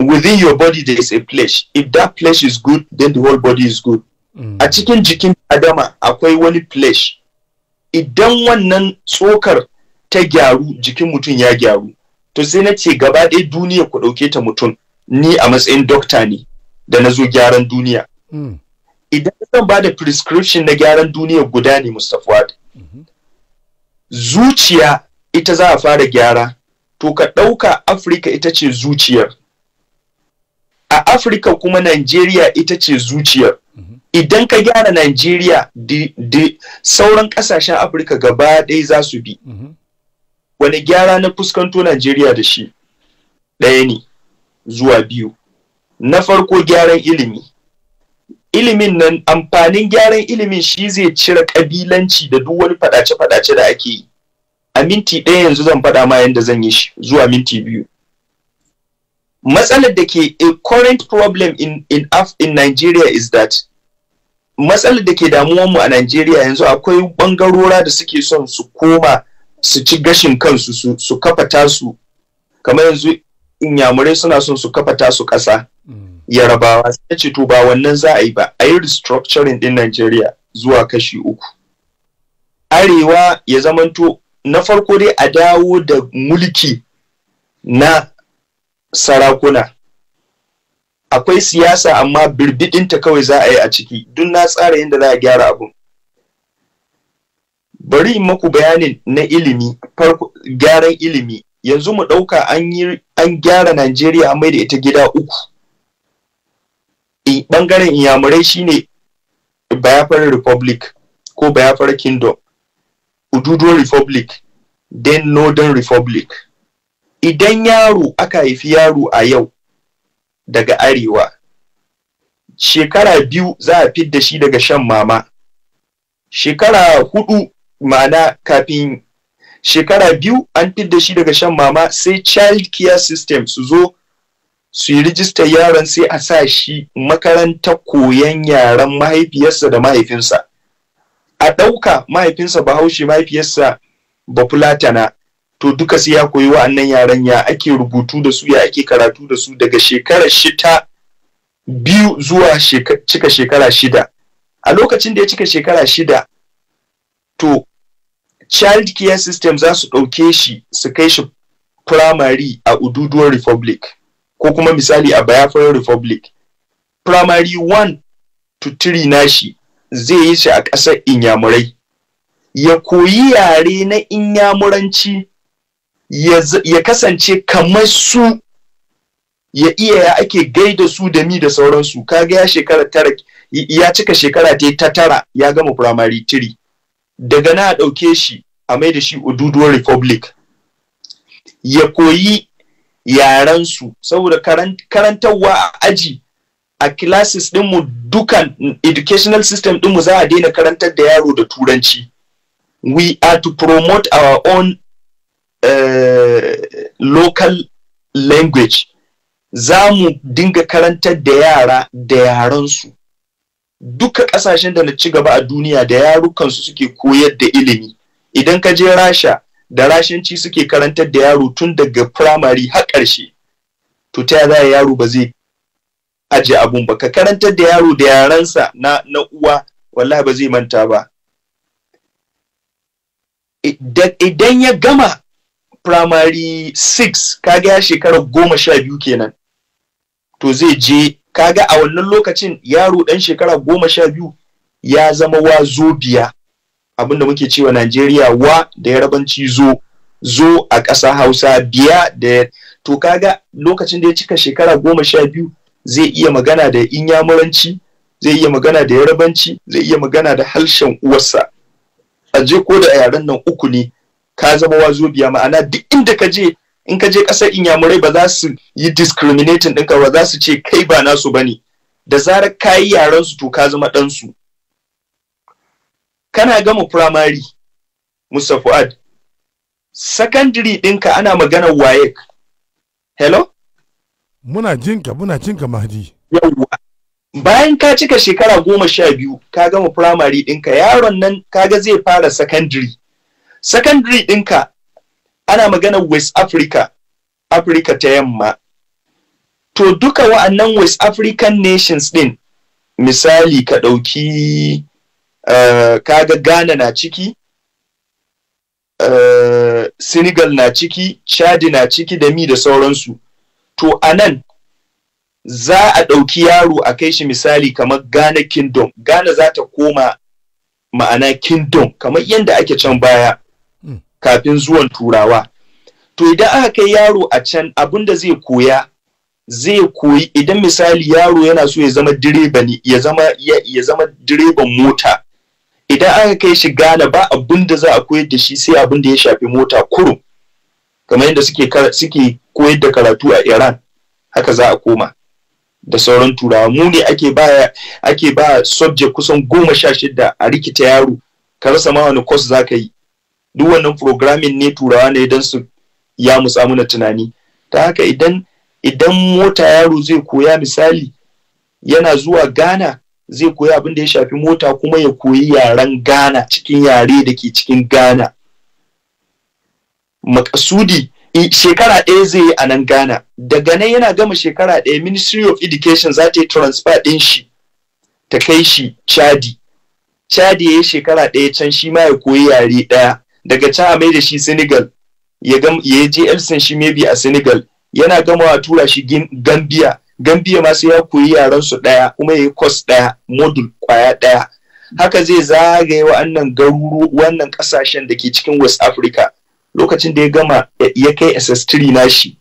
within your body there is a flesh if that flesh is good then the whole body is good mm. a cikin jikin adama akwai wani flesh idan wannan tsokar ta gyaru jikin mutum ya gyaru to sai na ce gaba ɗaya duniya ku ɗauke ta mutum ni a matsayin dokta ne da na zo gyaran duniya hmm. idan zan ba da prescription na gyaran duniya guda ne Mustapha mm-hmm. zuciya ita za a fara gyara to ka ɗauka Afirka ita ce zuciyar a Afirka kuma Najeriya ita ce zuciyar mm-hmm. idan ka gyara Najeriya sauran ƙasashen Afirka gaba ɗaya za su bi. Mm-hmm. wani gyara na fuskanto Najeriya da shi ɗaya ne zuwa biyu na farko gyaran ilimi ilimin nan amfanin gyaran ilimin shi zai cire kabilanci da duk wani faɗace-faɗace da ake yi a minti ɗaya yanzu zan faɗa ma yadda zan yi shi zuwa minti biyu matsalar da ke a current problem in, in, Af in Nigeria is that matsalar da ke damuwanmu a Nigeria yanzu akwai ɓangarora da suke son su koma su ci gashin kansu su kafa tasu kamar yanzu inyamurai suna son su kafa tasu ƙasa mm. yarabawa sai ce to ba wannan za a yi ba a yi restructuring din Najeriya zuwa kashi uku arewa ya zamanto na farko dai a dawo da mulki na sarakuna akwai siyasa amma birbidinta kawai za a yi a ciki duk na tsara yadda za a gyara abun bari in maku bayanin na ilimi farko gyaran ilimi yanzu mu ɗauka an yi an gyara Najeriya mai da ita gida uku ɓangaren inyamurai shine Biafra Republic ko Biafra Kingdom Ududo Republic then Northern Republic idan yaro aka haifi yaro a yau daga arewa shekara biyu za a fidda shi daga shan mama shekara hudu ma'ana kafin shekara biyu an fi da shi daga shan mama sai child care system su zo su yi rijistar yaran sai a sa shi makaranta koyon yaran mahaifiyarsa da mahaifinsa a ɗauka mahaifinsa bahaushe mahaifiyarsa ba fulatana to duka sai ya koyi wa'annan yaran ya ake rubutu da su ya ake karatu da su daga shekara shita biyu zuwa cika shekara shida a lokacin da ya cika shekara shida to child care system za su ɗauke shi su kai shi primary a ududuwar republic ko kuma misali a bayafar republic primary 1 to 3 nashi zai yi shi a ƙasar inyamurai ya koyi yare na inyamuranci ya kasance kamar su ya iya ya ake gaida su da mi da sauransu kaga ya shekara tara ya cika shekara ta tara ya gama primary 3 daga na ɗauke shi a mai da shi ududuwar republic ya koyi yarensu saboda karantarwa a aji a classes ɗinmu dukan educational system ɗinmu za a daina karantar da yaro da turanci we are to promote our own uh, local language za mu dinga karantar da yara da yarensu duka ƙasashen da na ci gaba a duniya da yarukansu suke koyar da ilimi idan ka je rasha da rashanci suke karantar da yaro tun daga firamare har ƙarshe to ta za yaro ba zai aje abun ba ka karantar da yaro da yarensa na, na uwa wallahi ba zai manta ba idan ya gama firamare 6 kaga ya shekarar goma sha biyu kenan to zai je kaga a wannan lokacin yaro dan shekara goma sha biyu ya zama wa Abin abinda muke cewa Najeriya wa da yarabanci zo zo a ƙasa Hausa biya da to kaga lokacin da ya cika shekara goma sha biyu zai iya magana da inyamuranci zai iya magana da yarabanci zai iya magana da harshen uwarsa a je ko da yaren nan uku ne ka zama wazo biya ma'ana duk inda ka je in ka je ƙasar inyamurai ba za su yi discriminating ɗinka ba za su ce kai ba nasu ba ne da zarar ka yi yaran to ka zama ɗansu kana gama firamare Musa Fuad secondary ɗinka ana magana wayek hello muna jinka muna jinka mahdi yawwa bayan ka cika shekara goma sha biyu ka gama firamare ɗinka yaron nan ka ga zai fara secondary secondary ɗinka ana magana west africa africa ta yamma to duka wa'annan west african nations din misali ka ɗauki uh, eh, kaga ghana na ciki uh, senegal na ciki chadi na ciki da mi da sauransu to a nan za a ɗauki yaro a kai shi misali kamar ghana kingdom ghana za ta koma ma'ana kingdom kamar yadda ake can baya kafin zuwan turawa to idan aka kai yaro a can abin da zai koya zai koyi idan misali yaro yana so ya zama direba ne ya zama ya zama direban mota idan aka kai shi gane ba abin da za a koyar da shi sai abin da ya shafi mota kurum kamar yadda suke suke koyar da karatu a Iran haka za a koma da sauran turawa mu ne ake ba ake ba subject kusan goma sha shida a rikita yaro ka rasa ma wani course zaka yi duk wannan programming ne turawa ne idan su ya musa tunani ta haka idan idan mota yaro zai koya misali yana zuwa ghana zai koya abin da ya shafi mota kuma ya koyi yaren ghana cikin yare da ke cikin ghana makasudi shekara ɗaya zai yi a nan ghana daga nan yana gama shekara ɗaya ministry of education za ta yi transfer ɗin shi ta kai shi chadi chadi ya yi shekara ɗaya can shi ma ya koyi yare ɗaya daga can a mai da shi Senegal ya je Elson shi maybe a Senegal yana gamawa tura shi Gambia Gambia masu ya koyi yaran su daya kuma ya yi kwas daya modul kwaya daya haka zai zagaye wa'annan garuru wannan kasashen da ke cikin West Africa lokacin da ya gama ya kai SS3 nashi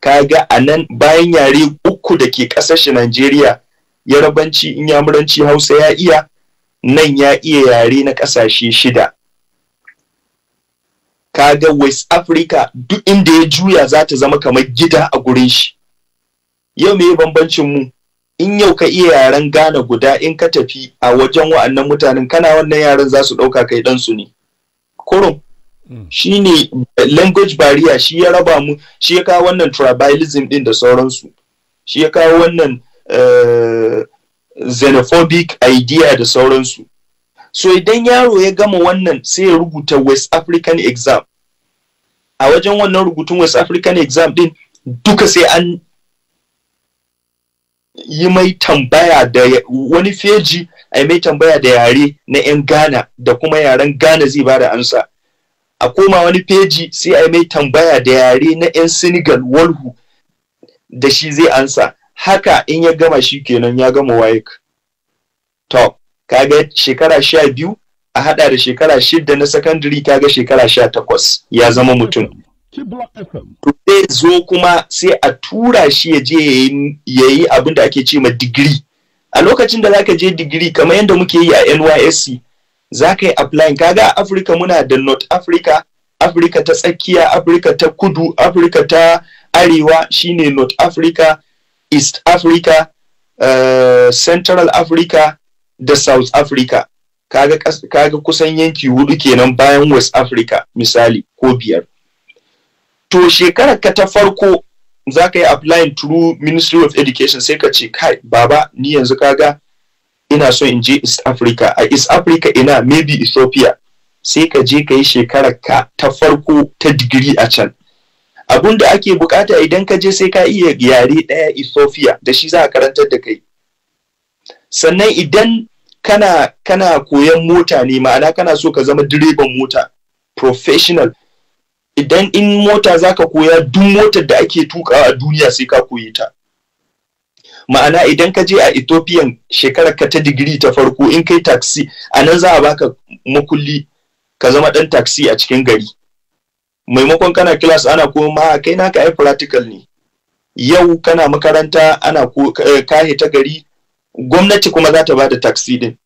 kaga a nan bayan yare uku da ke ƙasashe shi Najeriya yarabanci inyamuranci Hausa ya iya nan ya iya yare na ƙasashe shida kaga west africa duk inda ya juya za ta zama kamar gida a gurin shi yau me bambancin mu in yau ka iya yaren gane guda in ka tafi a wajen wa'annan mutanen kana wannan yaren za su ɗauka kai ɗansu ne kurum mm. shi ne language barrier shi ya raba mu shi ya kawo wannan tribalism ɗin da sauransu shi ya kawo wannan eh, xenophobic idea da sauransu so idan yaro ya gama wannan sai ya rubuta west african exam a wajen wannan rubutun west african exam din duka sai an yi mai tambaya da wani feji a yi mai tambaya da yare na 'yan ghana da kuma yaren ghana zai ba da ansa a koma wani feji sai a yi mai tambaya da yare na 'yan senegal walhu da shi zai ansa haka in ya gama shi kenan ya gama wayek top kaga shekara sha biyu a hada da shekara shida na sakandare kaga shekara sha takwas ya zama mutum to zai zo kuma sai a tura shi ya je ya yi abin da ake ce ma digiri a lokacin da za ka je digiri kamar yadda muke yi a nysc za ka yi applying kaga a afirka muna da north africa afirka ta tsakiya afirka ta kudu afirka ta arewa shine north africa east africa uh, central africa da South Africa kaga kaga kusan yanki hudu kenan bayan West Africa misali ko biyar to shekarar ka ta farko za ka yi applying through Ministry of Education sai ka ce kai baba ni yanzu kaga ina so in je East Africa a East Africa ina maybe Ethiopia sai ka je ka yi shekarar ka ta farko ta digiri a can abun da ake bukata idan ka je sai ka iya yare ɗaya Ethiopia da shi za a karantar da kai sannan idan kana kana koyon mota ne ma'ana kana so ka zama direban mota professional idan in mota zaka koya duk motar da ake tukawa a duniya sai ka koye ta ma'ana idan ka je a Ethiopian shekarar ka ta digiri ta farko in kai taxi a nan za a baka makulli ka zama dan taxi a cikin gari maimakon kana class ana kuma, ma kai naka ai practical ne yau kana makaranta ana ko eh, ka ta gari gwamnati kuma za ta ba da taxi din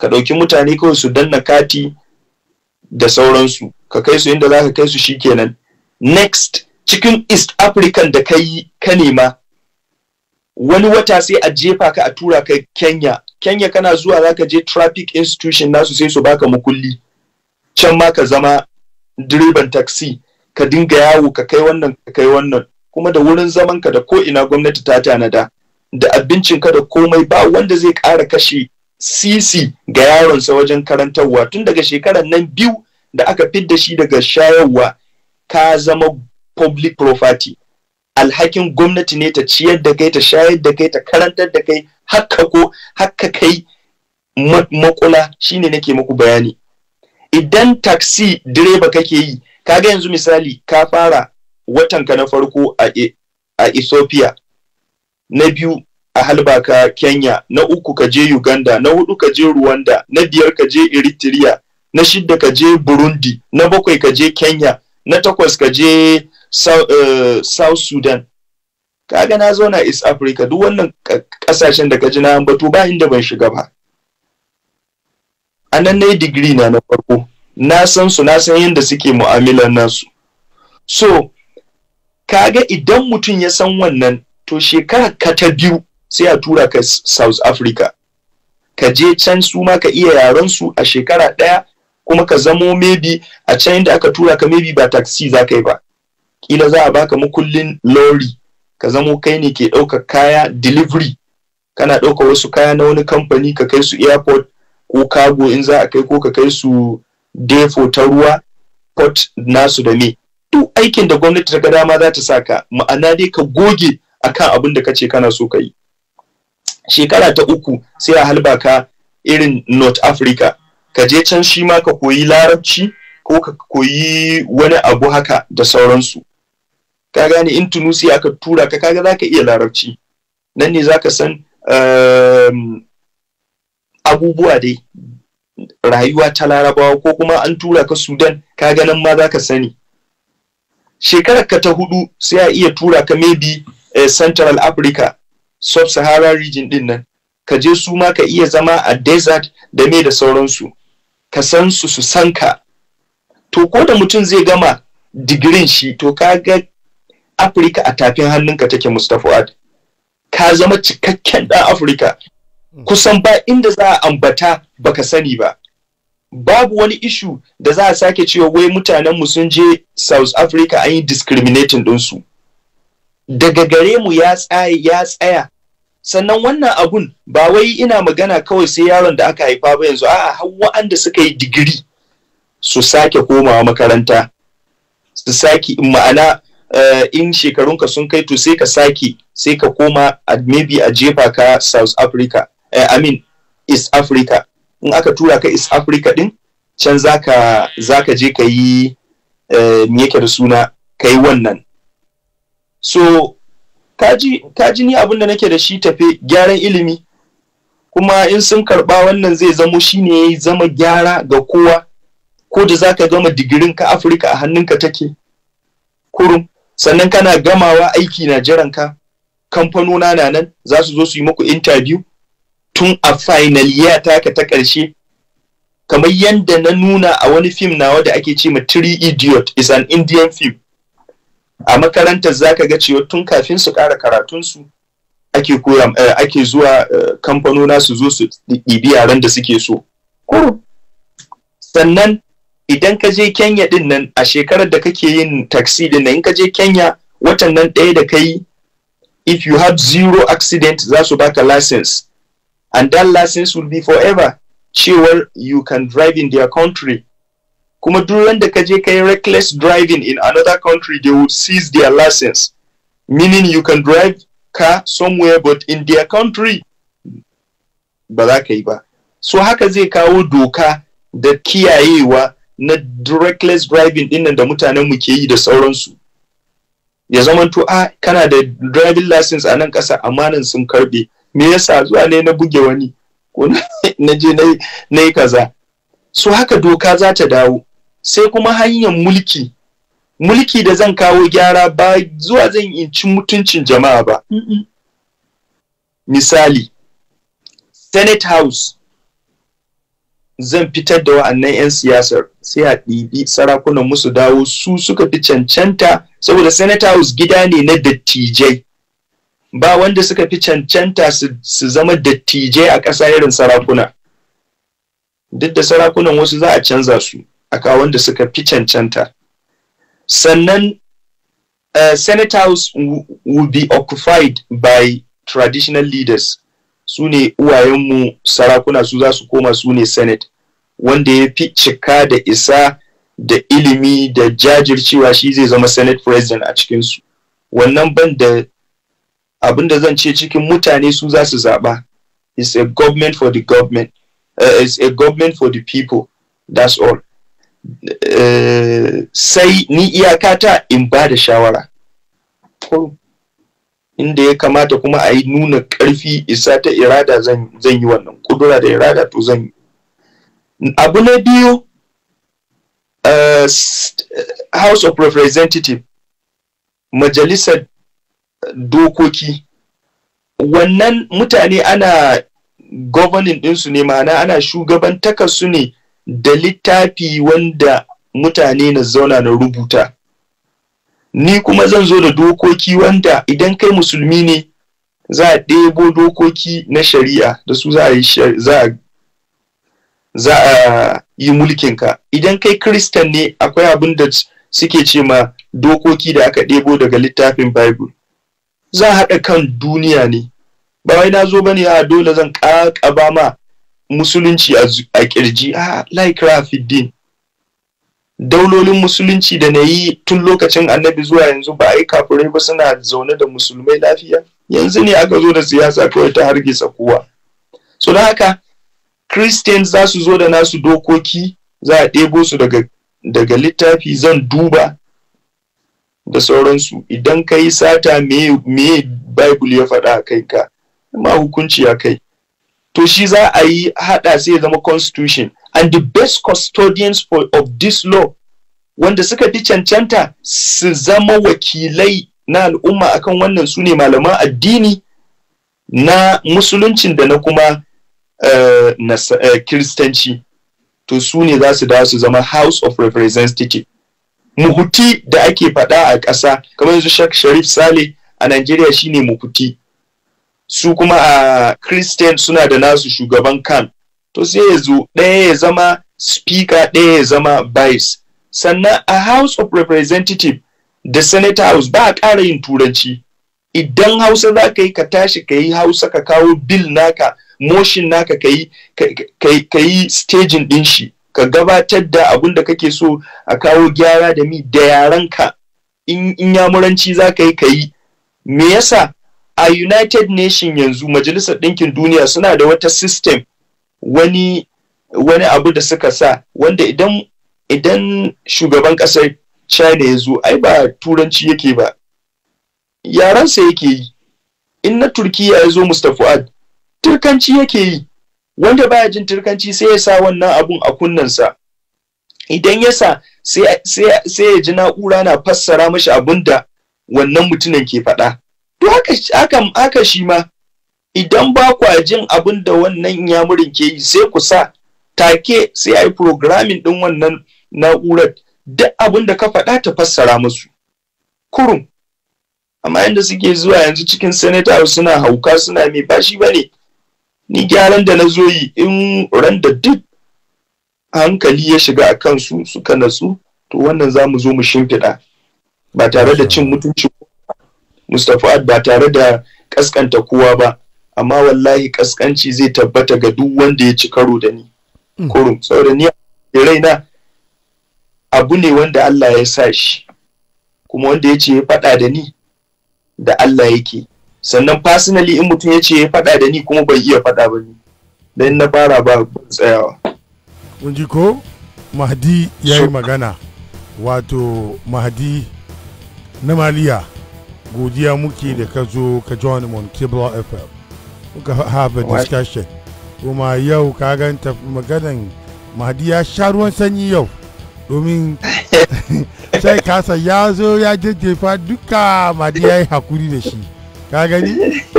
ka ɗauki mutane kawai su danna kati da sauransu ka kai su inda za ka kai su shikenan next cikin east african da ka yi ka nema wani wata sai a jefa ka a tura ka kenya kenya kana zuwa za ka je traffic institution nasu sai su baka mukulli can ma ka zama direban taxi ka dinga yawo ka kai wannan ka kai wannan kuma da wurin zamanka da ko ina gwamnati ta tanada da abincinka da komai ba wanda zai ƙara kashe sisi ga yaronsa wajen karantarwa tun daga shekarar nan biyu da aka da shi daga shayarwa ka zama public property alhakin gwamnati ne ta ciyar da kai ta shayar da kai ta karantar da kai hakka ko hakka kai makula shine nake muku bayani idan taxi direba kake yi kaga yanzu misali ka fara watanka na farko a Ethiopia na biyu a halba ka Kenya, na uku ka je Uganda, na hudu ka je Rwanda, na biyar ka je Eritrea, na shidda ka je Burundi, na bakwai ka je Kenya, na takwas ka je eh, South, Sudan. South Sudan. Kaga na zauna East Africa duk wannan kasashen da ka ji na ambato ba inda ban shiga ba. A nan na yi digiri na na farko, na san su na san yadda suke mu'amalar nasu. So, kaga idan mutum ya san wannan to shekara ka ta biyu sai a tura ka South Africa ka je can su ma ka iya yaran su a shekara ɗaya kuma ka zamo maybe a can inda aka tura ka maybe ba taxi za ka yi ba kila za a baka makullin lori ka zamo kai ne ke ɗaukar kaya delivery kana ɗaukar wasu kaya na wani kamfani ka kai su airport ko cargo in za a kai ko ka kai su depo ta ruwa port nasu da me duk aikin da gwamnati ta ga dama za ta saka ma'ana dai ka goge akan abin da kace kana so ka yi shekara ta uku sai a halba ka irin north africa ka je can shi ma ka koyi larabci ko ka koyi wani abu haka da sauransu ka gane in tunisia aka tura ka kaga zaka iya larabci nan ne zaka san um, abubuwa dai rayuwa ta larabawa ko kuma an tura ka sudan ka ganin ma za sani shekarar ka ta hudu sai a iya tura ka maybe Eh, Central Africa Sub-Sahara region din nan ka je su ma ka iya zama a desert da me da sauransu ka san su su san ka to ko da mutum zai gama digirin shi to ka ga Afirka a tafin hannunka take Mustapha ka zama cikakken ɗan Afirka kusan ba inda za a ambata baka sani ba babu wani ishu da za a sake cewa wai mutanenmu sun je South Africa an yi discriminating ɗinsu. daga gare mu ya tsaya sannan wannan abun ba wai ina magana kawai sai yaron da aka haifa ba yanzu a'a har wa'anda suka yi digiri su sake komawa makaranta su sake ma'ana eh, in shekarunka sun kai to sai ka sake sai ka koma a maybe a jefa ka South Africa eh, I mean East Africa in aka tura ka East Africa din can zaka zaka je ka yi eh, me yake da suna ka yi wannan so kaji kaji ni abin da nake da shi tafe gyaran ilimi kuma in sun karɓa wannan zai zamo ne ya zama gyara ga kowa ko da za ka gama digirin ka afirka a hannunka take kurum sannan kana gamawa aiki na jiranka kamfanona na nan za su zo su yi muku interview tun a final year taka ta ƙarshe kamar yadda na nuna a wani fim nawa da ake ce ma three idiot is an indian film a makarantar za ka ga cewa tun kafin su ƙara karatunsu ake koya eh, ake zuwa eh, kamfanona su zo su ɗibi yaran da suke so oh. sannan idan ka je kenya ɗin nan a shekarar da kake yin taxi ɗin nan in ka je kenya watan nan ɗaya da ka yi if you have zero accident za su baka license and that license will be forever cewar you can drive in their country kuma duk wanda ka je kai reckless driving in another country they would seize their license meaning you can drive car somewhere but in their country ba za ka yi ba so haka zai kawo doka da kiyayewa na reckless driving dinnan da mutanen mu ke yi da sauransu ya zamanto a ah, kana da driving license a nan ƙasa amanan sun karbe me yasa zuwa ne na buge wani ko na je na yi kaza so haka doka za ta dawo sai kuma hanyar mulki mulki da zan kawo gyara ba zuwa zan yi mutuncin jama'a ba misali senate house zan fitar da wa'annan 'yan siyasar sai a ɗibi sarakunan musu dawo su suka fi cancanta saboda senate house gida ne na dattijai ba wanda suka fi cancanta su zama dattijai a ƙasa irin sarakuna duk da sarakunan wasu za a canza su aka wanda suka fi cancanta sannan uh, senate house will be occupied by traditional leaders su ne uwayenmu sarakuna su za su koma su ne senate wanda ya fi cika da isa da ilimi da jajircewa shi zai zama senate president a cikinsu wannan ban da abin da zan ce cikin mutane su za su zaɓa the government eh, is a government for the people that's all sai ni iyakata in ba da shawara inda ya kamata kuma a yi nuna ƙarfi isa ta irada zan yi wannan kudura da irada to zan yi abu na biyu eh, house of representative majalisar dokoki wannan mutane ana governing ɗinsu ne ma'ana ana shugaban su ne da littafi wanda mutane na zauna na rubuta ni kuma zan zo da dokoki wanda idan kai musulmi ne za a ɗebo dokoki na shari'a da su za a yi mulkinka idan kai kristan ne akwai abin da suke ce ma dokoki da aka ɗebo daga littafin bible za a haɗa kan duniya ne ba wai na zo ba ne, a dole zan ƙaƙaba ma musulunci a kirji a ah, laikra daulolin musulunci da na yi tun lokacin annabi zuwa yanzu ba a yi kafirai ba suna zaune da musulmai lafiya yanzu ne aka zo da siyasa kawai ta hargitsa kowa so da haka christians za su zo da nasu dokoki za a ɗebo su daga, littafi zan duba da sauransu idan ka yi sata me bible ya faɗa a kai ka ma hukunci a kai to shi za a yi haɗa sai ya zama constitution and the best custodians for, of this law wanda suka fi cancanta su zama wakilai na al'umma akan wannan su ne malaman addini na musuluncin da na kuma eh, eh, kiristanci to su ne za su dawo su zama house of representative muhuti da ake faɗa a ƙasa kamar yanzu Sheikh sharif Saleh, a najeriya shine muhuti su kuma a christian suna da nasu shugaban kan to sai ya zo ɗaya ya zama speaker ɗaya ya zama vice sannan a house of representative da senate house ba a ƙara yin turanci idan hausa za ka yi ka tashi ka yi hausa ka kawo bill naka motion naka ka yi staging ɗin shi ka gabatar da abin da kake so a kawo gyara da mi da yaranka in yamuranci za ka yi ka yi me yasa a united nation yanzu majalisar ɗinkin duniya suna da wata system wani wani abu da suka sa wanda idan idan shugaban ƙasar china ya zo ai ba turanci yake ba yaransa yake yi in na turkiya ya zo fuad turkanci yake yi wanda baya jin turkanci sai ya sa wannan abun a sa. idan ya sa sai ya ji na'ura na fassara mashi abun da wannan mutumin ke faɗa to haka haka shi ma idan ba kwa jin abin da wannan yamurin ke yi sai ku sa take sai a yi programming ɗin wannan na'urar duk abin da ka faɗa ta fassara musu kurum amma yadda suke zuwa yanzu cikin senator suna hauka suna mai bashi bane ni gyaran da na zo yi in ran da duk hankali ya shiga a kansu suka natsu to wannan za mu zo mu shimfiɗa ba tare da cin mutunci Mustapha ba tare da kaskanta kowa ba amma wallahi kaskanci zai tabbata ga duk wanda ya ci karo da ni hmm. kurum saboda ni raina abu ne wanda Allah ya sa shi kuma wanda ya ce ya faɗa da ni da Allah yake sannan personally in mutum ya ce ya faɗa da ni kuma bai iya faɗa ba ni dan na fara ba tsayawa kun ko mahdi ya yi magana wato mahdi na maliya godiya muke da ka zo ka join mu on Kibla FM muka have a discussion kuma yau ka ganta maganan Mahdi ya sha ruwan sanyi yau domin sai kasa ya zo ya jajjefa duka Mahdi ya yi hakuri da shi ka gani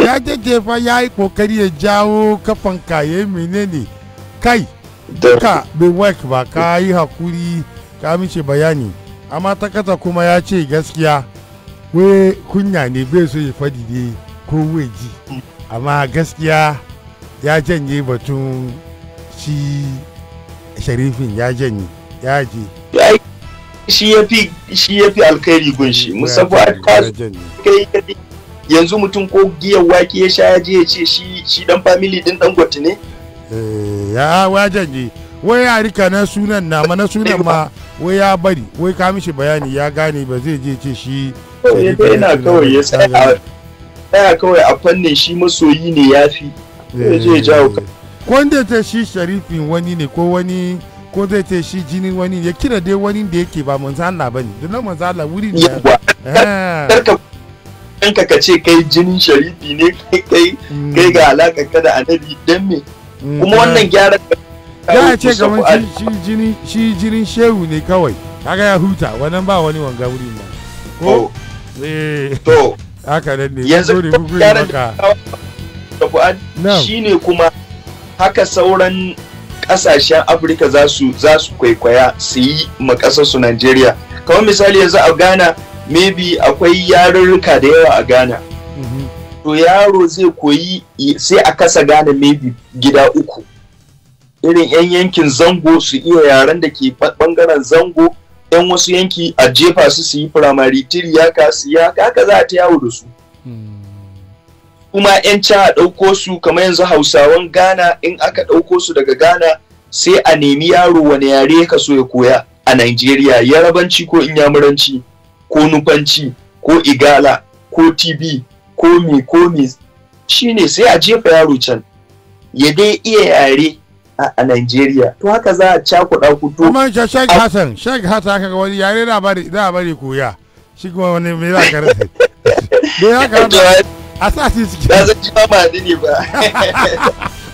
ya jajjefa ya yi kokari ya jawo kafan kaye menene kai duka bin work ba ka yi hakuri ka mishi bayani amma ta kasa kuma ya ce gaskiya wai kunya ne bai so ya faɗi ne ko wai ji amma gaskiya ya janye batun shi sharifin ya janye ya je shi ya fi shi ya fi alkhairi gun shi musamman kai yanzu mutum ko giyar wake ya sha ya je ya ce shi shi dan family din dan gwati ne eh, ya wa janye wai ya rika na sunan na mana sunan ma wai ya bari wai ka mishi bayani ya gane ba zai je ce shi kawai ya kawai ya tsaya a fannin shi masoyi ne ya fi eh. wanda ne ko wani ko zai ce shi jinin wani ya kira dai wani da yake ba manzo Allah bane don manzo Allah wuri ne yawa kanka eh. ka ce kai jinin sharifi ne kai kai mm. ga alaka ka da annabi dan me mm, kuma eh. wannan gyara ya ce kamar shi jinin shehu ne kawai kaga ya huta wannan ba wani wanga wuri ne ko oh. Eh. to haka ne yanzu kuma haka sauran kasashen afirka za su za su kwaikwaya su yi makasarsu najeriya kamar misali yanzu a ghana maybe akwai yarurruka da yawa a ghana mm-hmm. to yaro zai koyi sai a kasa ghana maybe gida uku irin 'yan yankin zango su iya yaren da ke bangaren zango 'yan wasu yanki a jefa su su yi firamari tiri yaka su yaka haka za ta yawo da su hmm. kuma 'yan a ɗauko su kamar yanzu hausawan ghana in aka ɗauko su daga ghana sai a nemi yaro wani yare ka so ya koya a nigeria yarabanci ko inyamuranci ko nufanci ko igala ko tb ko mi ko mi shine sai a jefa yaro can ya dai iya yare a Najeriya to haka za a cakuɗa ku to amma ja Sheikh Hassan Sheikh Hassan kaga wani yare da bari da bari koya shi kuma wani me za ka rasa me za ka rasa a sa shi ciki Ba zan ci ba ne ba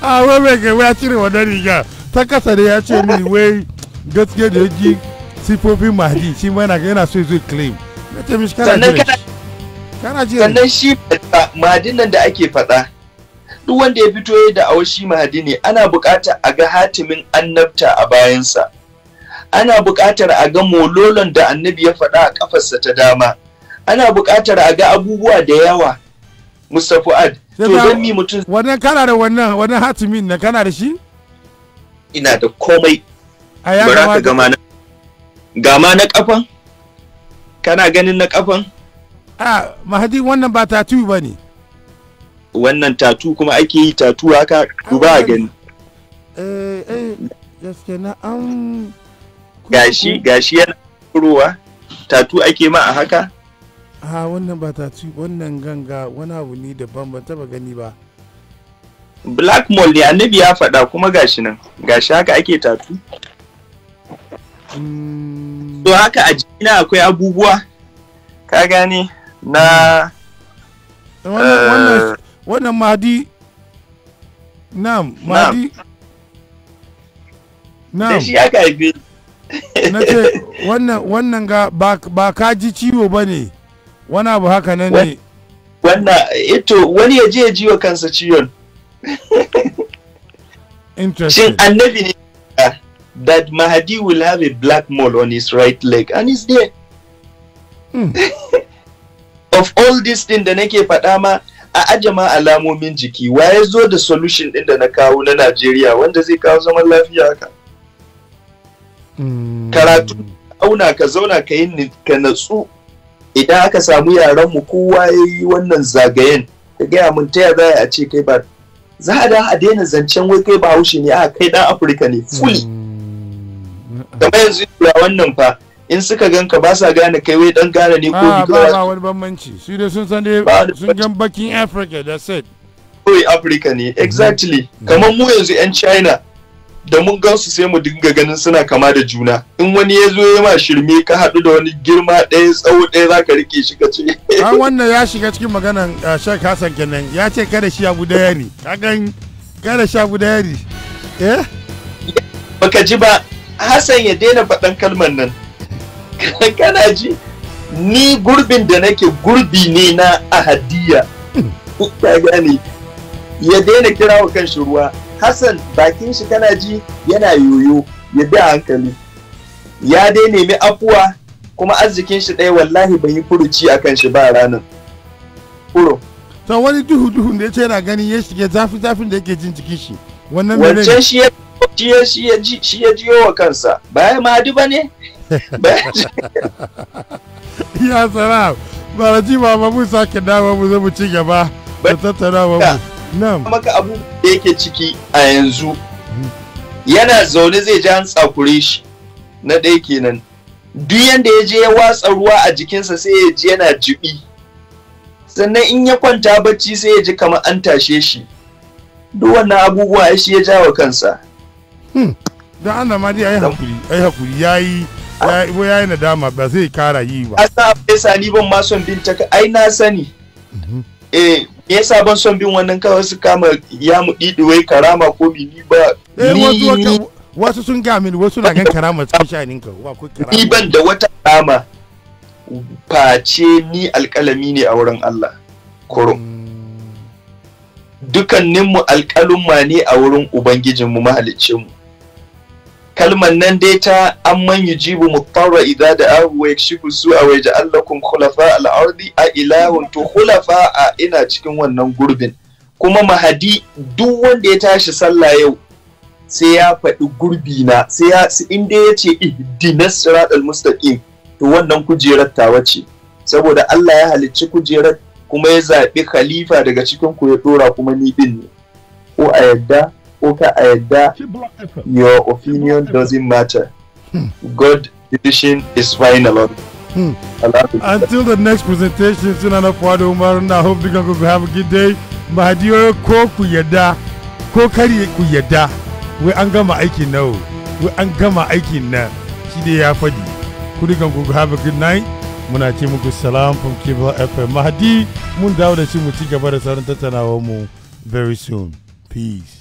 a ah, wai mai ga ya cire wannan riga ta kasa da ya ce ni wai gaskiya da yake sifofin mahdi shi ma yana so zai claim na ce mishi kana jira kana jira sannan shi mahadin nan da ake faɗa duk wanda ya fito ya da aushi mahadi ne ana buƙatar a ga hatimin annabta a bayansa ana buƙatar a ga mololon da annabi ya faɗa a ƙafarsa ta dama ana buƙatar a ga abubuwa da yawa mustafu'ad to don mi mutum wannan kana da wannan wannan hatimin na kana da shi ina da komai bara ka gama na gama na kafan kana ganin na kafan a mahadi wannan ba tatu ba ne wannan tatu kuma ake yi tatu haka duba a gani eh, eh, gaske na an gashi gashi yana kurowa tatu ake ma a haka ha wannan ba tatu wannan ganga wani abu ne daban ban taba gani ba black mold ne annabi ya faɗa kuma gashi nan gashi haka ake tatu hmm. to haka a jina akwai abubuwa ka gane na wannan eh, wannan mahdi na'am mahdi na'am shi aka haife na ce wannan ga ba ka ji ciwo ba ne wani abu haka nan ne wannan ito eh wani ya je jiwa kansa ciwon interesting shin annabi ne that mahdi will have a black mole on his right leg and he's there hmm. of all these things da nake faɗa ma a ajama alamomin jiki wa ya zo da solution din da na kawo na Najeriya wanda zai kawo zaman lafiya ka? Hmm. karatu auna ka zauna ka yi ka natsu idan aka samu yaran mu kowa ya yi wannan zagayen ka gaya mun ta za a ce kai ba za a da a daina zancen wai kai ba haushi ne a kai dan afirka ne fuli hmm. kamar yanzu wannan fa in suka gan ka, ba sa gane kai wai dan gane ne ko ah, ba ba wani bambanci su dai sun san dai sun gan bakin Africa da said oi Africa ne mhm. exactly mhm. kamar mu yanzu yan China da mun gan su sai mu dinga ganin suna kama da juna in wani ya zo ya ma shirme ka haɗu da wani girma ɗaya tsawo ɗaya za ka rike shi ka ce an ah, wannan ya shiga cikin maganan ah, shek hassan kenan ya ce kada shi abu da yari gan kada shi abu da yari eh baka ji ba hassan ya daina faɗan kalmar nan kana ji ni gurbin da nake gurbi ne na ahadiya hmm. ka gane ya daina kira wa kan ruwa hassan bakin shi kana ji yana yoyo ya bi hankali ya dai nemi afuwa kuma arzikin shi ɗaya wallahi ban yi furuci a kan shi ba ranar furo to wani duhu duhun da ya ce yana gani ya shiga zafi zafin da yake jin jikin shi wannan wancan shi ya ji wa kansa ba ma ba ne ya salam bara ba ma mun sake dawo mu zo mu ci gaba da tattaunawa mu na'am maka abu da yake ciki a yanzu yana zaune zai ji an tsakure shi na ɗaya kenan duk yanda ya je ya watsa ruwa a jikinsa sai ya ji yana jibi sannan in ya kwanta bacci sai ya ji kamar an tashe shi duk wannan abubuwa ya shi ya jawo kansa hmm. da ana ma dai ayi hakuri ayi hakuri yayi ya yi na nadama ba zai kara yi ba Asa ya sani ban ma son bin ta ai na sani mhm. eh me yasa ban son bin wannan kawai su kama ya mu wai karama ko bini ba eh, ni wasu sun ga min wasu na gan karama cikin shanin ka wa ko karama ni ban da wata karama face ni alƙalami ne a wurin Allah kurum mm. dukanninmu alƙalumma ne a wurin Ubangijinmu mahaliccinmu. kalmar nan dai ta an amman jibu mutarra idza abu wa yakshifu su'a wa yaj'alukum khulafa al-ardi a ilahun to khulafa a ina cikin wannan gurbin kuma mahadi duk wanda ya tashi sallah yau sai ya faɗi gurbi na sai ya in dai ya ce ihdinas siratal mustaqim to wannan kujerar tawa ce saboda Allah ya halicci kujerar kuma ya zaɓi khalifa daga cikin ku ya dora kuma ni binne. ne ko a yadda your opinion doesn't matter. Hmm. God decision is final. Hmm. Until the next presentation, Sunana Fuadu Umar, and I hope you can have a good day. My dear Ko Kuyada, Ko Kari yada. we angama gama aiki now, we angama gama aiki na, shi dai ya faɗi. Kudi have a good night. Muna ce muku salam from Kibla FM. Mahadi mun dawo da shi mu ci gaba da very soon. Peace.